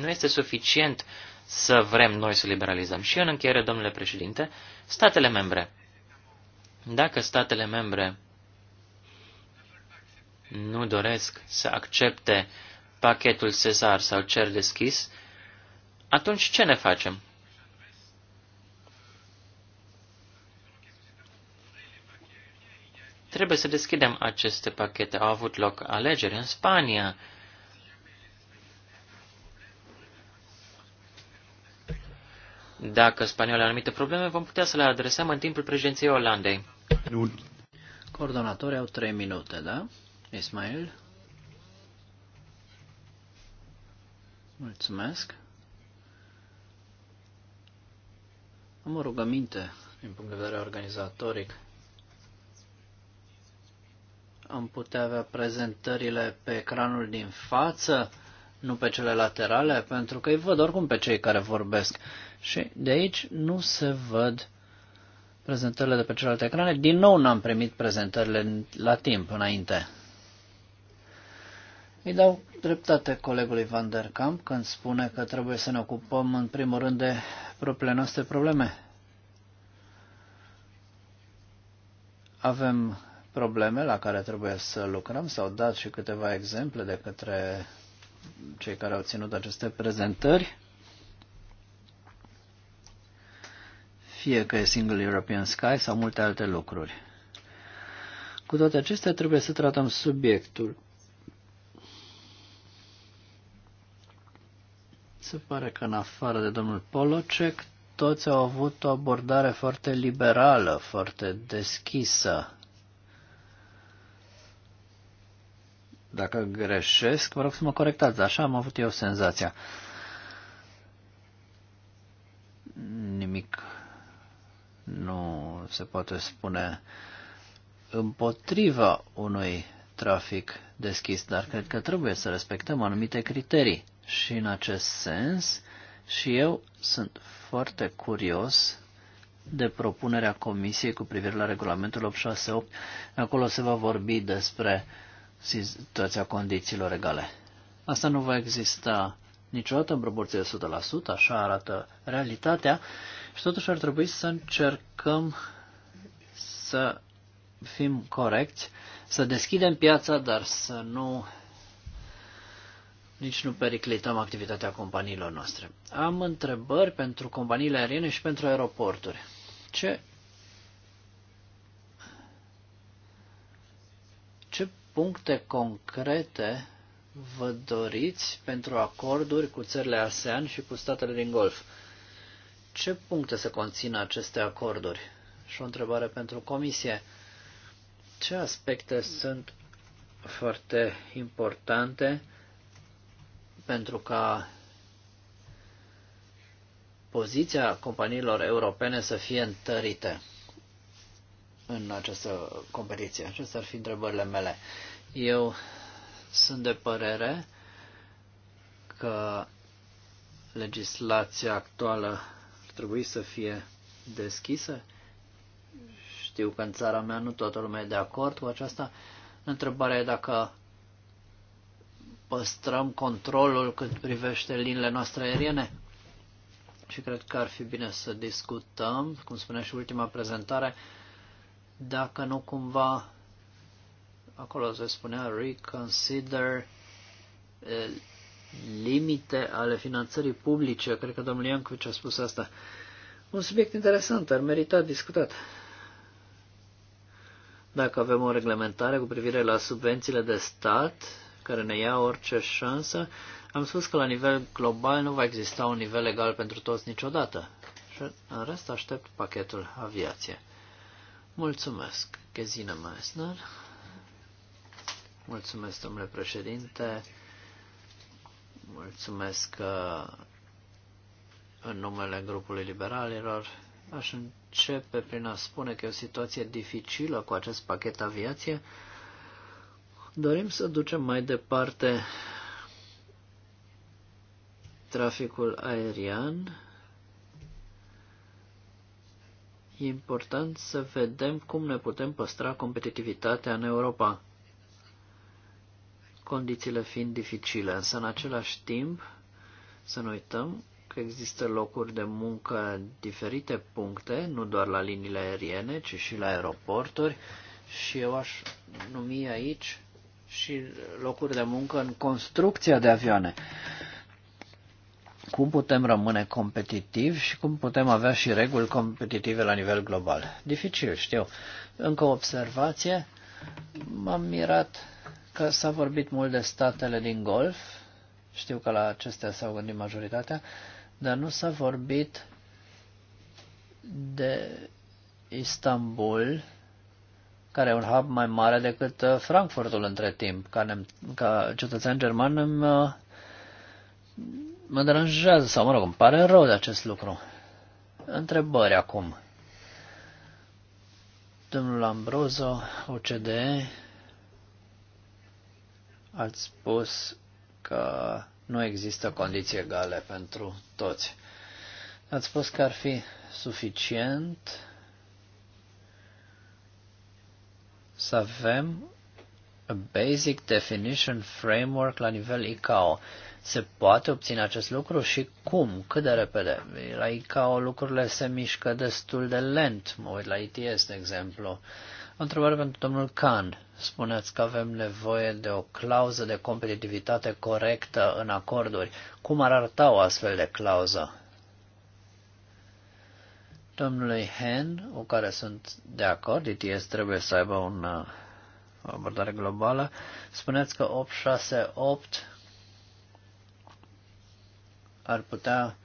Nu este suficient să vrem noi să liberalizăm. Și în încheiere, domnule președinte, statele membre. Dacă statele membre nu doresc să accepte pachetul Cezar sau cer deschis, atunci ce ne facem? Trebuie să deschidem aceste pachete. Au avut loc alegeri în Spania. Dacă spaniolii au anumite probleme, vom putea să le adresăm în timpul președinției Olandei. Coordonatorii au trei minute, da? Ismail? Mulțumesc. Am o rugăminte din punct de vedere organizatoric am putea avea prezentările pe ecranul din față, nu pe cele laterale, pentru că îi văd oricum pe cei care vorbesc. Și de aici nu se văd prezentările de pe celelalte ecrane. Din nou n-am primit prezentările la timp înainte. Îi dau dreptate colegului Van der Kamp când spune că trebuie să ne ocupăm în primul rând de propriile noastre probleme. Avem probleme la care trebuie să lucrăm. S-au dat și câteva exemple de către cei care au ținut aceste prezentări. Fie că e Single European Sky sau multe alte lucruri. Cu toate acestea trebuie să tratăm subiectul. Se pare că în afară de domnul Polocek, toți au avut o abordare foarte liberală, foarte deschisă Dacă greșesc, vă rog să mă corectați, așa am avut eu senzația. Nimic nu se poate spune împotriva unui trafic deschis, dar cred că trebuie să respectăm anumite criterii. Și în acest sens, și eu sunt foarte curios de propunerea Comisiei cu privire la regulamentul 868. Acolo se va vorbi despre situația condițiilor egale. Asta nu va exista niciodată în proporție de 100%, așa arată realitatea și totuși ar trebui să încercăm să fim corecți, să deschidem piața, dar să nu nici nu periclităm activitatea companiilor noastre. Am întrebări pentru companiile aeriene și pentru aeroporturi. Ce puncte concrete vă doriți pentru acorduri cu țările ASEAN și cu statele din Golf? Ce puncte să conțină aceste acorduri? Și o întrebare pentru Comisie. Ce aspecte sunt foarte importante pentru ca poziția companiilor europene să fie întărite? în această competiție? Acestea ar fi întrebările mele. Eu sunt de părere că legislația actuală ar trebui să fie deschisă. Știu că în țara mea nu toată lumea e de acord cu aceasta. Întrebarea e dacă păstrăm controlul cât privește linile noastre aeriene. Și cred că ar fi bine să discutăm, cum spunea și ultima prezentare, uh, dacă nu cumva acolo se spunea reconsider limite ale finanțării publice. Cred că domnul Iancovici a spus asta. Un subiect interesant, ar merita discutat. Dacă avem o reglementare cu privire la subvențiile de stat, care ne ia orice șansă, am spus că la nivel global nu va exista un nivel egal pentru toți niciodată. Și în rest aștept pachetul aviație. Mulțumesc, Kezina Meissner. Mulțumesc, domnule președinte. Mulțumesc că uh, în numele grupului liberalilor aș începe prin a spune că e o situație dificilă cu acest pachet aviație. Dorim să ducem mai departe traficul aerian E important să vedem cum ne putem păstra competitivitatea în Europa, condițiile fiind dificile, însă în același timp să nu uităm că există locuri de muncă în diferite puncte, nu doar la liniile aeriene, ci și la aeroporturi și eu aș numi aici și locuri de muncă în construcția de avioane cum putem rămâne competitivi și cum putem avea și reguli competitive la nivel global. Dificil, știu. Încă o observație. M-am mirat că s-a vorbit mult de statele din Golf. Știu că la acestea s-au gândit majoritatea, dar nu s-a vorbit de Istanbul, care e un hub mai mare decât uh, Frankfurtul între timp. Ca, ne, ca cetățean german îmi uh, mă deranjează, sau mă rog, îmi pare rău de acest lucru. Întrebări acum. Domnul Ambrozo, OCDE, ați spus că nu există condiții egale pentru toți. Ați spus că ar fi suficient să avem a Basic Definition Framework la nivel ICAO. Se poate obține acest lucru și cum? Cât de repede? La ICAO lucrurile se mișcă destul de lent. Mă uit la ITS, de exemplu. O întrebare pentru domnul Khan. Spuneți că avem nevoie de o clauză de competitivitate corectă în acorduri. Cum ar arăta o astfel de clauză? Domnului Hen, cu care sunt de acord, ITS trebuie să aibă un uh, o abordare globală. Spuneți că 868 ar putea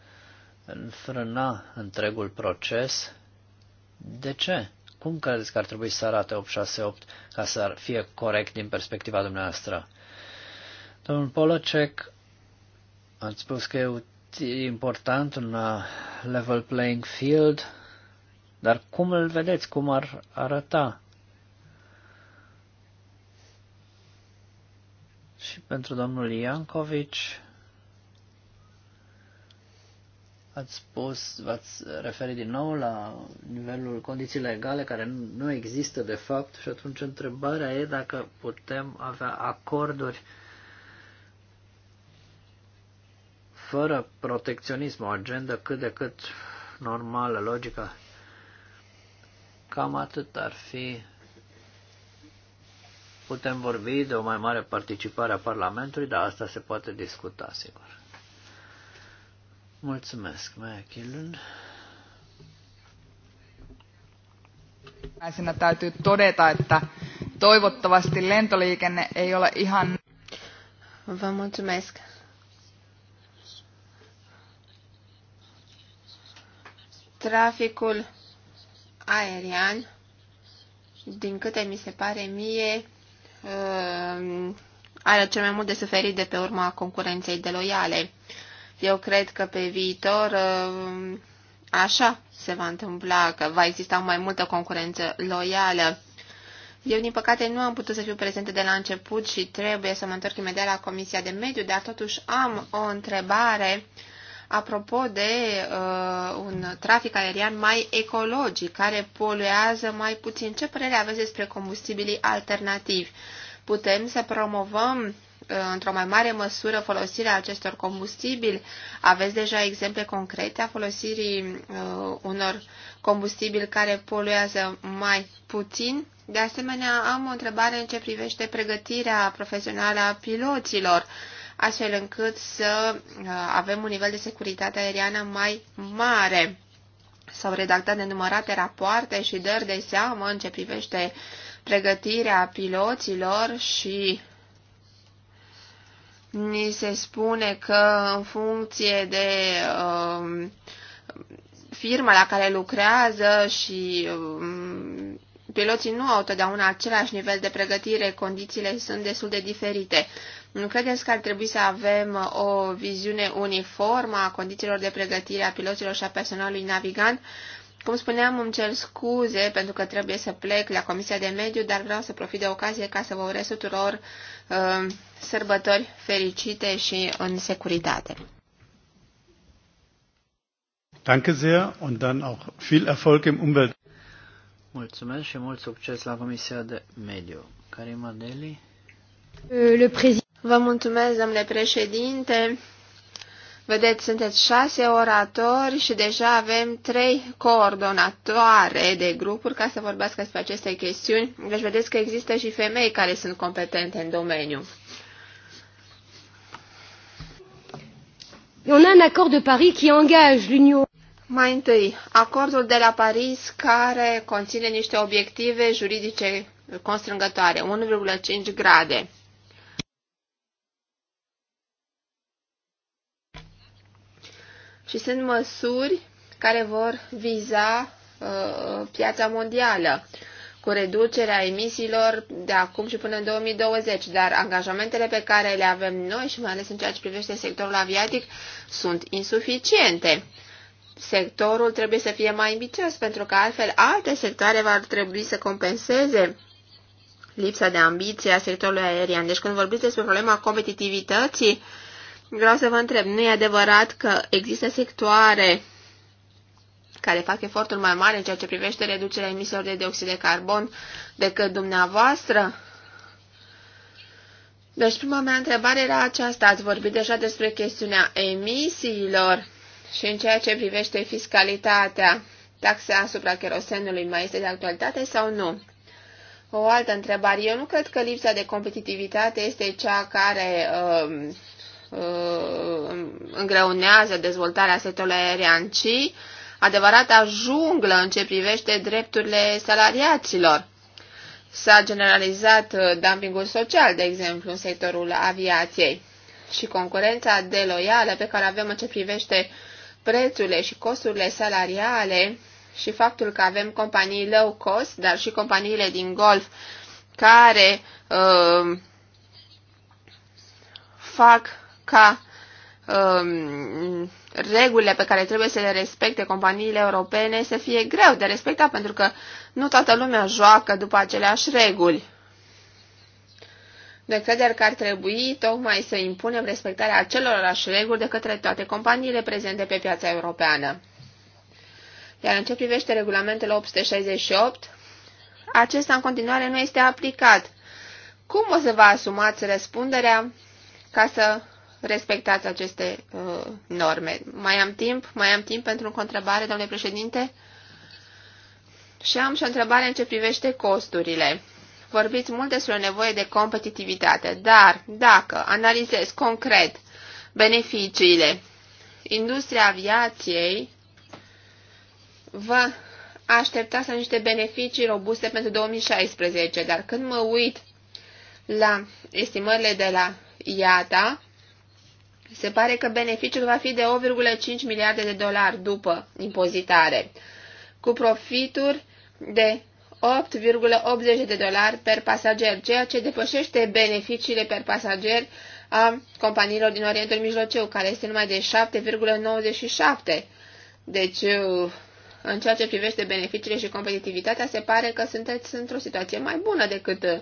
înfrâna întregul proces. De ce? Cum credeți că ar trebui să arate 868 ca să fie corect din perspectiva dumneavoastră? Domnul Polacek, ați spus că e important un uh, level playing field, dar cum îl vedeți? Cum ar arăta? și pentru domnul Iancovici. Ați spus, v-ați referit din nou la nivelul condiții legale care nu există de fapt și atunci întrebarea e dacă putem avea acorduri fără protecționism, o agendă cât de cât normală, logică. Cam atât ar fi Putem vorbi de o mai mare participare a Parlamentului, dar asta se poate discuta, sigur. Mulțumesc, Maia Chilun. Ensimmäisenä täytyy todeta, että toivottavasti lentoliikenne ei ole ihan... Vă mulțumesc. Traficul aerian, din câte mi se pare mie, Um, are cel mai mult de suferit de pe urma concurenței de loiale. Eu cred că pe viitor um, așa se va întâmpla, că va exista mai multă concurență loială. Eu, din păcate, nu am putut să fiu prezentă de la început și trebuie să mă întorc imediat la Comisia de Mediu, dar totuși am o întrebare uh, apropo de uh, un trafic aerian mai ecologic, care poluează mai puțin. Ce părere aveți despre combustibilii alternativi? Putem să promovăm uh, într-o mai mare măsură folosirea acestor combustibili? Aveți deja exemple concrete a folosirii uh, unor combustibili care poluează mai puțin? De asemenea, am o întrebare în ce privește pregătirea profesională a piloților. Uh, astfel încât să uh, avem un nivel de securitate aeriană mai mare. S-au redactat nenumărate rapoarte și dări de seamă în ce privește pregătirea piloților și ni se spune că în funcție de uh, firma la care lucrează și uh, piloții nu au totdeauna același nivel de pregătire, condițiile sunt destul de diferite. Nu credeți că ar trebui să avem o viziune uniformă a condițiilor de pregătire a piloților și a personalului navigant? Cum spuneam, îmi cer scuze pentru că trebuie să plec la Comisia de Mediu, dar vreau să profit de ocazie ca să vă urez tuturor uh, sărbători fericite și în securitate. Danke sehr und dann auch viel Erfolg im Umwelt. Mulțumesc și mult succes la Comisia de Mediu. Karima Deli. Euh, Vă mulțumesc, domnule președinte. Vedeți, sunteți șase oratori și deja avem trei coordonatoare de grupuri ca să vorbească despre aceste chestiuni. Deci vedeți că există și femei care sunt competente în domeniu. On a un acord de Paris qui engage l'Union. Mai întâi, acordul de la Paris care conține niște obiective juridice constrângătoare, 1,5 grade. Și sunt măsuri care vor viza uh, piața mondială cu reducerea emisiilor de acum și până în 2020, dar angajamentele pe care le avem noi și mai ales în ceea ce privește sectorul aviatic sunt insuficiente sectorul trebuie să fie mai ambițios, pentru că altfel alte sectoare va trebui să compenseze lipsa de ambiție a sectorului aerian. Deci când vorbiți despre problema competitivității, vreau să vă întreb, nu e adevărat că există sectoare care fac efortul mai mare în ceea ce privește reducerea emisiilor de dioxid de carbon decât dumneavoastră? Deci prima mea întrebare era aceasta. Ați vorbit deja despre chestiunea emisiilor și în ceea ce privește fiscalitatea, taxa asupra cherosenului mai este de actualitate sau nu? O altă întrebare. Eu nu cred că lipsa de competitivitate este cea care uh, uh, îngreunează dezvoltarea sectorului aerian, ci adevărata junglă în ce privește drepturile salariaților. S-a generalizat uh, dumpingul social, de exemplu, în sectorul aviației și concurența deloială pe care avem în ce privește uh, prețurile și costurile salariale și faptul că avem companii low cost, dar și companiile din golf care uh, fac ca uh, regulile pe care trebuie să le respecte companiile europene să fie greu de respectat, pentru că nu toată lumea joacă după aceleași reguli. De credem că ar trebui tocmai să impunem respectarea acelorași reguli de către toate companiile prezente pe piața europeană. Iar în ce privește Regulamentul 868, acesta în continuare nu este aplicat. Cum o să vă asumați răspunderea ca să respectați aceste uh, norme? Mai am timp? Mai am timp pentru o întrebare, domnule președinte? Și am și o întrebare în ce privește costurile vorbiți mult despre o nevoie de competitivitate, dar dacă analizez concret beneficiile, industria aviației vă aștepta să niște beneficii robuste pentru 2016, dar când mă uit la estimările de la IATA, se pare că beneficiul va fi de 8,5 miliarde de dolari după impozitare, cu profituri de 8,80 de dolari per pasager, ceea ce depășește beneficiile per pasager a companiilor din Orientul Mijlociu, care este numai de 7,97. Deci, uh, în ceea ce privește beneficiile și competitivitatea, se pare că sunteți într-o situație mai bună decât uh,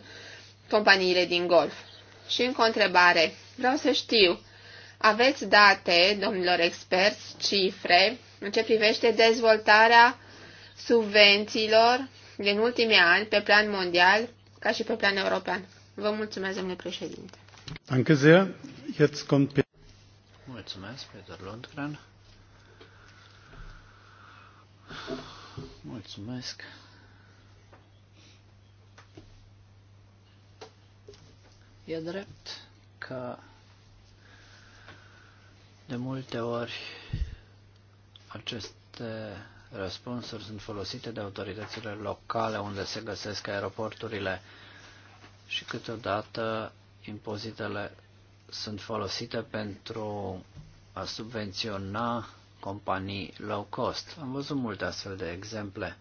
companiile din Golf. Și încă o întrebare. Vreau să știu, aveți date, domnilor experți, cifre, în ce privește dezvoltarea subvențiilor din ultimii ani pe plan mondial ca și pe plan european. Vă mulțumesc, domnule președinte. Danke sehr. Jetzt kommt Mulțumesc, Peter Lundgren. Mulțumesc. E drept că de multe ori aceste răspunsuri sunt folosite de autoritățile locale unde se găsesc aeroporturile și câteodată impozitele sunt folosite pentru a subvenționa companii low cost. Am văzut multe astfel de exemple.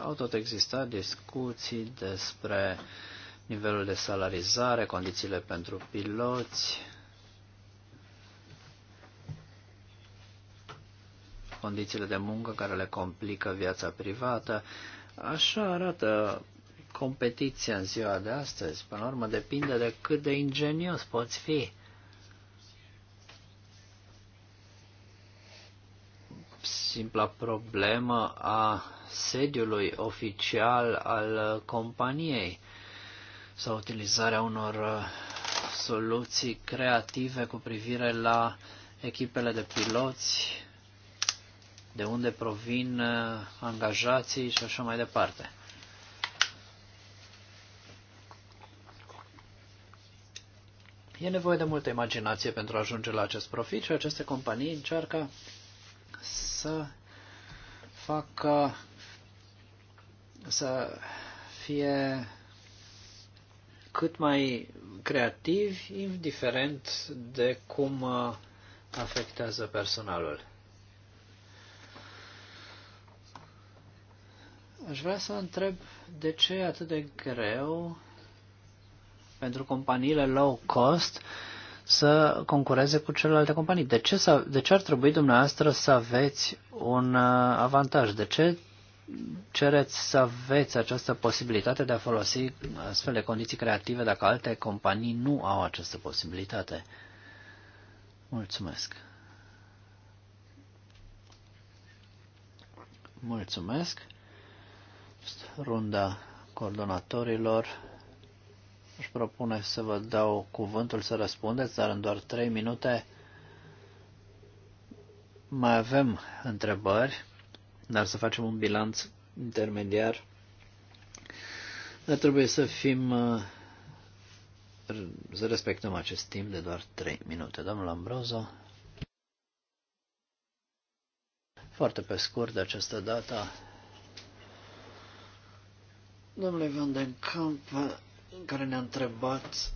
Au tot existat discuții despre nivelul de salarizare, condițiile pentru piloți, condițiile de muncă care le complică viața privată. Așa arată competiția în ziua de astăzi. Până la urmă depinde de cât de ingenios poți fi. Simpla problemă a sediului oficial al companiei sau utilizarea unor uh, soluții creative cu privire la echipele de piloți de unde provin uh, angajații și așa mai departe. E nevoie de multă imaginație pentru a ajunge la acest profit și aceste companii încearcă să facă să fie cât mai creativi, indiferent de cum uh, afectează personalul. Aș vrea să întreb de ce e atât de greu pentru companiile low cost să concureze cu celelalte companii. De ce, să, de ce ar trebui dumneavoastră să aveți un uh, avantaj? De ce cereți să aveți această posibilitate de a folosi astfel de condiții creative dacă alte companii nu au această posibilitate? Mulțumesc! Mulțumesc! runda coordonatorilor. Își propune să vă dau cuvântul să răspundeți, dar în doar 3 minute mai avem întrebări, dar să facem un bilanț intermediar. Dar trebuie să fim să respectăm acest timp de doar 3 minute. Domnul Ambrozo. Foarte pe scurt de această dată Domnule Van den Camp, care ne-a întrebat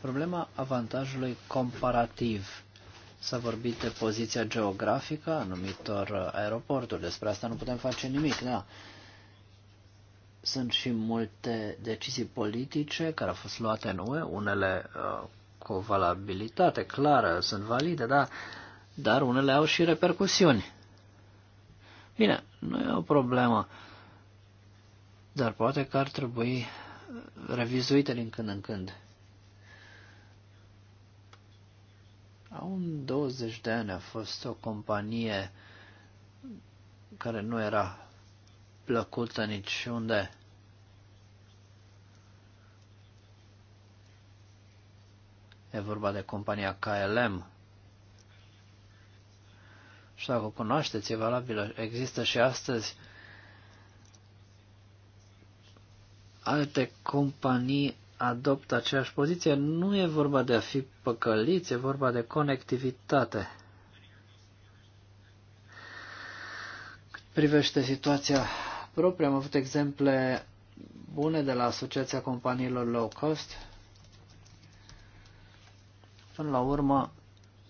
problema avantajului comparativ. S-a vorbit de poziția geografică a anumitor aeroporturi. Despre asta nu putem face nimic, da. Sunt și multe decizii politice care au fost luate în UE, unele uh, cu valabilitate clară, sunt valide, da, dar unele au și repercusiuni. Bine, nu e o problemă, dar poate că ar trebui revizuite din când în când. Acum 20 de ani a fost o companie care nu era plăcută niciunde. E vorba de compania KLM, și dacă o cunoașteți, e valabilă, există și astăzi alte companii adoptă aceeași poziție, nu e vorba de a fi păcăliți, e vorba de conectivitate. Cât privește situația proprie, am avut exemple bune de la Asociația Companiilor Low Cost. Până la urmă,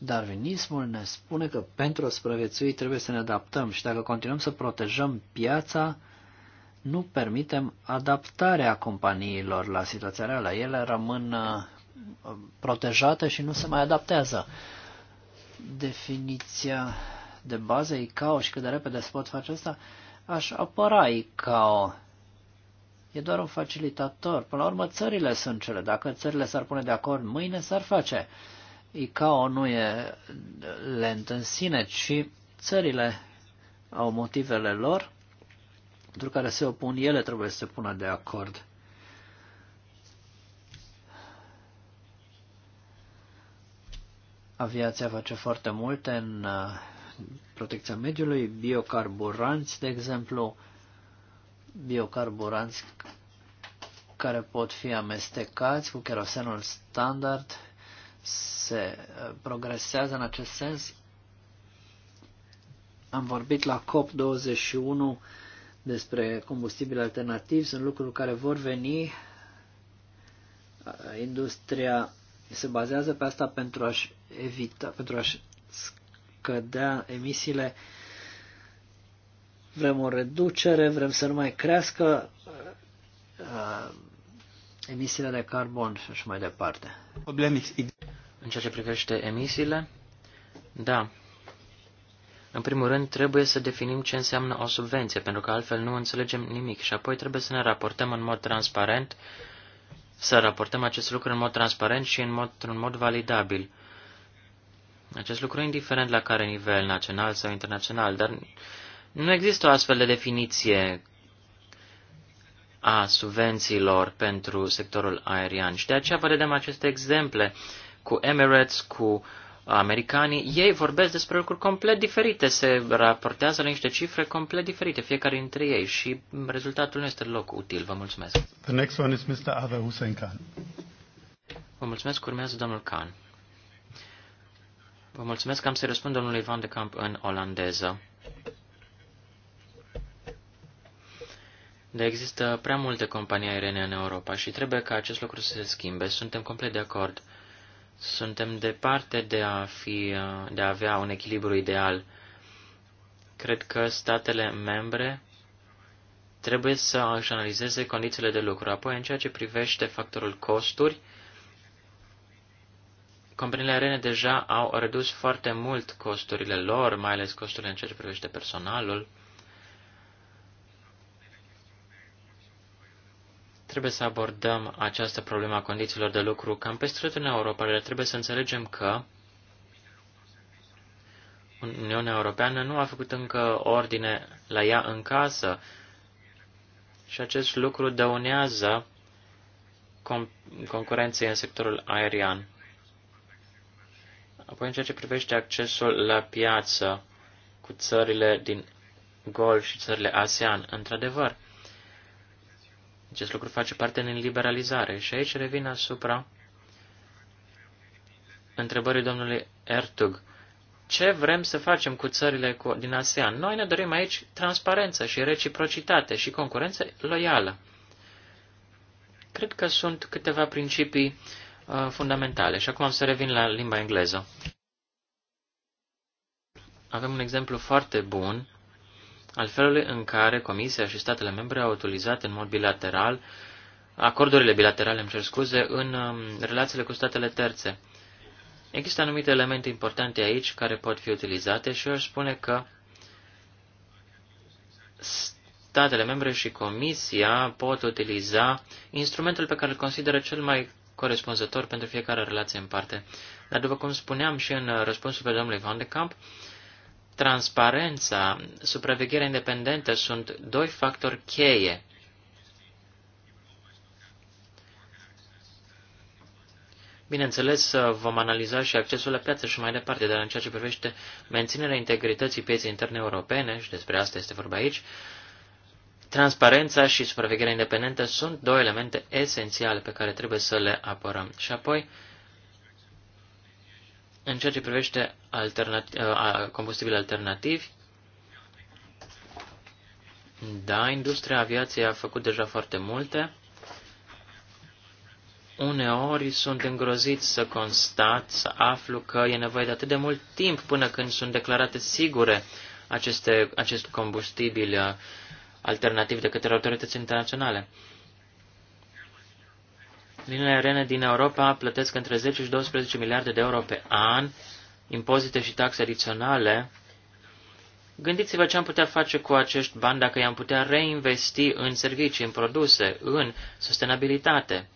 Darwinismul ne spune că pentru a supraviețui trebuie să ne adaptăm și dacă continuăm să protejăm piața, nu permitem adaptarea companiilor la situația reală. Ele rămân uh, protejate și nu se mai adaptează. Definiția de bază ICAO și cât de repede se pot face asta, aș apăra ICAO. E doar un facilitator. Până la urmă, țările sunt cele. Dacă țările s-ar pune de acord mâine, s-ar face. Uh, ICAO nu e lent în sine, ci țările au motivele lor, pentru care se opun, ele trebuie să se pună de acord. Aviația face foarte multe în uh, protecția mediului, biocarburanți, de exemplu, biocarburanți care pot fi amestecați cu kerosenul standard, se eh, progresează în acest sens. Am vorbit la COP21 despre combustibili alternativi, sunt lucruri care vor veni. Eh, industria se bazează pe asta pentru a-și evita, pentru a-și scădea emisiile. Vrem o reducere, vrem să nu mai crească uh, emisiile de carbon și așa mai departe. În ceea ce privește emisiile, da, în primul rând, trebuie să definim ce înseamnă o subvenție, pentru că altfel nu înțelegem nimic și apoi trebuie să ne raportăm în mod transparent, să raportăm acest lucru în mod transparent și în mod, în mod validabil. Acest lucru indiferent la care nivel, național sau internațional, dar nu există o astfel de definiție a subvențiilor pentru sectorul aerian și de aceea vă redem aceste exemple cu Emirates, cu americanii, ei vorbesc despre lucruri complet diferite, se raportează la niște cifre complet diferite, fiecare dintre ei și rezultatul nu este loc util. Vă mulțumesc. The next one is Mr. Ava Hussein Khan. Vă mulțumesc, urmează domnul Khan. Vă mulțumesc că am să răspund domnului Van de Camp în olandeză. Dar există prea multe companii aeriene în Europa și trebuie ca acest lucru să se schimbe. Suntem complet de acord. Uh, suntem departe de a, fi, de a avea un echilibru ideal. Cred că statele membre trebuie să își analizeze condițiile de lucru. Apoi, în ceea ce privește factorul costuri, companiile aeriene deja au redus foarte mult costurile lor, mai ales costurile în ceea ce privește personalul. Trebuie să abordăm această problemă a condițiilor de lucru cam peste tot în Europa, dar trebuie să înțelegem că Uniunea Europeană nu a făcut încă ordine la ea în casă și acest lucru dăunează concurenței în sectorul aerian. Apoi, în ceea ce privește accesul la piață cu țările din Golf și țările ASEAN, într-adevăr, acest lucru face parte din liberalizare și aici revin asupra întrebării domnului Ertug. Ce vrem să facem cu țările cu, din ASEAN? Noi ne dorim aici transparență și reciprocitate și concurență loială. Cred că sunt câteva principii uh, fundamentale și acum am să revin la limba engleză. Avem un exemplu foarte bun al felului în care Comisia și statele membre au utilizat în mod bilateral acordurile bilaterale, îmi cer scuze, în um, relațiile cu statele terțe. Există anumite elemente importante aici care pot fi utilizate și eu aș spune că statele membre și Comisia pot utiliza instrumentul pe care îl consideră cel mai corespunzător pentru fiecare relație în parte. Dar după cum spuneam și în uh, răspunsul pe domnului Van de Camp, uh, transparența, supravegherea independentă sunt doi factori cheie. Bineînțeles, vom analiza și accesul la piață și mai departe, dar în ceea ce privește menținerea integrității pieței interne europene, și despre asta este vorba aici, transparența și supravegherea independentă sunt două elemente esențiale pe care trebuie să le apărăm. Și apoi, în ceea ce privește alternati combustibili alternativi, da, industria aviației a făcut deja foarte multe. Uneori sunt îngrozit să constat, să aflu că e nevoie de atât de mult timp până când sunt declarate sigure aceste, acest combustibil uh, alternativ de către autorități internaționale. Liniile aeriene din Europa plătesc între 10 și 12 miliarde de euro pe an, impozite și taxe adiționale. Gândiți-vă ce am putea face cu acești bani dacă i-am putea reinvesti în servicii, în produse, în sustenabilitate.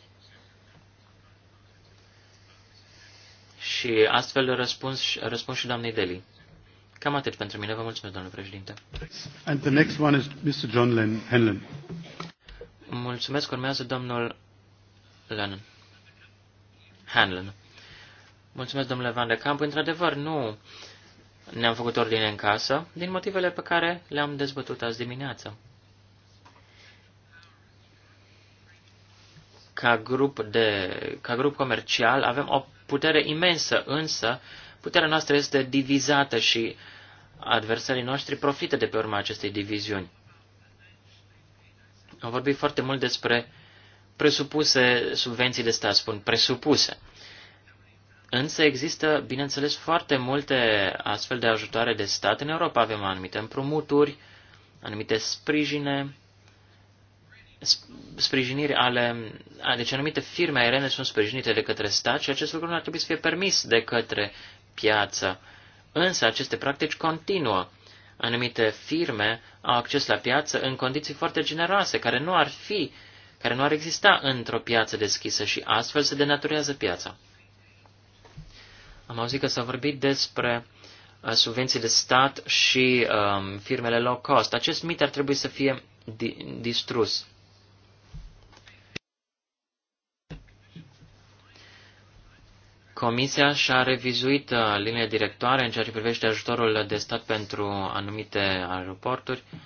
Și astfel răspuns, răspuns și doamnei Deli. Cam atât pentru mine. Vă mulțumesc, domnule președinte. And the next one is Mr. John Mulțumesc. Urmează domnul Lennon. Hanlon. Mulțumesc, domnule Van de Camp. Într-adevăr, nu ne-am făcut ordine în casă, din motivele pe care le-am dezbătut azi dimineață. Ca grup, de, ca grup comercial avem o putere imensă, însă puterea noastră este divizată și adversarii noștri profită de pe urma acestei diviziuni. Am vorbit foarte mult despre presupuse subvenții de stat, spun presupuse. Însă există, bineînțeles, foarte multe astfel de ajutoare de stat în Europa. Avem anumite împrumuturi, anumite sprijine, sprijiniri ale... Deci anumite firme aerene sunt sprijinite de către stat și acest lucru nu ar trebui să fie permis de către piață. Însă aceste practici continuă. Anumite firme au acces la piață în condiții foarte generoase, care nu ar fi uh, care nu ar exista într-o piață deschisă și astfel se denaturează piața. Am auzit că s-a vorbit despre uh, subvenții de stat și um, firmele low cost. Acest mit ar trebui să fie di- distrus. Comisia și-a revizuit uh, linia directoare în ceea ce privește ajutorul de stat pentru anumite aeroporturi. Uh,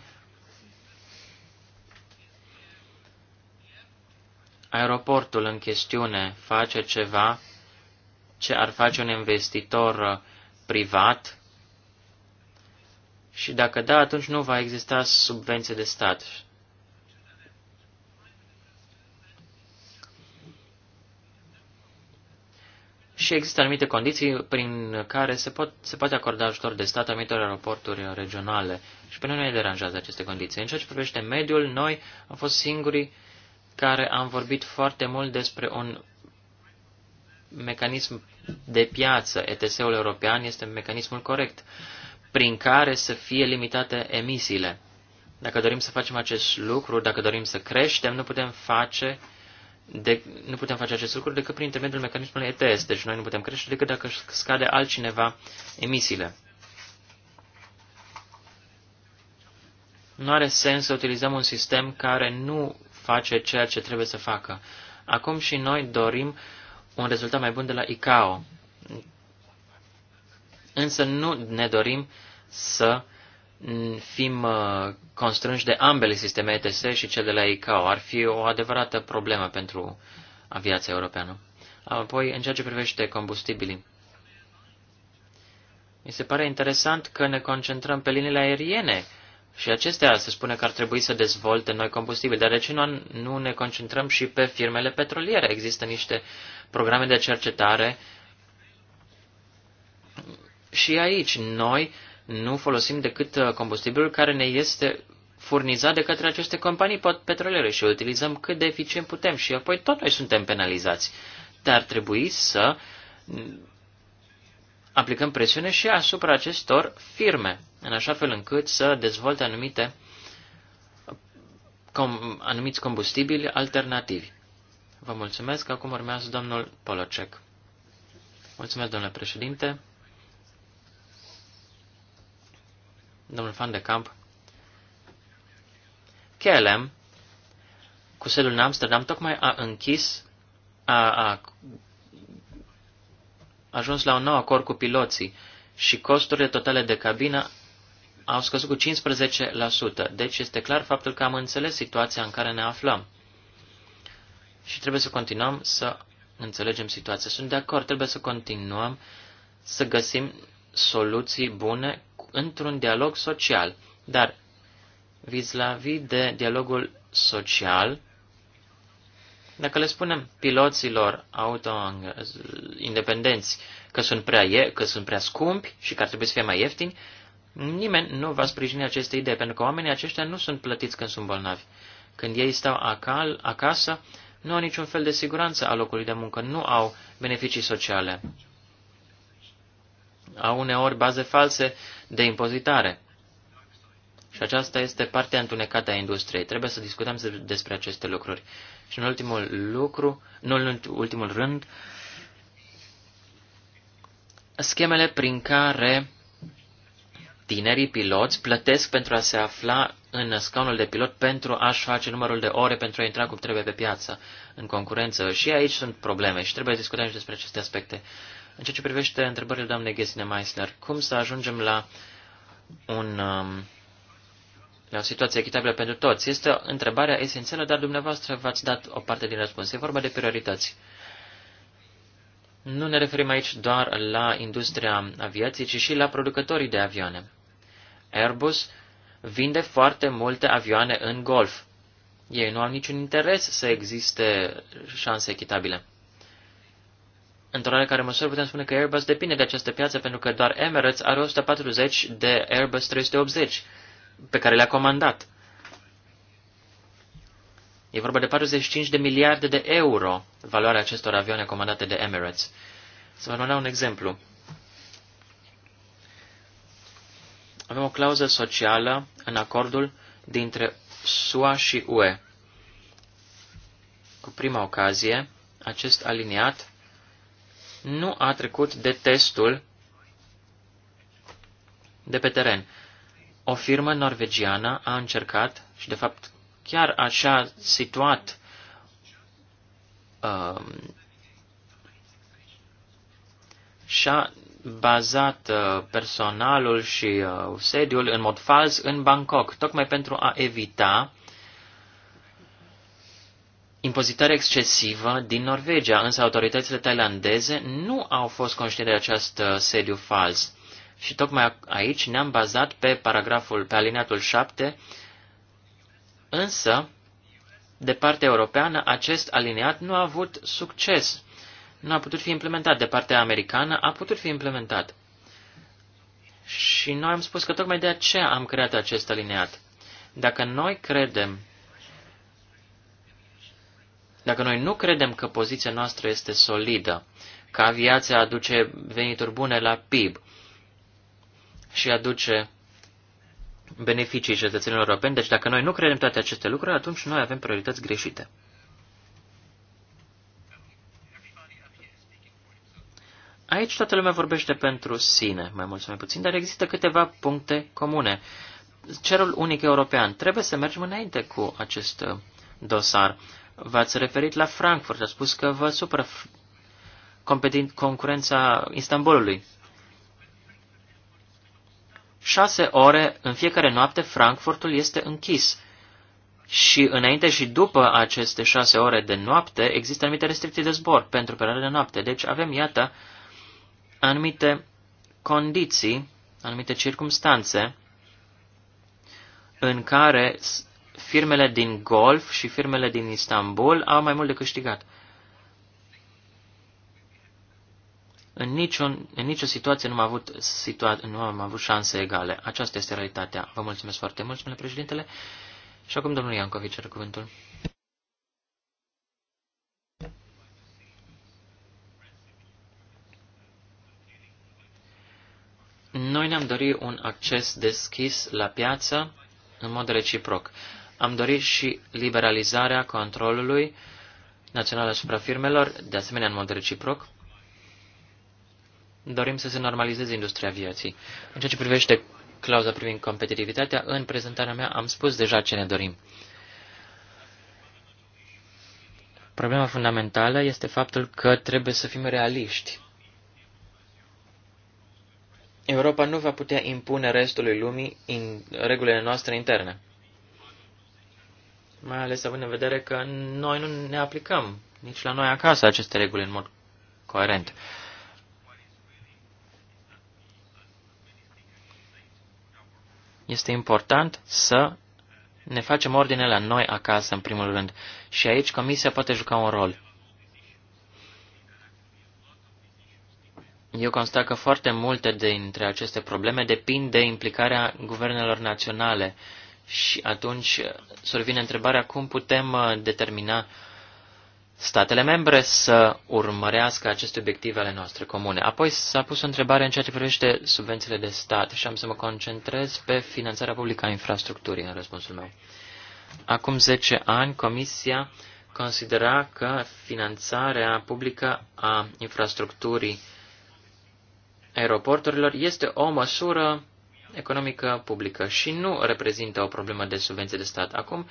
aeroportul în chestiune face ceva ce ar face un investitor uh, privat și dacă da, atunci nu va exista subvenție de stat. Și există anumite condiții prin care se, pot, se poate acorda ajutor de stat anumitor aeroporturi uh, regionale. Și pe noi ne deranjează aceste condiții. În ceea ce privește mediul, noi am fost singurii care am vorbit foarte mult despre un mecanism de piață. ETS-ul european este mecanismul corect prin care să fie limitate emisiile. Dacă dorim să facem acest lucru, dacă dorim să creștem, nu putem face, de, nu putem face acest lucru decât prin intermediul mecanismului ETS. Deci noi nu putem crește decât dacă scade altcineva emisiile. Nu are sens să utilizăm un sistem care nu face ceea ce trebuie să facă. Acum și noi dorim un rezultat mai bun de la ICAO. Însă nu ne dorim să fim uh, constrânși de ambele sisteme ETS și cel de la ICAO. Ar fi o adevărată problemă pentru aviația europeană. Apoi, în ceea ce privește combustibilii, mi se pare interesant că ne concentrăm pe liniile aeriene și acestea se spune că ar trebui să dezvolte noi combustibili, dar de ce nu, nu ne concentrăm și pe firmele petroliere? Există niște programe de cercetare și aici noi nu folosim decât uh, combustibilul care ne este furnizat de către aceste companii petroliere și utilizăm cât de eficient putem și apoi tot noi suntem penalizați. Dar ar trebui să aplicăm presiune și asupra acestor firme în așa fel încât să dezvolte anumite com, anumiți combustibili alternativi. Vă mulțumesc. Acum urmează domnul Polocek. Mulțumesc, domnule președinte. Domnul Fan de Camp. KLM, cu sediul în Amsterdam, tocmai a închis, a, a ajuns la un nou acord cu piloții și costurile totale de cabină au scăzut cu 15%. Deci este clar faptul că am înțeles situația în care ne aflăm. Și trebuie să continuăm să înțelegem situația. Sunt de acord, trebuie să continuăm să găsim soluții bune într-un dialog social. Dar vis-la-vis -vis de dialogul social, dacă le spunem piloților auto independenți că sunt prea, ie- că sunt prea scumpi și că ar trebui să fie mai ieftini, Nimeni nu va sprijini aceste idei, pentru că oamenii aceștia nu sunt plătiți când sunt bolnavi. Când ei stau acal, acasă, nu au niciun fel de siguranță a locului de muncă, nu au beneficii sociale. Au uneori baze false de impozitare. Și aceasta este partea întunecată a industriei. Trebuie să discutăm despre aceste lucruri. Și în ultimul lucru, nu în ultimul rând, schemele prin care tinerii piloți plătesc pentru a se afla în scaunul de pilot pentru a-și face numărul de ore pentru a intra cum trebuie pe piață, în concurență. Și aici sunt probleme și trebuie să discutăm și despre aceste aspecte. În ceea ce privește întrebările doamnei Gesine Meissner, cum să ajungem la, un, um, la o situație echitabilă pentru toți? Este o întrebare esențială, dar dumneavoastră v-ați dat o parte din răspuns. E vorba de priorități. Nu ne referim aici doar la industria aviației, ci și la producătorii de avioane. Airbus vinde foarte multe avioane în golf. Ei nu au niciun interes să existe șanse echitabile. Într-o care măsură putem spune că Airbus depinde de această piață pentru că doar Emirates are 140 de Airbus 380 pe care le-a comandat. E vorba de 45 de miliarde de euro valoarea acestor avioane comandate de Emirates. Să vă dau un exemplu. Avem o clauză socială în acordul dintre SUA și UE. Cu prima ocazie, acest aliniat nu a trecut de testul de pe teren. O firmă norvegiană a încercat și, de fapt, chiar așa situat um, și-a bazat uh, personalul și uh, sediul în mod fals în Bangkok, tocmai pentru a evita impozitare excesivă din Norvegia, însă autoritățile thailandeze nu au fost conștiente de acest uh, sediu fals. Și tocmai aici ne-am bazat pe paragraful, pe alineatul 7, însă, de partea europeană, acest alineat nu a avut succes nu a putut fi implementat. De partea americană a putut fi implementat. Și noi am spus că tocmai de aceea am creat acest alineat. Dacă noi credem, dacă noi nu credem că poziția noastră este solidă, că aviația aduce venituri bune la PIB și aduce beneficii cetățenilor europeni, deci dacă noi nu credem toate aceste lucruri, atunci noi avem priorități greșite. Aici toată lumea vorbește pentru sine, mai mult sau mai puțin, dar există câteva puncte comune. Cerul unic european. Trebuie să mergem înainte cu acest uh, dosar. V-ați referit la Frankfurt, ați spus că vă supără concurența Istanbulului. Șase ore în fiecare noapte Frankfurtul este închis. Și înainte și după aceste șase ore de noapte există anumite restricții de zbor pentru perioada de noapte. Deci avem, iată, uh, anumite condiții, anumite circumstanțe în care firmele din Golf și firmele din Istanbul au mai mult de câștigat. În, niciun, în nicio situație nu am, avut situa- nu am avut șanse egale. Aceasta este realitatea. Vă mulțumesc foarte mult, domnule președintele. Și acum, domnul Iancovici, are cuvântul. Noi ne-am dorit un acces deschis la piață în mod reciproc. Am dorit și liberalizarea controlului național asupra firmelor, de asemenea în mod reciproc. Dorim să se normalizeze industria aviației. În ceea ce privește clauza privind competitivitatea, în prezentarea mea am spus deja ce ne dorim. Problema fundamentală este faptul că trebuie să fim realiști Europa nu va putea impune restului lumii în regulile noastre interne. Mai ales având în vedere că noi nu ne aplicăm nici la noi acasă aceste reguli în mod coerent. Este important să ne facem ordine la noi acasă, în primul rând, și aici Comisia poate juca un rol. Eu constat că foarte multe dintre aceste probleme depind de implicarea guvernelor naționale și atunci survine întrebarea cum putem uh, determina statele membre să urmărească aceste obiective ale noastre comune. Apoi s-a pus o întrebare în ceea ce privește subvențiile de stat și am să mă concentrez pe finanțarea publică a infrastructurii în răspunsul meu. Acum 10 ani, Comisia considera că finanțarea publică a infrastructurii aeroporturilor este o măsură economică publică și nu reprezintă o problemă de subvenție de stat. Acum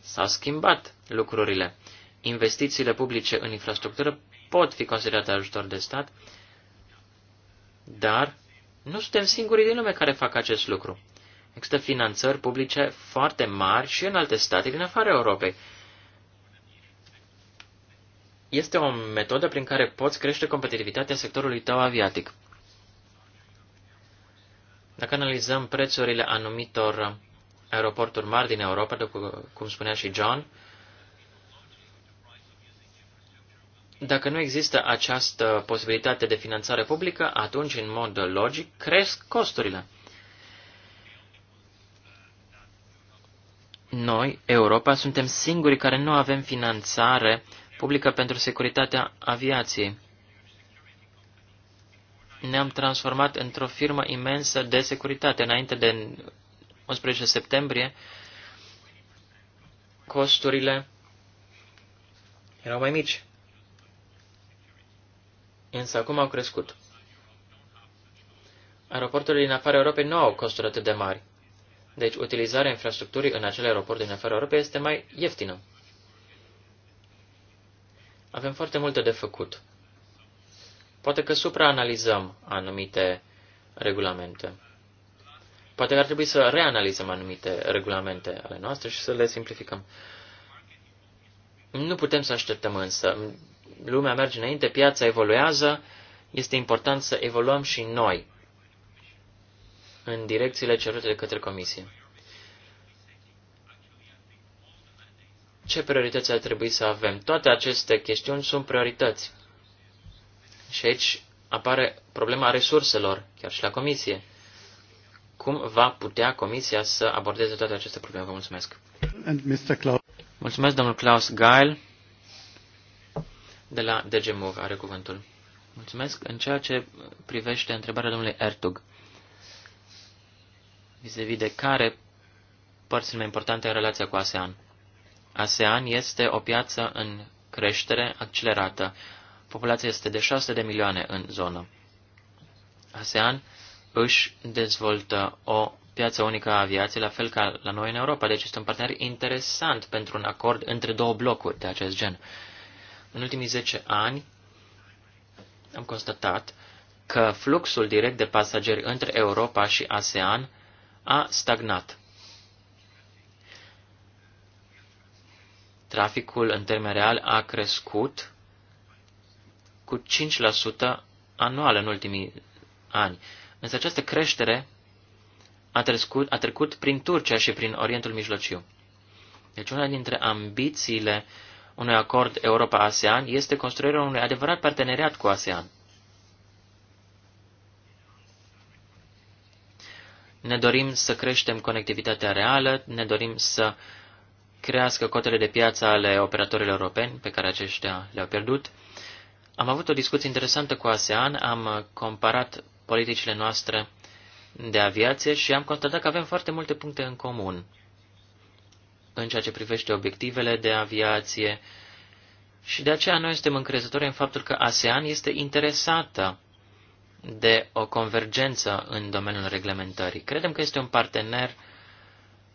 s-au schimbat lucrurile. Investițiile publice în infrastructură pot fi considerate ajutor de stat, dar nu suntem singurii din lume care fac acest lucru. Există finanțări publice foarte mari și în alte state din afara Europei. Este o metodă prin care poți crește competitivitatea sectorului tău aviatic. Dacă analizăm prețurile anumitor aeroporturi mari din Europa, după cum spunea și John, dacă nu există această posibilitate de finanțare publică, atunci, în mod logic, cresc costurile. Noi, Europa, suntem singurii care nu avem finanțare publică pentru securitatea aviației ne-am transformat într-o firmă imensă de securitate. Înainte de 11 septembrie, costurile erau mai mici. Însă acum au crescut. Aeroporturile din afara Europei nu au costuri atât de mari. Deci, utilizarea infrastructurii în acele aeroporturi din afara Europei este mai ieftină. Avem foarte multe de făcut. Poate că supraanalizăm anumite regulamente. Poate că ar trebui să reanalizăm anumite regulamente ale noastre și să le simplificăm. Nu putem să așteptăm însă. Lumea merge înainte, piața evoluează, este important să evoluăm și noi în direcțiile cerute de către Comisie. Ce priorități ar trebui să avem? Toate aceste chestiuni sunt priorități. Și aici apare problema resurselor, chiar și la comisie. Cum va putea comisia să abordeze toate aceste probleme? Vă mulțumesc. And Mr. Klaus. Mulțumesc, domnul Klaus Geil de la DG Move are cuvântul. Mulțumesc. În ceea ce privește întrebarea domnului Ertug, vis-a-vis de care părțile mai importante în relația cu ASEAN. ASEAN este o piață în creștere accelerată populația este de 6 de milioane în zonă. ASEAN își dezvoltă o piață unică a aviației, la fel ca la noi în Europa, deci este un partener interesant pentru un acord între două blocuri de acest gen. În ultimii 10 ani am constatat că fluxul direct de pasageri între Europa și ASEAN a stagnat. Traficul în termen real a crescut cu 5% anual în ultimii ani. Însă această creștere a trecut, a trecut prin Turcia și prin Orientul Mijlociu. Deci una dintre ambițiile unui acord Europa-ASEAN este construirea unui adevărat parteneriat cu ASEAN. Ne dorim să creștem conectivitatea reală, ne dorim să crească cotele de piață ale operatorilor europeni pe care aceștia le-au pierdut, am avut o discuție interesantă cu ASEAN, am comparat politicile noastre de aviație și am constatat că avem foarte multe puncte în comun în ceea ce privește obiectivele de aviație și de aceea noi suntem încrezători în faptul că ASEAN este interesată de o convergență în domeniul reglementării. Credem că este un partener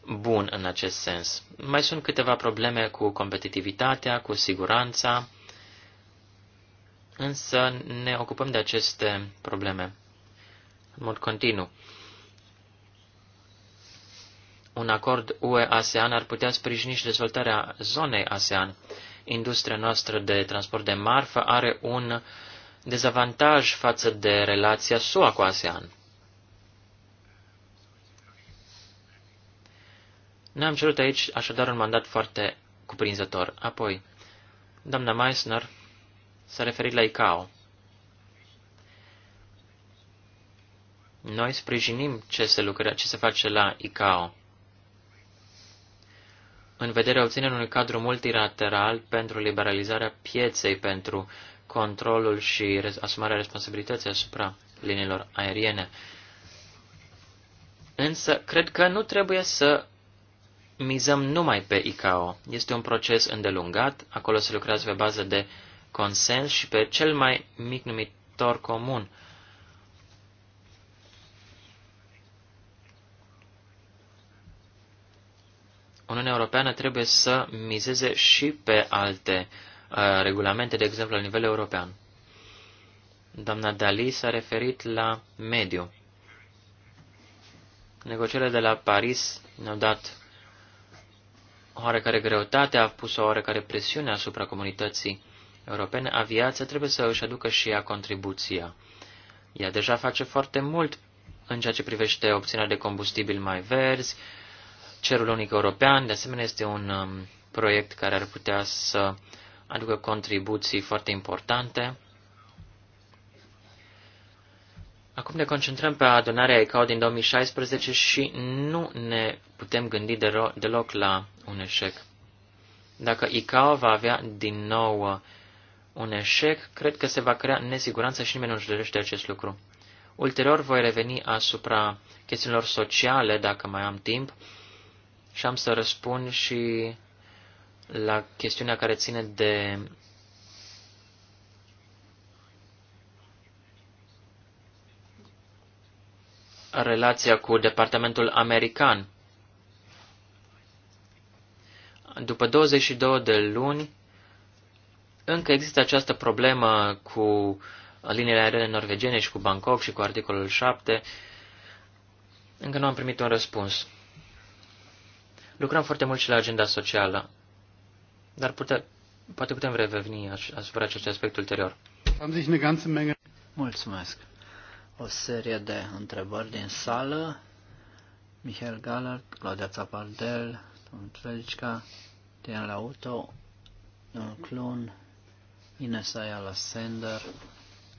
bun în acest sens. Mai sunt câteva probleme cu competitivitatea, cu siguranța, însă ne ocupăm de aceste probleme în mod continuu. Un acord UE-ASEAN ar putea sprijini și dezvoltarea zonei ASEAN. Industria noastră de transport de marfă are un dezavantaj față de relația SUA cu ASEAN. Noi am cerut aici așadar un mandat foarte cuprinzător. Apoi, doamna Meissner s-a referit la ICAO. Noi sprijinim ce se, lucrează, ce se face la ICAO în vederea obținerii unui cadru multilateral pentru liberalizarea pieței, pentru controlul și asumarea responsabilității asupra liniilor aeriene. Însă, cred că nu trebuie să mizăm numai pe ICAO. Este un proces îndelungat, acolo se lucrează pe bază de uh, consens și pe cel mai mic numitor comun. Uniunea Europeană trebuie să mizeze și pe alte uh, regulamente, de exemplu, la nivel european. Doamna Dali s-a referit la mediu. Negocierile de la Paris ne-au dat oarecare greutate, a pus o oarecare presiune asupra comunității europene, aviația trebuie să își aducă și ea contribuția. Ea deja face foarte mult în ceea ce privește obținerea de combustibil mai verzi, cerul unic european, de asemenea este un um, proiect care ar putea să aducă contribuții foarte importante. Acum ne concentrăm pe adunarea ICAO din 2016 și nu ne putem gândi deloc la un eșec. Dacă ICAO va avea din nou uh, un eșec, cred că se va crea nesiguranță și nimeni nu-și dorește acest lucru. Ulterior voi reveni asupra chestiunilor sociale, dacă mai am timp, și am să răspund și la chestiunea care ține de relația cu departamentul american. După 22 de luni, încă există această problemă cu liniile aeriene norvegene și cu Bangkok și cu articolul 7. Încă nu am primit un răspuns. Lucrăm foarte mult și la agenda socială, dar pute, poate putem reveni asupra acestui aspect ulterior. Am o Mulțumesc. O serie de întrebări din sală. Michael Gallard, Claudia Zapardel, Domnul Trelicica, Tian Lauto, Clun, Ines Ayala Sender,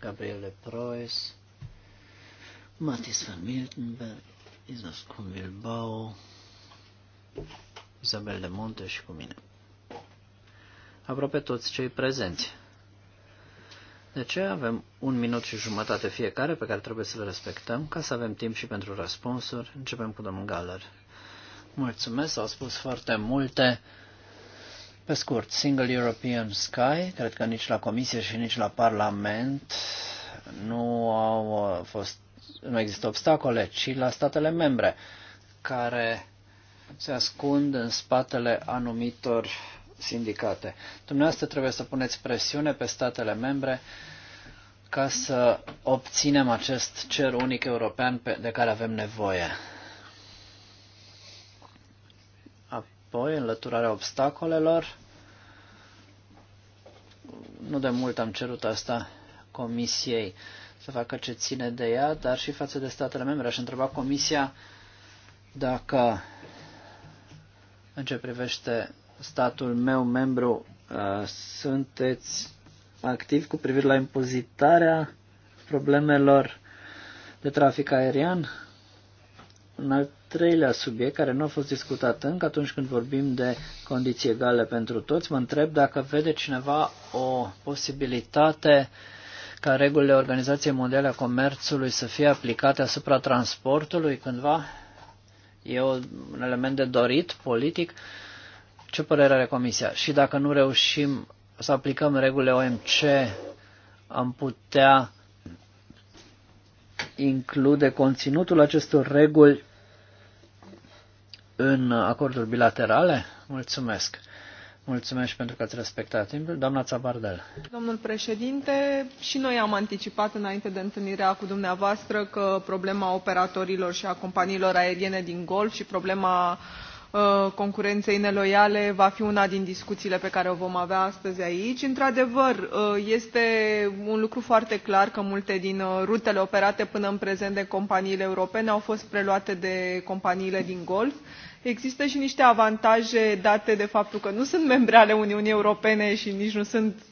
Gabriele Preuss, Mathis van Miltenberg, Isas cum Bilbao, Isabel de Monte și cu mine. Aproape toți cei prezenți. De ce avem un minut și jumătate fiecare pe care trebuie să le respectăm ca să avem timp și pentru răspunsuri? Începem cu domnul Galer. Mulțumesc, au spus foarte multe. Pe scurt, Single European Sky, cred că nici la Comisie și nici la Parlament nu au uh, fost, nu există obstacole, ci la statele membre care se ascund în spatele anumitor sindicate. Dumneavoastră trebuie să puneți presiune pe statele membre ca să obținem acest cer unic european de care avem nevoie. război, înlăturarea obstacolelor. Nu de mult am cerut asta Comisiei să facă ce ține de ea, dar și față de statele membre. Aș întreba Comisia dacă, în ce privește statul meu membru, uh, sunteți activ cu privire la impozitarea problemelor de trafic aerian. În alt treilea subiect care nu a fost discutat încă atunci când vorbim de condiții egale pentru toți. Mă întreb dacă vede cineva o posibilitate ca regulile Organizației Mondiale a Comerțului să fie aplicate asupra transportului cândva. E un element de dorit politic. Ce părere are Comisia? Și dacă nu reușim să aplicăm regulile OMC, am putea include conținutul acestor reguli în acorduri bilaterale? Mulțumesc! Mulțumesc pentru că ați respectat timpul. Doamna Țabardel. Domnul președinte, și noi am anticipat înainte de întâlnirea cu dumneavoastră că problema operatorilor și a companiilor aeriene din Golf și problema uh, Uh, concurenței neloiale va fi una din discuțiile pe care o vom avea astăzi aici. într adevăr uh, este un lucru foarte clar că multe din uh, rutele operate până în prezent de companiile europene au fost preluate de companiile din golf există și niște avantaje date de faptul că nu sunt membre ale uniunii europene și nici nu sunt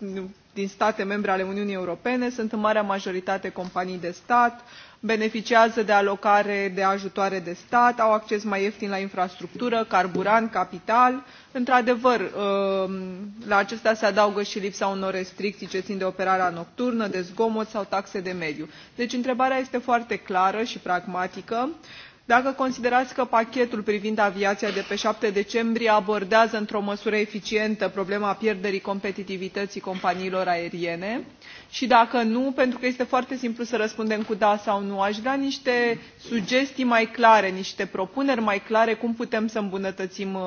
din state membre ale uniunii europene sunt în marea majoritate companii de stat beneficiază de alocare de ajutoare de stat au acces mai ieftin la infrastructură carburant capital. într adevăr ă, la acestea se adaugă și lipsa unor restricții ce țin de operarea nocturnă de zgomot sau taxe de mediu. deci întrebarea este foarte clară și pragmatică dacă considerați că pachetul privind aviația de pe șapte decembrie abordează într o măsură eficientă problema pierderii competitivității companiilor aeriene și dacă nu pentru că este foarte simplu să răspundem cu da sau nu aș vrea niște sugestii mai clare niște propuneri mai clare cum putem să îmbunătățim uh,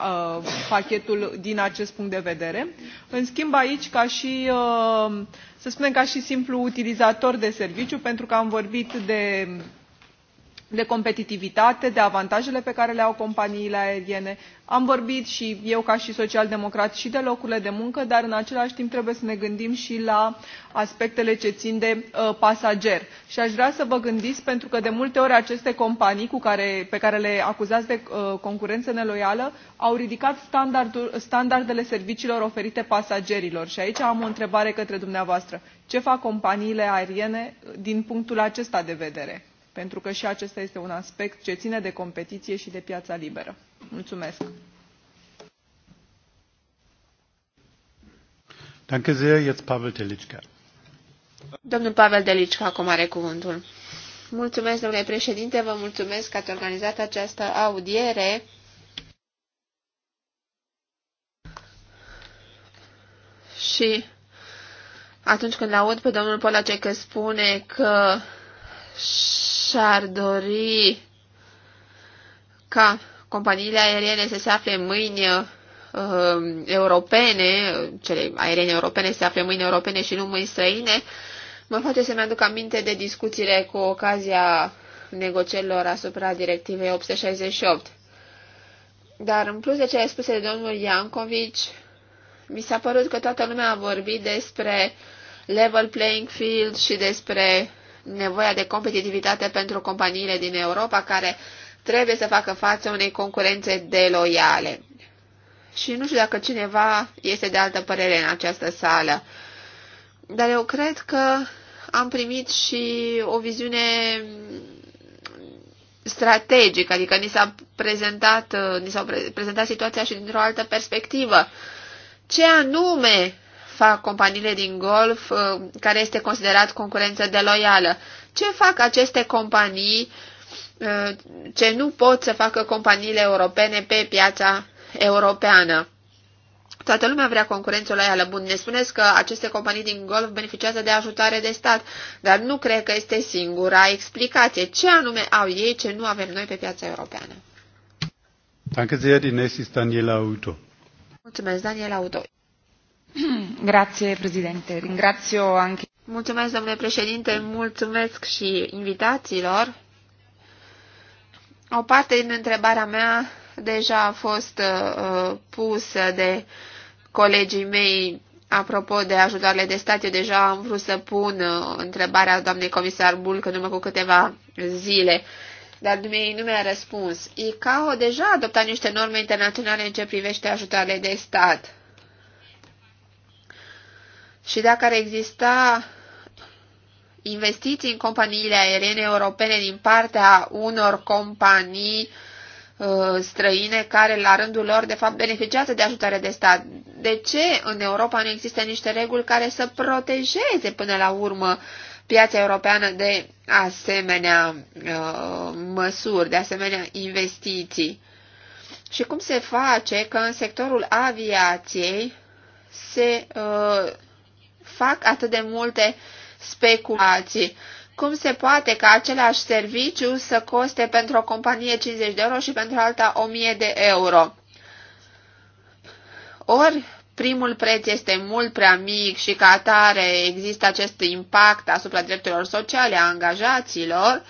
uh pachetul din acest punct de vedere. în schimb aici ca și uh, să spunem ca și simplu utilizator de serviciu pentru că am vorbit de de competitivitate de avantajele pe care le au companiile aeriene am vorbit și eu ca și social democrat și de locurile de muncă dar în același timp trebuie să ne gândim și la aspectele ce țin de uh, pasager și aș vrea să vă gândiți pentru că de multe ori aceste companii cu care, pe care le acuzați de uh, concurență neloială au ridicat standardele serviciilor oferite pasagerilor și aici am o întrebare către dumneavoastră ce fac companiile aeriene uh, din punctul acesta de vedere? pentru că și acesta este un aspect ce ține de competiție și de piața liberă. Mulțumesc! Danke sehr, jetzt Pavel Telitschka. Domnul Pavel Delicica acum are cuvântul. Mulțumesc, domnule președinte, vă mulțumesc că ați organizat această audiere. Și atunci când aud pe domnul Polacek că spune că și-ar dori ca companiile aeriene să se afle mâini uh, uh, europene, cele aeriene europene se afle mâini europene și nu mâini străine, mă face să-mi aduc aminte de discuțiile cu ocazia negocierilor asupra directivei 868. Dar în plus de ce a spus de domnul Iancovici, mi s-a părut că toată lumea a vorbit despre level playing field și despre nevoia de competitivitate pentru companiile din Europa care trebuie să facă față unei concurențe deloiale. Și nu știu dacă cineva este de altă părere în această sală, dar eu cred că am primit și o viziune strategică, adică ni s-a prezentat, ni s-a prezentat situația și dintr-o altă perspectivă. Ce anume fac companiile din golf, uh, care este considerat concurență deloială? Ce fac aceste companii uh, ce nu pot să facă companiile europene pe piața europeană? Toată lumea vrea concurență loială. Bun, ne spuneți că aceste companii din golf beneficiază de ajutare de stat, dar nu cred că este singura explicație. Ce anume au ei ce nu avem noi pe piața europeană? Danke sehr, Daniela Auto. Mulțumesc, Daniela Auto. Grazie, Ringrazio anche... Mulțumesc, domnule președinte, mulțumesc și invitațiilor. O parte din întrebarea mea deja a fost uh, pusă de colegii mei apropo de ajutoarele de stat. Eu deja am vrut să pun uh, întrebarea doamnei comisar Bulc în urmă cu câteva zile, dar dumnei nu mi-a răspuns. ICAO deja a adoptat niște norme internaționale în ce privește ajutoarele de stat și dacă ar exista investiții în companiile aeriene europene din partea unor companii uh, străine care la rândul lor de fapt beneficiază de ajutare de stat. De ce în Europa nu există niște reguli care să protejeze până la urmă piața europeană de asemenea uh, măsuri, de asemenea investiții? Și cum se face că în sectorul aviației se uh, fac atât de multe speculații. Cum se poate ca același serviciu să coste pentru o companie 50 de euro și pentru alta 1000 de euro? Ori primul preț este mult prea mic și ca atare există acest impact asupra drepturilor sociale a angajaților,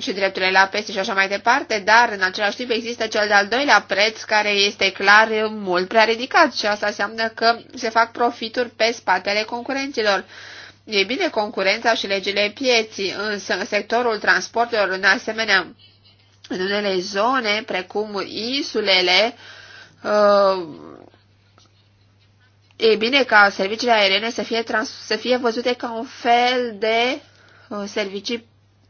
și drepturile la peste și așa mai departe, dar în același timp există cel de-al doilea preț care este clar mult prea ridicat și asta înseamnă că se fac profituri pe spatele concurenților. E bine concurența și legile pieții, însă în sectorul transportelor, în asemenea, în unele zone, precum insulele, uh, e bine ca serviciile aeriene să fie, trans- să fie văzute ca un fel de uh, servicii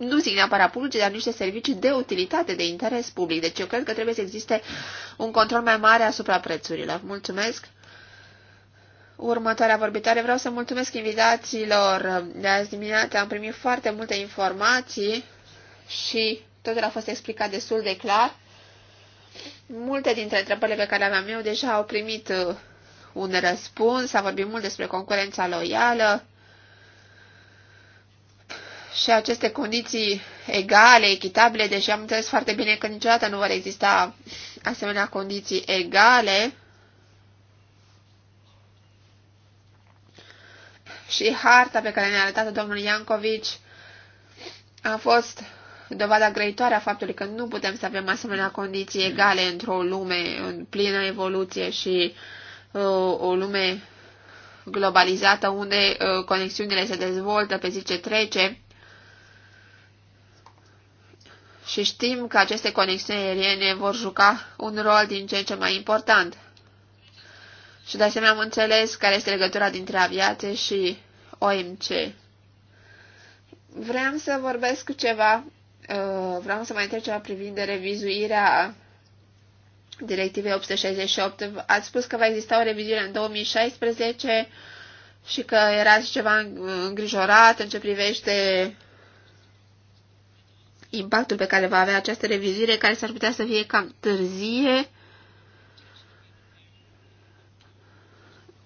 nu zic neapărat publice, dar niște servicii de utilitate, de interes public. Deci eu cred că trebuie să existe un control mai mare asupra prețurilor. Mulțumesc! Următoarea vorbitoare vreau să mulțumesc invitațiilor de azi dimineață. Am primit foarte multe informații și totul a fost explicat destul de clar. Multe dintre întrebările pe care le aveam eu deja au primit uh, un răspuns, a vorbit mult despre concurența loială, și aceste condiții egale, echitabile, deși am înțeles foarte bine că niciodată nu vor exista asemenea condiții egale. Și harta pe care ne-a arătat domnul Iancovici a fost dovada grăitoare a faptului că nu putem să avem asemenea condiții egale într-o lume în plină evoluție și uh, o lume globalizată unde uh, conexiunile se dezvoltă pe zi ce trece și știm că aceste conexiuni aeriene vor juca un rol din ce în ce mai important. Și de asemenea am înțeles care este legătura dintre aviație și OMC. Vreau să vorbesc cu ceva, uh, vreau să mai întreb ceva privind de revizuirea directivei 868. Ați spus că va exista o revizuire în 2016 și că erați ceva îngrijorat în ce privește impactul pe care va avea această revizuire, care s-ar putea să fie cam târzie.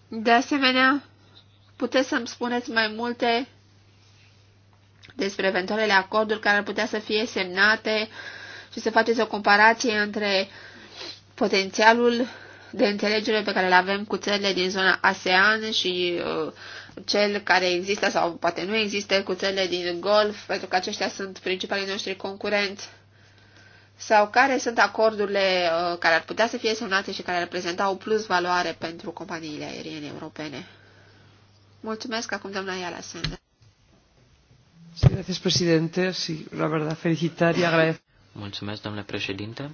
De asemenea, puteți să-mi spuneți mai multe despre eventualele acorduri care ar putea să fie semnate și să faceți o comparație între potențialul de înțelegere pe care îl avem cu țările din zona ASEAN și uh, cel care există sau poate nu există cu țările din Golf, pentru că aceștia sunt principalii noștri concurenți, sau care sunt acordurile uh, care ar putea să fie semnate și care ar reprezenta o plus valoare pentru companiile aeriene europene. Mulțumesc acum doamna Iala Sende. Gracias, presidente. Sí, la verdad, felicitar y agradecer. Mulțumesc, domnule președinte.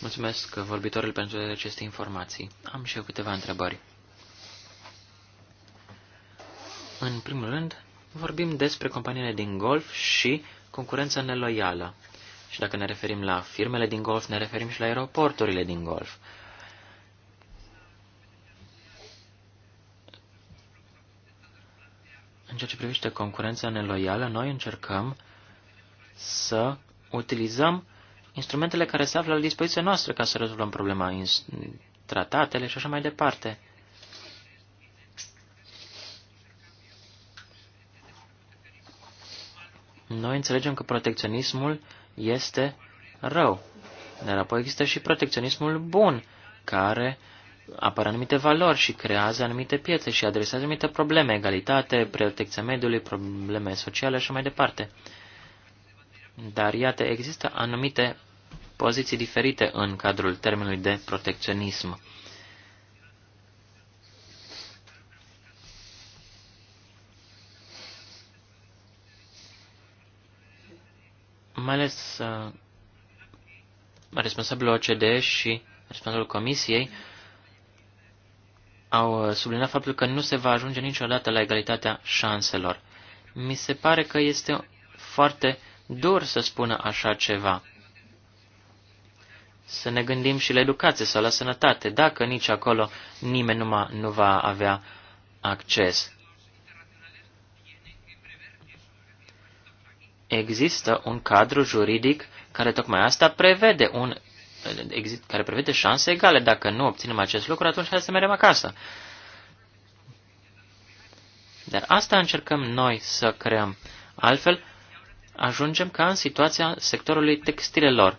Mulțumesc vorbitorul pentru aceste informații. Am și eu câteva întrebări. În primul rând, vorbim despre companiile din golf și concurența neloială. Și dacă ne referim la firmele din golf, ne referim și la aeroporturile din golf. În ceea ce privește concurența neloială, noi încercăm să utilizăm instrumentele care se află la dispoziția noastră ca să rezolvăm problema, tratatele și așa mai departe. Noi înțelegem că protecționismul este rău. Dar apoi există și protecționismul bun, care apără anumite valori și creează anumite piețe și adresează anumite probleme, egalitate, protecția mediului, probleme sociale și mai departe. Dar iată, există anumite poziții diferite în cadrul termenului de protecționism. mai ales uh, responsabilul OCD și responsabilul Comisiei au uh, subliniat faptul că nu se va ajunge niciodată la egalitatea șanselor. Mi se pare că este foarte dur să spună așa ceva. Să ne gândim și la educație sau la sănătate, dacă nici acolo nimeni nu, nu va avea acces. există un cadru juridic care tocmai asta prevede un care prevede șanse egale. Dacă nu obținem acest lucru, atunci hai să mergem acasă. Dar asta încercăm noi să creăm. Altfel, ajungem ca în situația sectorului textilelor.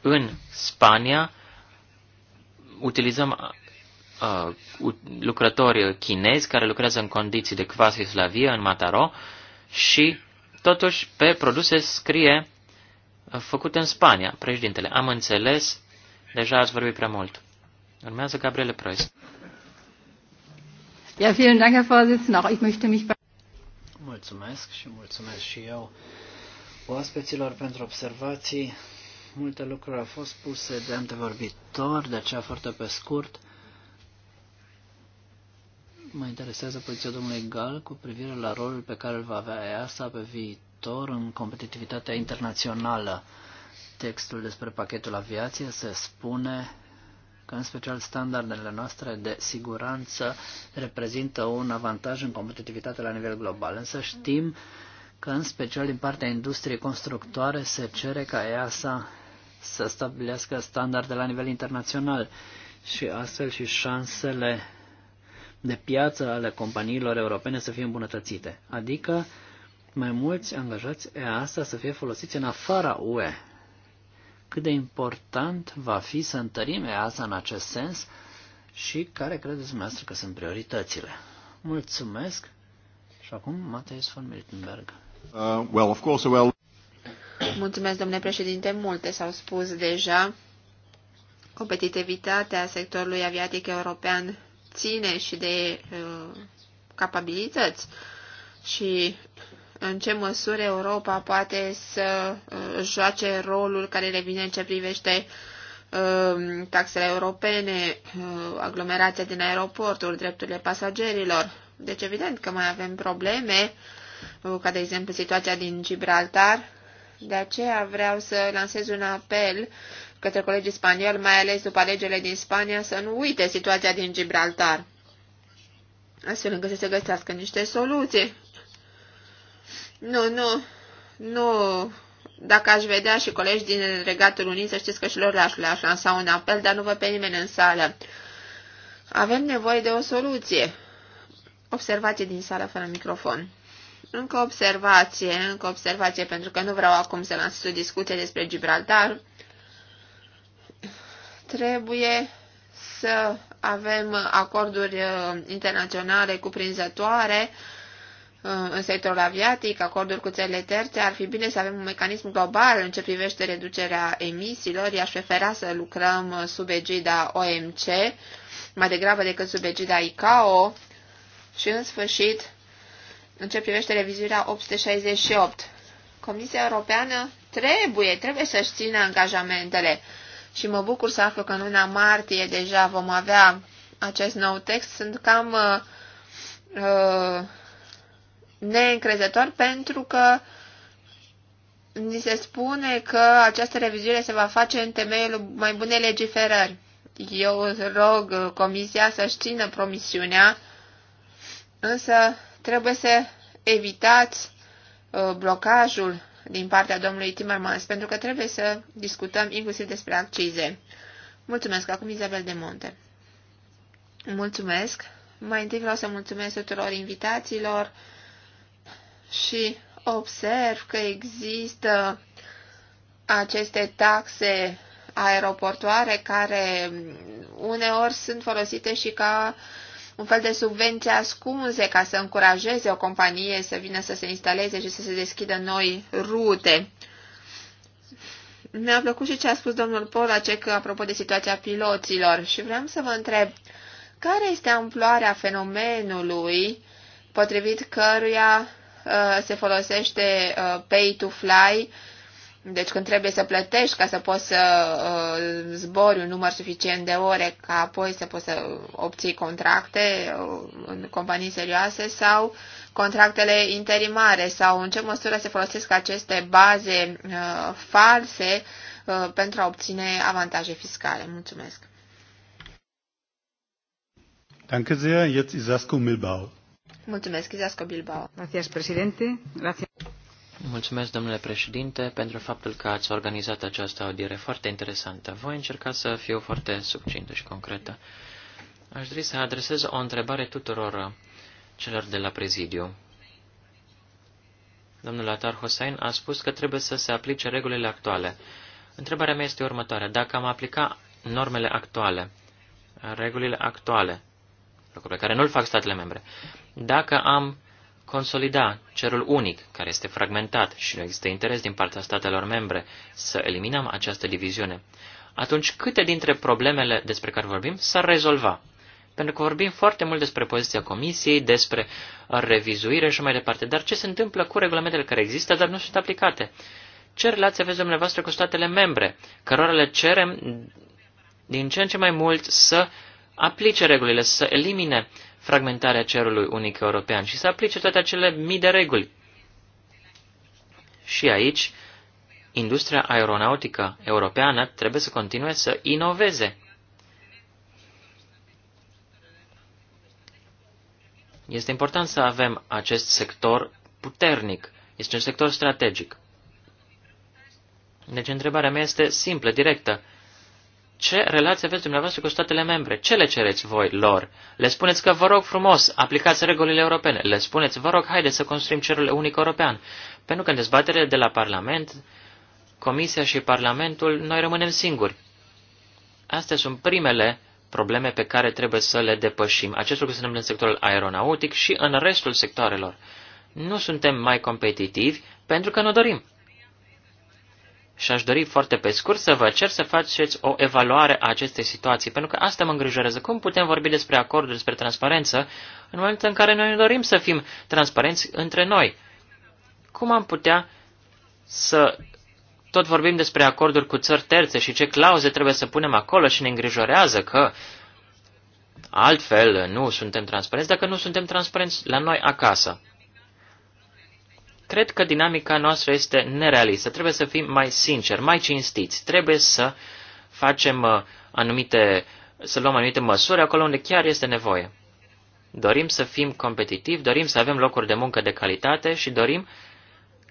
În Spania utilizăm uh, lucrători chinezi care lucrează în condiții de quasi-slavie în Mataro și totuși pe produse scrie uh, făcut în Spania. Președintele, am înțeles, deja ați vorbit prea mult. Urmează Gabriele Preuss. Ja, vielen Dank, Herr Vorsitzender. Auch ich möchte mich bei Mulțumesc și mulțumesc și eu oaspeților pentru observații. Multe lucruri au fost puse de antevorbitor, de aceea foarte pe scurt. Mă interesează poziția domnului Gal cu privire la rolul pe care îl va avea EASA pe viitor în competitivitatea internațională. Textul despre pachetul aviație se spune că în special standardele noastre de siguranță reprezintă un avantaj în competitivitate la nivel global. Însă știm că în special din partea industriei constructoare se cere ca EASA să stabilească standarde la nivel internațional și astfel și șansele de piață ale companiilor europene să fie îmbunătățite, adică mai mulți angajați EASA să fie folosiți în afara UE. Cât de important va fi să întărim EASA în acest sens și care credeți dumneavoastră că sunt prioritățile? Mulțumesc și acum Mateus von Miltenberg. Uh, well, of course, well... Mulțumesc, domnule președinte, multe s-au spus deja. Competitivitatea sectorului aviatic european ține și de uh, capabilități și în ce măsură Europa poate să uh, joace rolul care le vine în ce privește uh, taxele europene, aglomerația din aeroporturi, drepturile pasagerilor. Deci evident că mai avem probleme, ca de exemplu situația din Gibraltar, de aceea vreau să lansez un apel către colegii spanioli, mai ales după alegerile din Spania, să nu uite situația din Gibraltar, astfel încât să se găsească niște soluții. Nu, nu, nu, dacă aș vedea și colegi din Regatul Unit, să știți că și lor le-aș, le lansa un apel, dar nu văd pe nimeni în sală. Avem nevoie de o soluție. Observație din sală fără microfon. Încă observație, încă observație, pentru că nu vreau acum să lansez o discuție despre Gibraltar. Trebuie să avem acorduri uh, internaționale cuprinzătoare uh, în sectorul aviatic, acorduri cu țările terțe, ar fi bine să avem un mecanism global în ce privește reducerea emisiilor. I-aș prefera să lucrăm uh, sub egida OMC, mai degrabă decât sub egida ICAO. Și, în sfârșit, în ce privește revizuirea 868, Comisia Europeană trebuie, trebuie să-și țină angajamentele și mă bucur să aflu că în luna martie deja vom avea acest nou text. Sunt cam uh, uh neîncrezător pentru că ni se spune că această revizuire se va face în temeiul mai bunei legiferări. Eu rog uh, Comisia să-și țină promisiunea, însă trebuie să evitați uh, blocajul din partea domnului Timmermans, pentru că trebuie să discutăm inclusiv despre accize. Mulțumesc. Acum Izabel de Monte. Mulțumesc. Mai întâi vreau să mulțumesc tuturor invitațiilor și observ că există aceste taxe aeroportoare care uneori sunt folosite și ca uh, un fel de subvenții ascunse ca să încurajeze o companie să vină să se instaleze și să se deschidă noi rute. Mi-a plăcut și ce a spus domnul Polacek apropo de situația piloților și vreau să vă întreb, care este amploarea fenomenului potrivit căruia uh, se folosește uh, pay to fly deci când trebuie să plătești ca să poți să uh, zbori un număr suficient de ore ca apoi să poți să obții contracte uh, în companii serioase sau contractele interimare sau în ce măsură se folosesc aceste baze uh, false uh, pentru a obține avantaje fiscale. Mulțumesc. Danke sehr. Jetzt Mulțumesc, Izasco Bilbao. Gracias, presidente. Gracias. Mulțumesc, domnule președinte, pentru faptul că ați organizat această audiere foarte interesantă. Voi încerca să fiu foarte succintă și concretă. Aș dori să adresez o întrebare tuturor celor de la prezidiu. Domnul Atar Hossein a spus că trebuie să se aplice regulile actuale. Întrebarea mea este următoarea. Dacă am aplica normele actuale, regulile actuale, lucruri pe care nu-l fac statele membre, dacă am consolida cerul unic, care este fragmentat și nu există interes din partea statelor membre să eliminăm această diviziune, atunci câte dintre problemele despre care vorbim s-ar rezolva? Pentru că vorbim foarte mult despre poziția comisiei, despre revizuire și mai departe, dar ce se întâmplă cu regulamentele care există, dar nu sunt aplicate? Ce relație aveți dumneavoastră cu statele membre, cărora le cerem din ce în ce mai mult să aplice regulile, să elimine uh, fragmentarea cerului unic european și să aplice toate acele mii de reguli. Și aici, industria aeronautică europeană trebuie să continue să inoveze. Este important să avem acest sector puternic. Este un sector strategic. Deci întrebarea mea este simplă, directă ce relație aveți dumneavoastră cu statele membre? Ce le cereți voi lor? Le spuneți că vă rog frumos, aplicați regulile europene. Le spuneți, vă rog, haideți să construim cerul unic european. Pentru că în dezbatere de la Parlament, Comisia și Parlamentul, noi rămânem singuri. Astea sunt primele probleme pe care trebuie să le depășim. Acest lucru se întâmplă în sectorul aeronautic și în restul sectoarelor. Nu suntem mai competitivi pentru că nu dorim. Și aș dori foarte pe scurt să vă cer să faceți o evaluare a acestei situații, pentru că asta mă îngrijorează. Cum putem vorbi despre acorduri, despre transparență, în momentul în care noi ne dorim să fim transparenți între noi? Cum am putea să tot vorbim despre acorduri cu țări terțe și ce clauze trebuie să punem acolo și ne îngrijorează că altfel nu suntem transparenți dacă nu suntem transparenți la noi acasă? Cred că dinamica noastră este nerealistă. Trebuie să fim mai sinceri, mai cinstiți. Trebuie să facem uh, anumite, să luăm anumite măsuri acolo unde chiar este nevoie. Dorim să fim competitivi, dorim să avem locuri de muncă de calitate și dorim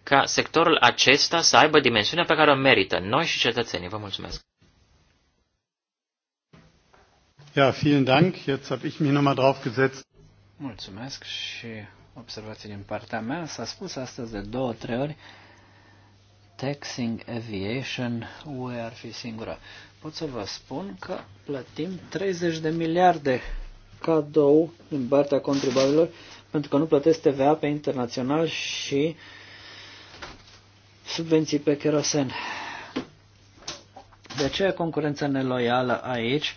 ca sectorul acesta să aibă dimensiunea pe care o merită noi și cetățenii. Vă mulțumesc! Ja, vielen Dank. Jetzt habe ich mich nochmal drauf gesetzt. Mulțumesc și observații din partea mea. S-a spus astăzi de două, trei ori Taxing Aviation UE ar fi singura. Pot să vă spun că plătim 30 de miliarde cadou din partea contribuabililor pentru că nu plătesc TVA pe internațional și subvenții pe kerosen. De ce e concurență neloială aici?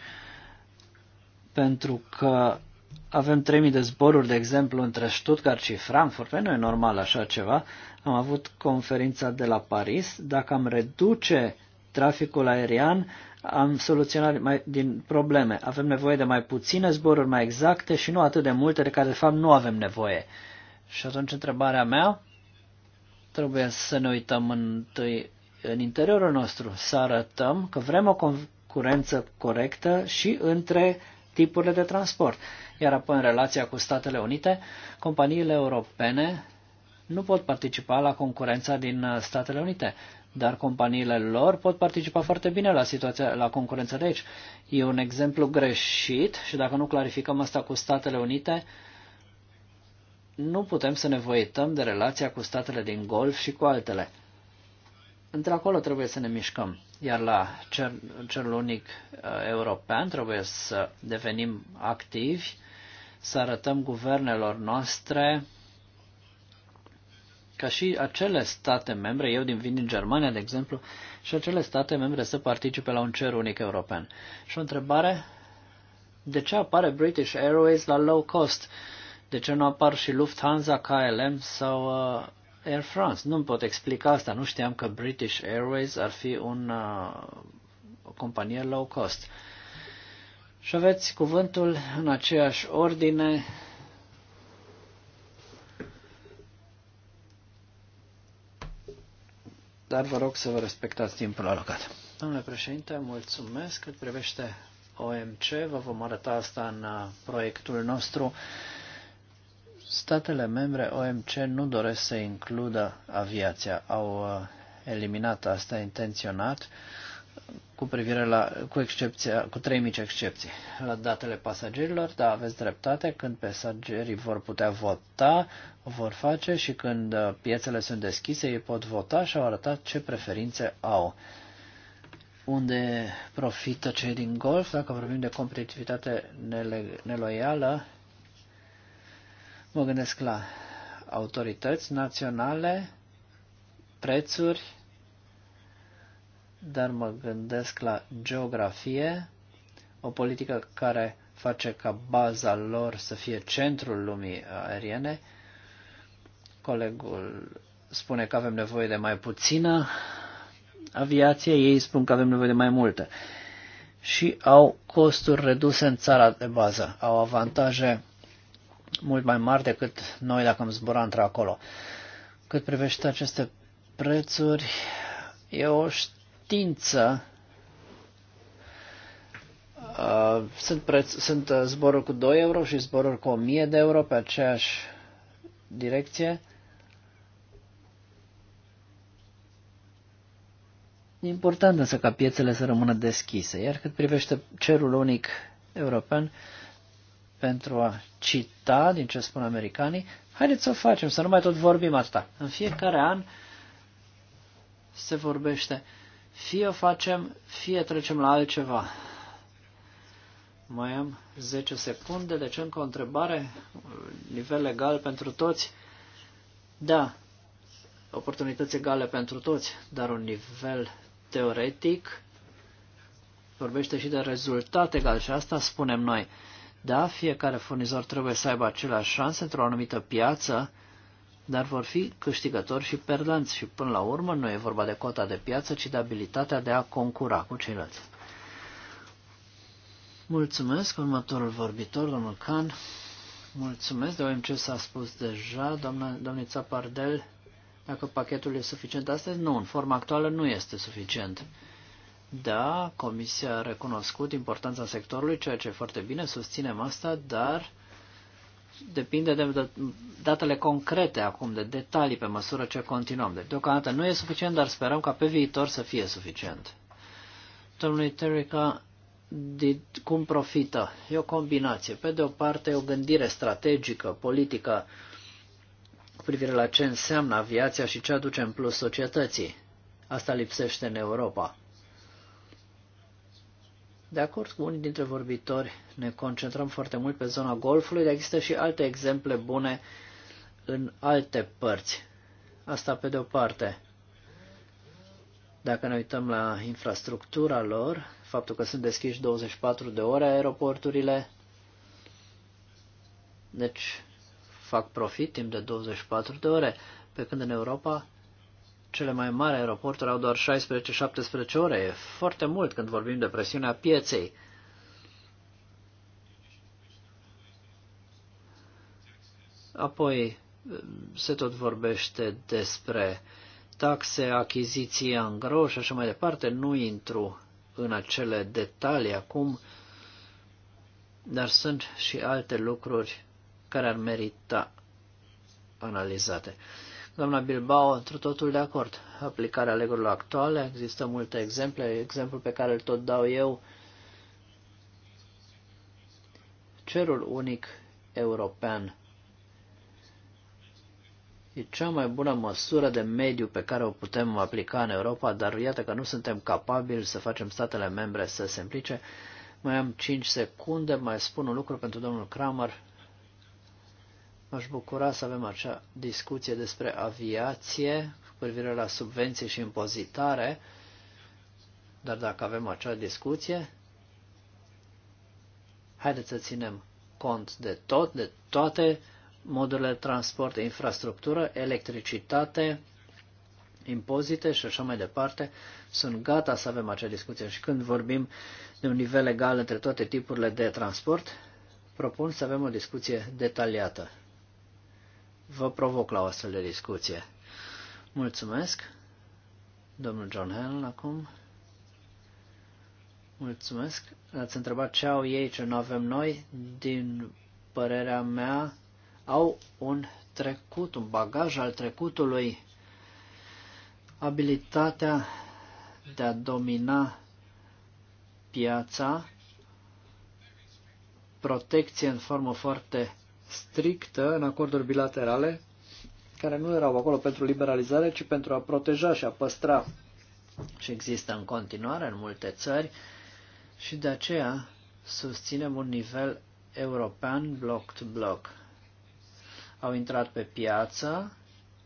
Pentru că avem 3000 de zboruri, de exemplu, între Stuttgart și Frankfurt, pe păi nu e normal așa ceva. Am avut conferința de la Paris. Dacă am reduce traficul aerian, am soluționat mai, din probleme. Avem nevoie de mai puține zboruri mai exacte și nu atât de multe de care, de fapt, nu avem nevoie. Și atunci întrebarea mea, trebuie să ne uităm întâi în interiorul nostru, să arătăm că vrem o concurență corectă și între tipurile de transport. Iar apoi, în relația cu Statele Unite, companiile europene nu pot participa la concurența din uh, Statele Unite, dar companiile lor pot participa foarte bine la, situația, la concurența de aici. E un exemplu greșit și dacă nu clarificăm asta cu Statele Unite, nu putem să ne voităm de relația cu statele din Golf și cu altele într-acolo trebuie să ne mișcăm. Iar la cer, cerul unic uh, european trebuie să devenim activi, să arătăm guvernelor noastre ca și acele state membre, eu din vin din Germania, de exemplu, și acele state membre să participe la un cer unic european. Și o întrebare, de ce apare British Airways la low cost? De ce nu apar și Lufthansa, KLM sau uh, Air France. Nu-mi pot explica asta. Nu știam că British Airways ar fi un, uh, o companie low cost. Și aveți cuvântul în aceeași ordine. Dar vă rog să vă respectați timpul alocat. Domnule președinte, mulțumesc. Cât privește OMC, vă vom arăta asta în uh, proiectul nostru statele membre OMC nu doresc să includă aviația. Au uh, eliminat asta intenționat cu privire la, cu excepția, cu trei mici excepții. La datele pasagerilor, da, aveți dreptate, când pasagerii vor putea vota, o vor face și când uh, piețele sunt deschise, ei pot vota și au arătat ce preferințe au. Unde profită cei din golf, dacă vorbim de competitivitate neloială, Mă gândesc la autorități naționale, prețuri, dar mă gândesc la geografie, o politică care face ca baza lor să fie centrul lumii aeriene. Colegul spune că avem nevoie de mai puțină aviație, ei spun că avem nevoie de mai multă. Și au costuri reduse în țara de bază, au avantaje mult mai mari decât noi dacă am zbura între acolo Cât privește aceste prețuri, e o știință. Uh, sunt, preț, sunt uh, zboruri cu 2 euro și zboruri cu 1000 de euro pe aceeași direcție. important însă ca piețele să rămână deschise, iar cât privește cerul unic european, uh, pentru a cita din ce spun americanii, haideți să o facem, să nu mai tot vorbim asta. În fiecare an se vorbește, fie o facem, fie trecem la altceva. Mai am 10 secunde, deci încă o întrebare, nivel legal pentru toți. Da, oportunități egale pentru toți, dar un nivel teoretic vorbește și de rezultat egal și asta spunem noi. Da, fiecare furnizor trebuie să aibă aceleași șanse într-o anumită piață, dar vor fi câștigători și perdanți și până la urmă nu e vorba de cota de piață, ci de abilitatea de a concura cu ceilalți. Mulțumesc, următorul vorbitor, domnul Can. Mulțumesc, de ce s-a spus deja, doamna, domnița Pardel, dacă pachetul e suficient astăzi, nu, în forma actuală nu este suficient. Da, Comisia a recunoscut importanța sectorului, ceea ce e foarte bine, susținem asta, dar depinde de datele concrete acum, de detalii pe măsură ce continuăm. Deci, deocamdată nu e suficient, dar sperăm ca pe viitor să fie suficient. Domnului Terica, cum profită? E o combinație. Pe de o parte, e o gândire strategică, politică, cu privire la ce înseamnă aviația și ce aduce în plus societății. Asta lipsește în Europa. De acord cu unii dintre vorbitori, ne concentrăm foarte mult pe zona golfului, dar există și alte exemple bune în alte părți. Asta pe de o parte. Dacă ne uităm la infrastructura lor, faptul că sunt deschiși 24 de ore aeroporturile, deci fac profit timp de 24 de ore, pe când în Europa cele mai mari aeroporturi au doar 16-17 ore. E foarte mult când vorbim de presiunea pieței. Apoi se tot vorbește despre taxe, achiziții angro și așa mai departe. Nu intru în acele detalii acum, dar sunt și alte lucruri care ar merita analizate. Doamna Bilbao, într totul de acord. Aplicarea legurilor actuale, există multe exemple. Exemplul pe care îl tot dau eu, cerul unic european E cea mai bună măsură de mediu pe care o putem aplica în Europa, dar iată că nu suntem capabili să facem statele membre să se implice. Mai am 5 secunde, mai spun un lucru pentru domnul Kramer. M-aș bucura să avem acea discuție despre aviație cu privire la subvenții și impozitare, dar dacă avem acea discuție, haideți să ținem cont de tot, de toate modurile de transport, infrastructură, electricitate, impozite și așa mai departe. Sunt gata să avem acea discuție și când vorbim de un nivel legal între toate tipurile de transport, propun să avem o discuție detaliată vă provoc la o astfel de discuție. Mulțumesc, domnul John Hell, acum. Mulțumesc. Ați întrebat ce au ei, ce nu avem noi. Din părerea mea, au un trecut, un bagaj al trecutului, abilitatea de a domina piața, protecție în formă foarte strictă în acorduri bilaterale care nu erau acolo pentru liberalizare, ci pentru a proteja și a păstra. Și există în continuare în multe țări și de aceea susținem un nivel european bloc to bloc. Au intrat pe piață,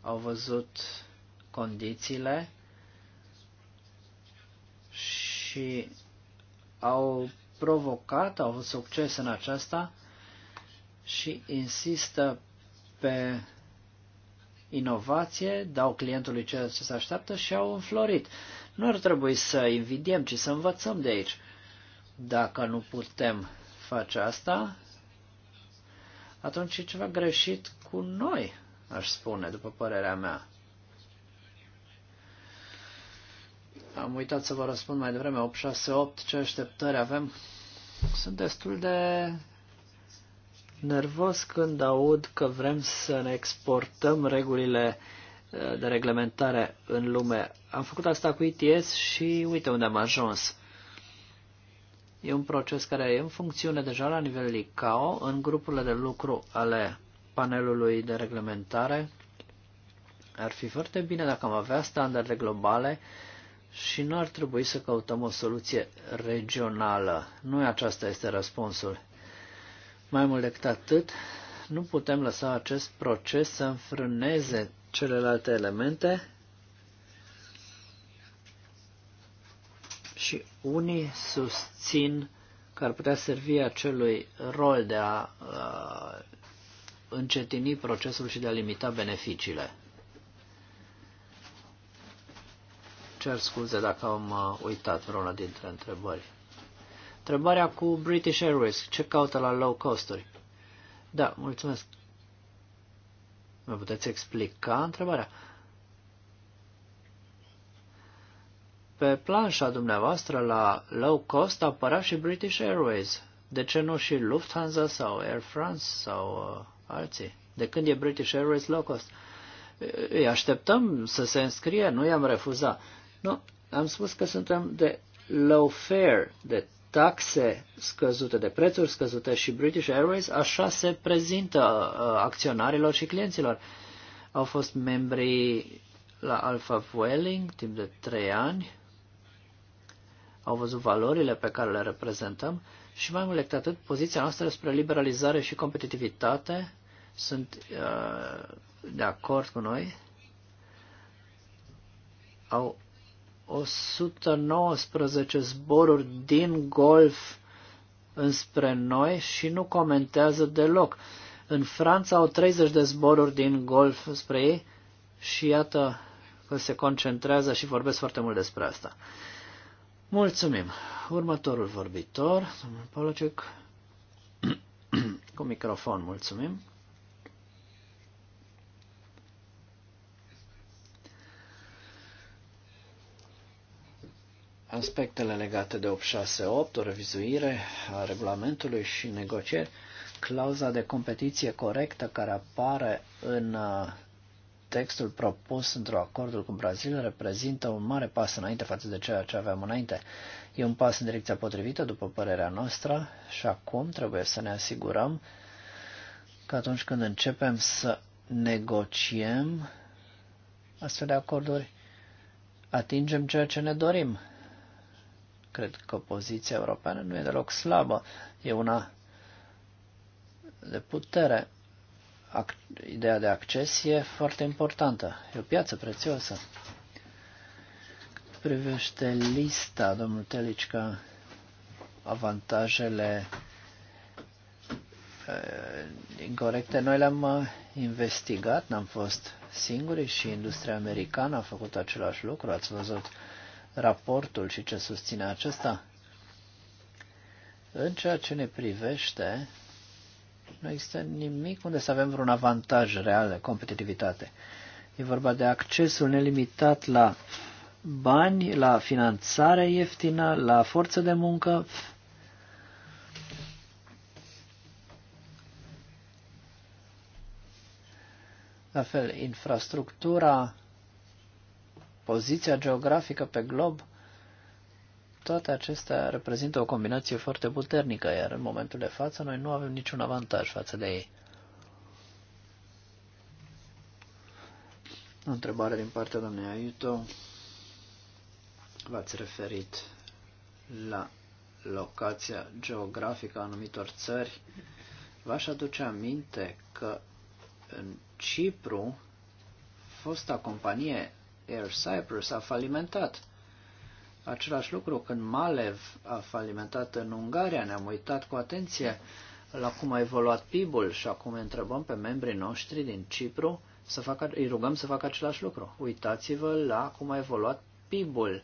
au văzut condițiile și au provocat, au avut succes în aceasta, și insistă pe inovație, dau clientului ceea ce se așteaptă și au înflorit. Nu ar trebui să invidiem, ci să învățăm de aici. Dacă nu putem face asta, atunci e ceva greșit cu noi, aș spune, după părerea mea. Am uitat să vă răspund mai devreme, 868, ce așteptări avem? Sunt destul de nervos când aud că vrem să ne exportăm regulile uh, de reglementare în lume. Am făcut asta cu ITS și uite unde am ajuns. E un proces care e în funcțiune deja la nivelul ICAO, în grupurile de lucru ale panelului de reglementare. Ar fi foarte bine dacă am avea standarde globale și nu ar trebui să căutăm o soluție regională. Nu aceasta este răspunsul. Mai mult decât atât, nu putem lăsa acest proces să înfrâneze celelalte elemente și unii susțin că ar putea servi acelui rol de a uh, încetini procesul și de a limita beneficiile. Cer scuze dacă am uitat vreuna dintre întrebări. Întrebarea cu British Airways, ce caută la low costuri? Da, mulțumesc. Mă puteți explica întrebarea? Pe planșa dumneavoastră la low cost apărea și British Airways. De ce nu și Lufthansa sau Air France sau uh, alții? De când e British Airways low cost? Îi așteptăm să se înscrie, nu i-am refuzat. Nu, am spus că suntem de low fare, de taxe scăzute de prețuri scăzute și British Airways așa se prezintă uh, acționarilor și clienților. Au fost membri la Alpha Vueling timp de trei ani, au văzut valorile pe care le reprezentăm și mai mult decât atât, poziția noastră despre liberalizare și competitivitate sunt uh, de acord cu noi, au 119 zboruri din golf înspre noi și nu comentează deloc. În Franța au 30 de zboruri din golf spre ei și iată că se concentrează și vorbesc foarte mult despre asta. Mulțumim. Următorul vorbitor, domnul Polacek, cu microfon, mulțumim. aspectele legate de 868, o revizuire a regulamentului și negocieri, clauza de competiție corectă care apare în uh, textul propus într-un acordul cu Brazilia reprezintă un mare pas înainte față de ceea ce aveam înainte. E un pas în direcția potrivită, după părerea noastră, și acum trebuie să ne asigurăm că atunci când începem să negociem astfel de acorduri, atingem ceea ce ne dorim, Cred că poziția europeană nu e deloc slabă, e una de putere. Ac- ideea de acces e foarte importantă, e o piață prețioasă. Cât privește lista, domnul Telicca, avantajele incorrecte. Noi le-am uh, investigat, n-am fost singuri și industria americană a făcut același lucru. Ați văzut raportul și ce susține acesta? În ceea ce ne privește, nu există nimic unde să avem vreun avantaj real de competitivitate. E vorba de accesul nelimitat la bani, la finanțare ieftină, la forță de muncă. La fel, infrastructura, poziția geografică pe glob, toate acestea reprezintă o combinație foarte puternică, iar în momentul de față noi nu avem niciun avantaj față de ei. O întrebare din partea doamnei Aiuto. V-ați referit la locația geografică a anumitor țări. V-aș aduce aminte că în Cipru, fosta companie Air Cyprus a falimentat. Același lucru când Malev a falimentat în Ungaria, ne-am uitat cu atenție la cum a evoluat PIB-ul și acum întrebăm pe membrii noștri din Cipru să facă, îi rugăm să facă același lucru. Uitați-vă la cum a evoluat PIB-ul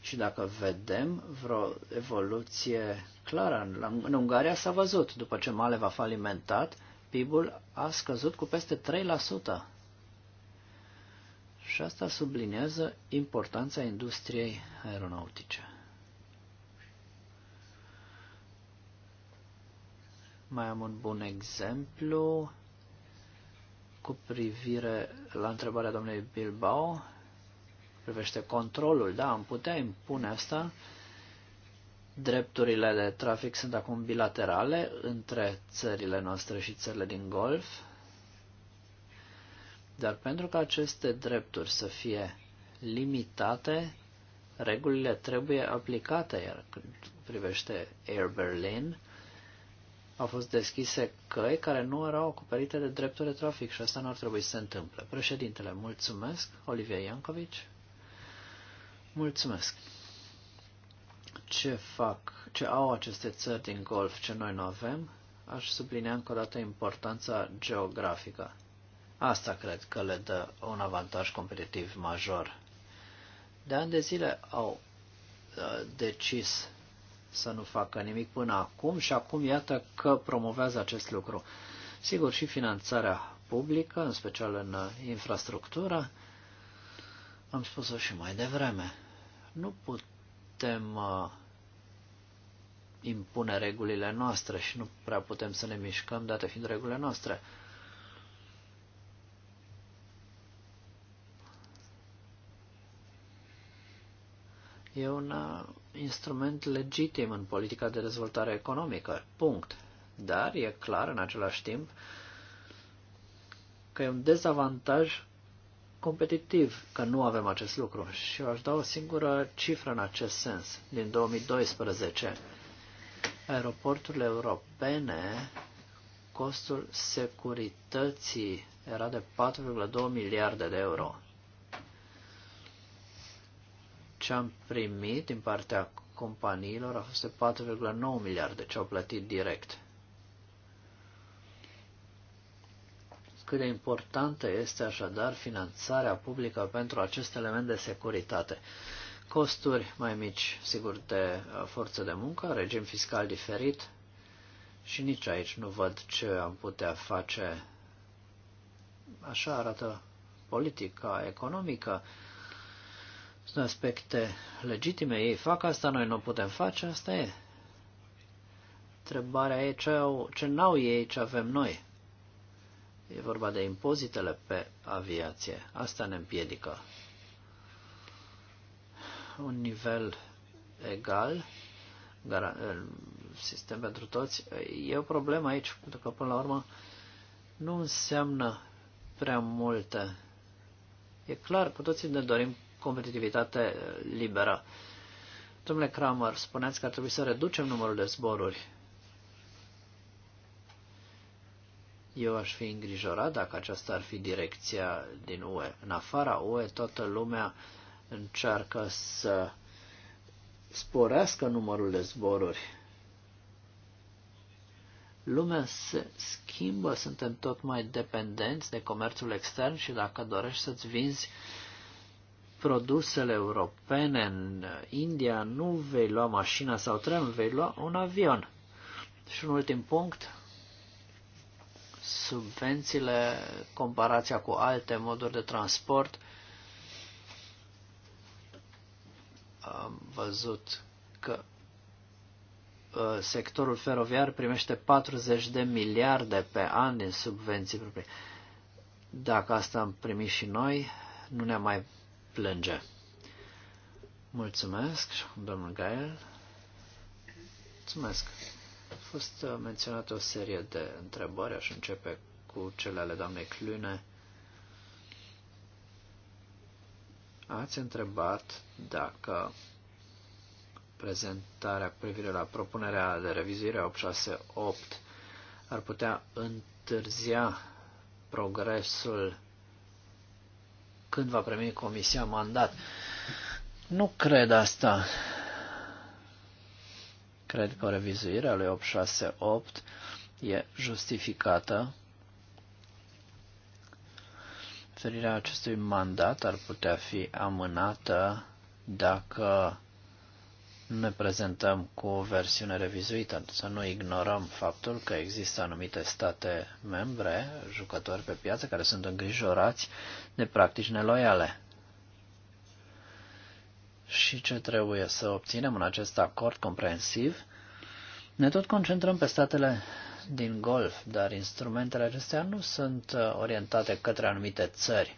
și dacă vedem vreo evoluție clară, în Ungaria s-a văzut, după ce Malev a falimentat, PIB-ul a scăzut cu peste 3%. Și asta sublinează importanța industriei aeronautice. Mai am un bun exemplu cu privire la întrebarea domnului Bilbao. Privește controlul, da, am putea impune asta. Drepturile de trafic sunt acum bilaterale între țările noastre și țările din Golf. Dar pentru ca aceste drepturi să fie limitate, regulile trebuie aplicate, iar când privește Air Berlin, au fost deschise căi care nu erau acoperite de drepturi de trafic și asta nu ar trebui să se întâmple. Președintele, mulțumesc, Olivia Iancovici. Mulțumesc. Ce fac, ce au aceste țări din Golf ce noi nu avem? Aș sublinea încă o dată importanța geografică. Asta cred că le dă un avantaj competitiv major. De ani de zile au uh, decis să nu facă nimic până acum și acum iată că promovează acest lucru. Sigur, și finanțarea publică, în special în uh, infrastructură, am spus-o și mai devreme. Nu putem uh, impune regulile noastre și nu prea putem să ne mișcăm, date fiind regulile noastre. Uh, e un uh, instrument legitim în politica de dezvoltare economică. Punct. Dar e clar în același timp că e un dezavantaj competitiv că nu avem acest lucru. Și eu aș da o singură cifră în acest sens. Din 2012, aeroporturile europene, costul securității era de 4,2 miliarde de euro ce am primit din partea companiilor a fost de 4,9 miliarde ce au plătit direct. Cât de importantă este așadar finanțarea publică pentru acest element de securitate. Costuri mai mici, sigur, de uh, forță de muncă, regim fiscal diferit și nici aici nu văd ce am putea face. Așa arată politica economică sunt aspecte legitime, ei fac asta, noi nu putem face, asta e. Întrebarea e ce, au, ce n-au ei, ce avem noi. E vorba de impozitele pe aviație. Asta ne împiedică. Un nivel egal, sistem pentru toți, e o problemă aici, pentru că până la urmă nu înseamnă prea multe. E clar, cu toții ne dorim competitivitate eh, liberă. Domnule Kramer, spuneați că ar trebui să reducem numărul de zboruri. Eu aș fi îngrijorat dacă aceasta ar fi direcția din UE. În afara UE, toată lumea încearcă să sporească numărul de zboruri. Lumea se schimbă, suntem tot mai dependenți de comerțul extern și dacă dorești să-ți vinzi uh, produsele europene în India, nu vei lua mașina sau tren, vei lua un avion. Și un ultim punct, subvențiile, comparația cu alte moduri de transport. Am văzut că uh, sectorul feroviar primește 40 de miliarde pe an din subvenții proprii. Dacă asta am primit și noi, nu ne-am mai plânge. Mulțumesc, domnul Gael. Mulțumesc. A fost uh, menționată o serie de întrebări, aș începe cu cele ale doamnei Clune. Ați întrebat dacă prezentarea cu privire la propunerea de revizuire 868 ar putea întârzia progresul când va primi comisia mandat. Nu cred asta. Cred că revizuirea lui 868 e justificată. Ferirea acestui mandat ar putea fi amânată dacă ne prezentăm cu o versiune revizuită, să nu ignorăm faptul că există anumite state membre, jucători pe piață, care sunt îngrijorați de practici neloiale. Și ce trebuie să obținem în acest acord comprensiv? Ne tot concentrăm pe statele din Golf, dar instrumentele acestea nu sunt uh, orientate către anumite țări.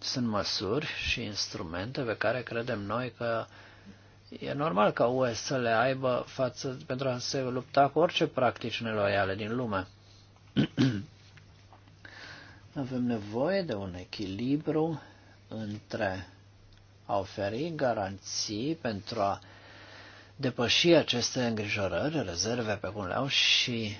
Sunt măsuri și instrumente pe care credem noi că E normal ca UE să le aibă față, pentru a se lupta cu orice practici neloiale din lume. Avem nevoie de un echilibru între a oferi garanții pentru a depăși aceste îngrijorări, rezerve pe cum le au și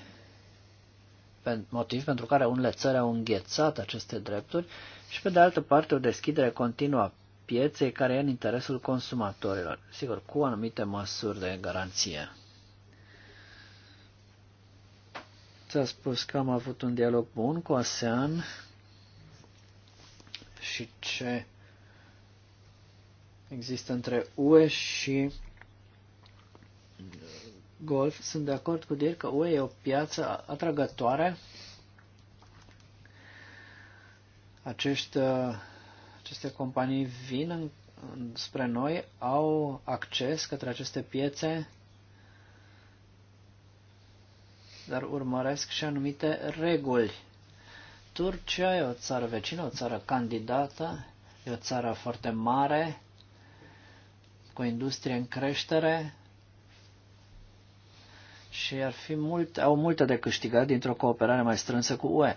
motiv pentru care unele țări au înghețat aceste drepturi și pe de altă parte o deschidere continuă pieței care e în interesul consumatorilor, sigur, cu anumite măsuri de garanție. Ți-a spus că am avut un dialog bun cu ASEAN și ce există între UE și Golf. Sunt de acord cu dir că UE e o piață atrăgătoare acești uh, aceste companii vin în, în, spre noi, au acces către aceste piețe, dar urmăresc și anumite reguli. Turcia e o țară vecină, o țară candidată, e o țară foarte mare, cu o industrie în creștere și ar fi mult, au multe de câștigat dintr-o cooperare mai strânsă cu UE.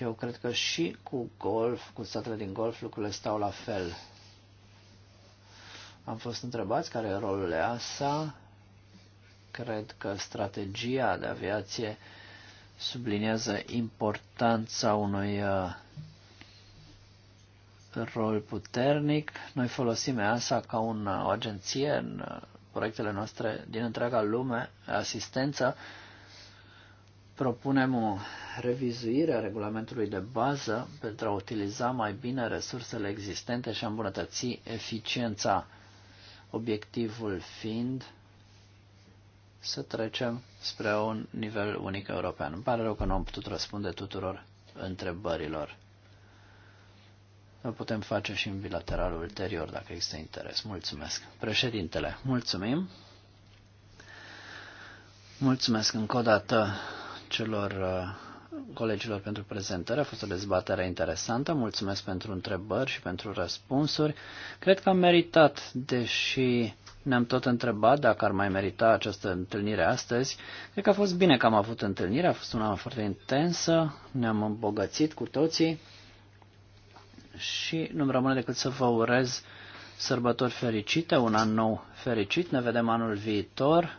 Eu cred că și cu golf, cu statele din golf, lucrurile stau la fel. Am fost întrebați care e rolul EASA. Cred că strategia de aviație subliniază importanța unui uh, rol puternic. Noi folosim EASA ca un, uh, o agenție în uh, proiectele noastre din întreaga lume, asistență, propunem o revizuire a regulamentului de bază pentru a utiliza mai bine resursele existente și a îmbunătăți eficiența, obiectivul fiind să trecem spre un nivel unic european. Îmi pare rău că nu am putut răspunde tuturor întrebărilor. O putem face și în bilateral ulterior, dacă există interes. Mulțumesc. Președintele, mulțumim. Mulțumesc încă o dată celor uh, colegilor pentru prezentare. A fost o dezbatere interesantă. Mulțumesc pentru întrebări și pentru răspunsuri. Cred că am meritat, deși ne-am tot întrebat dacă ar mai merita această întâlnire astăzi. Cred că a fost bine că am avut întâlnirea, a fost una foarte intensă, ne-am îmbogățit cu toții și nu-mi rămâne decât să vă urez sărbători fericite, un an nou fericit. Ne vedem anul viitor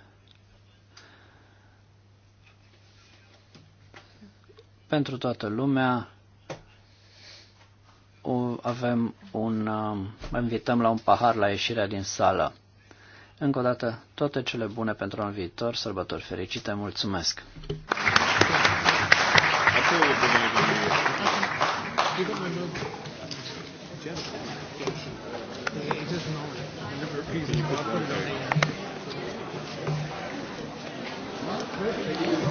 pentru toată lumea. O, avem un, uh, invităm la un pahar la ieșirea din sală. Încă o dată, toate cele bune pentru un viitor, sărbători fericite, mulțumesc! Thank you.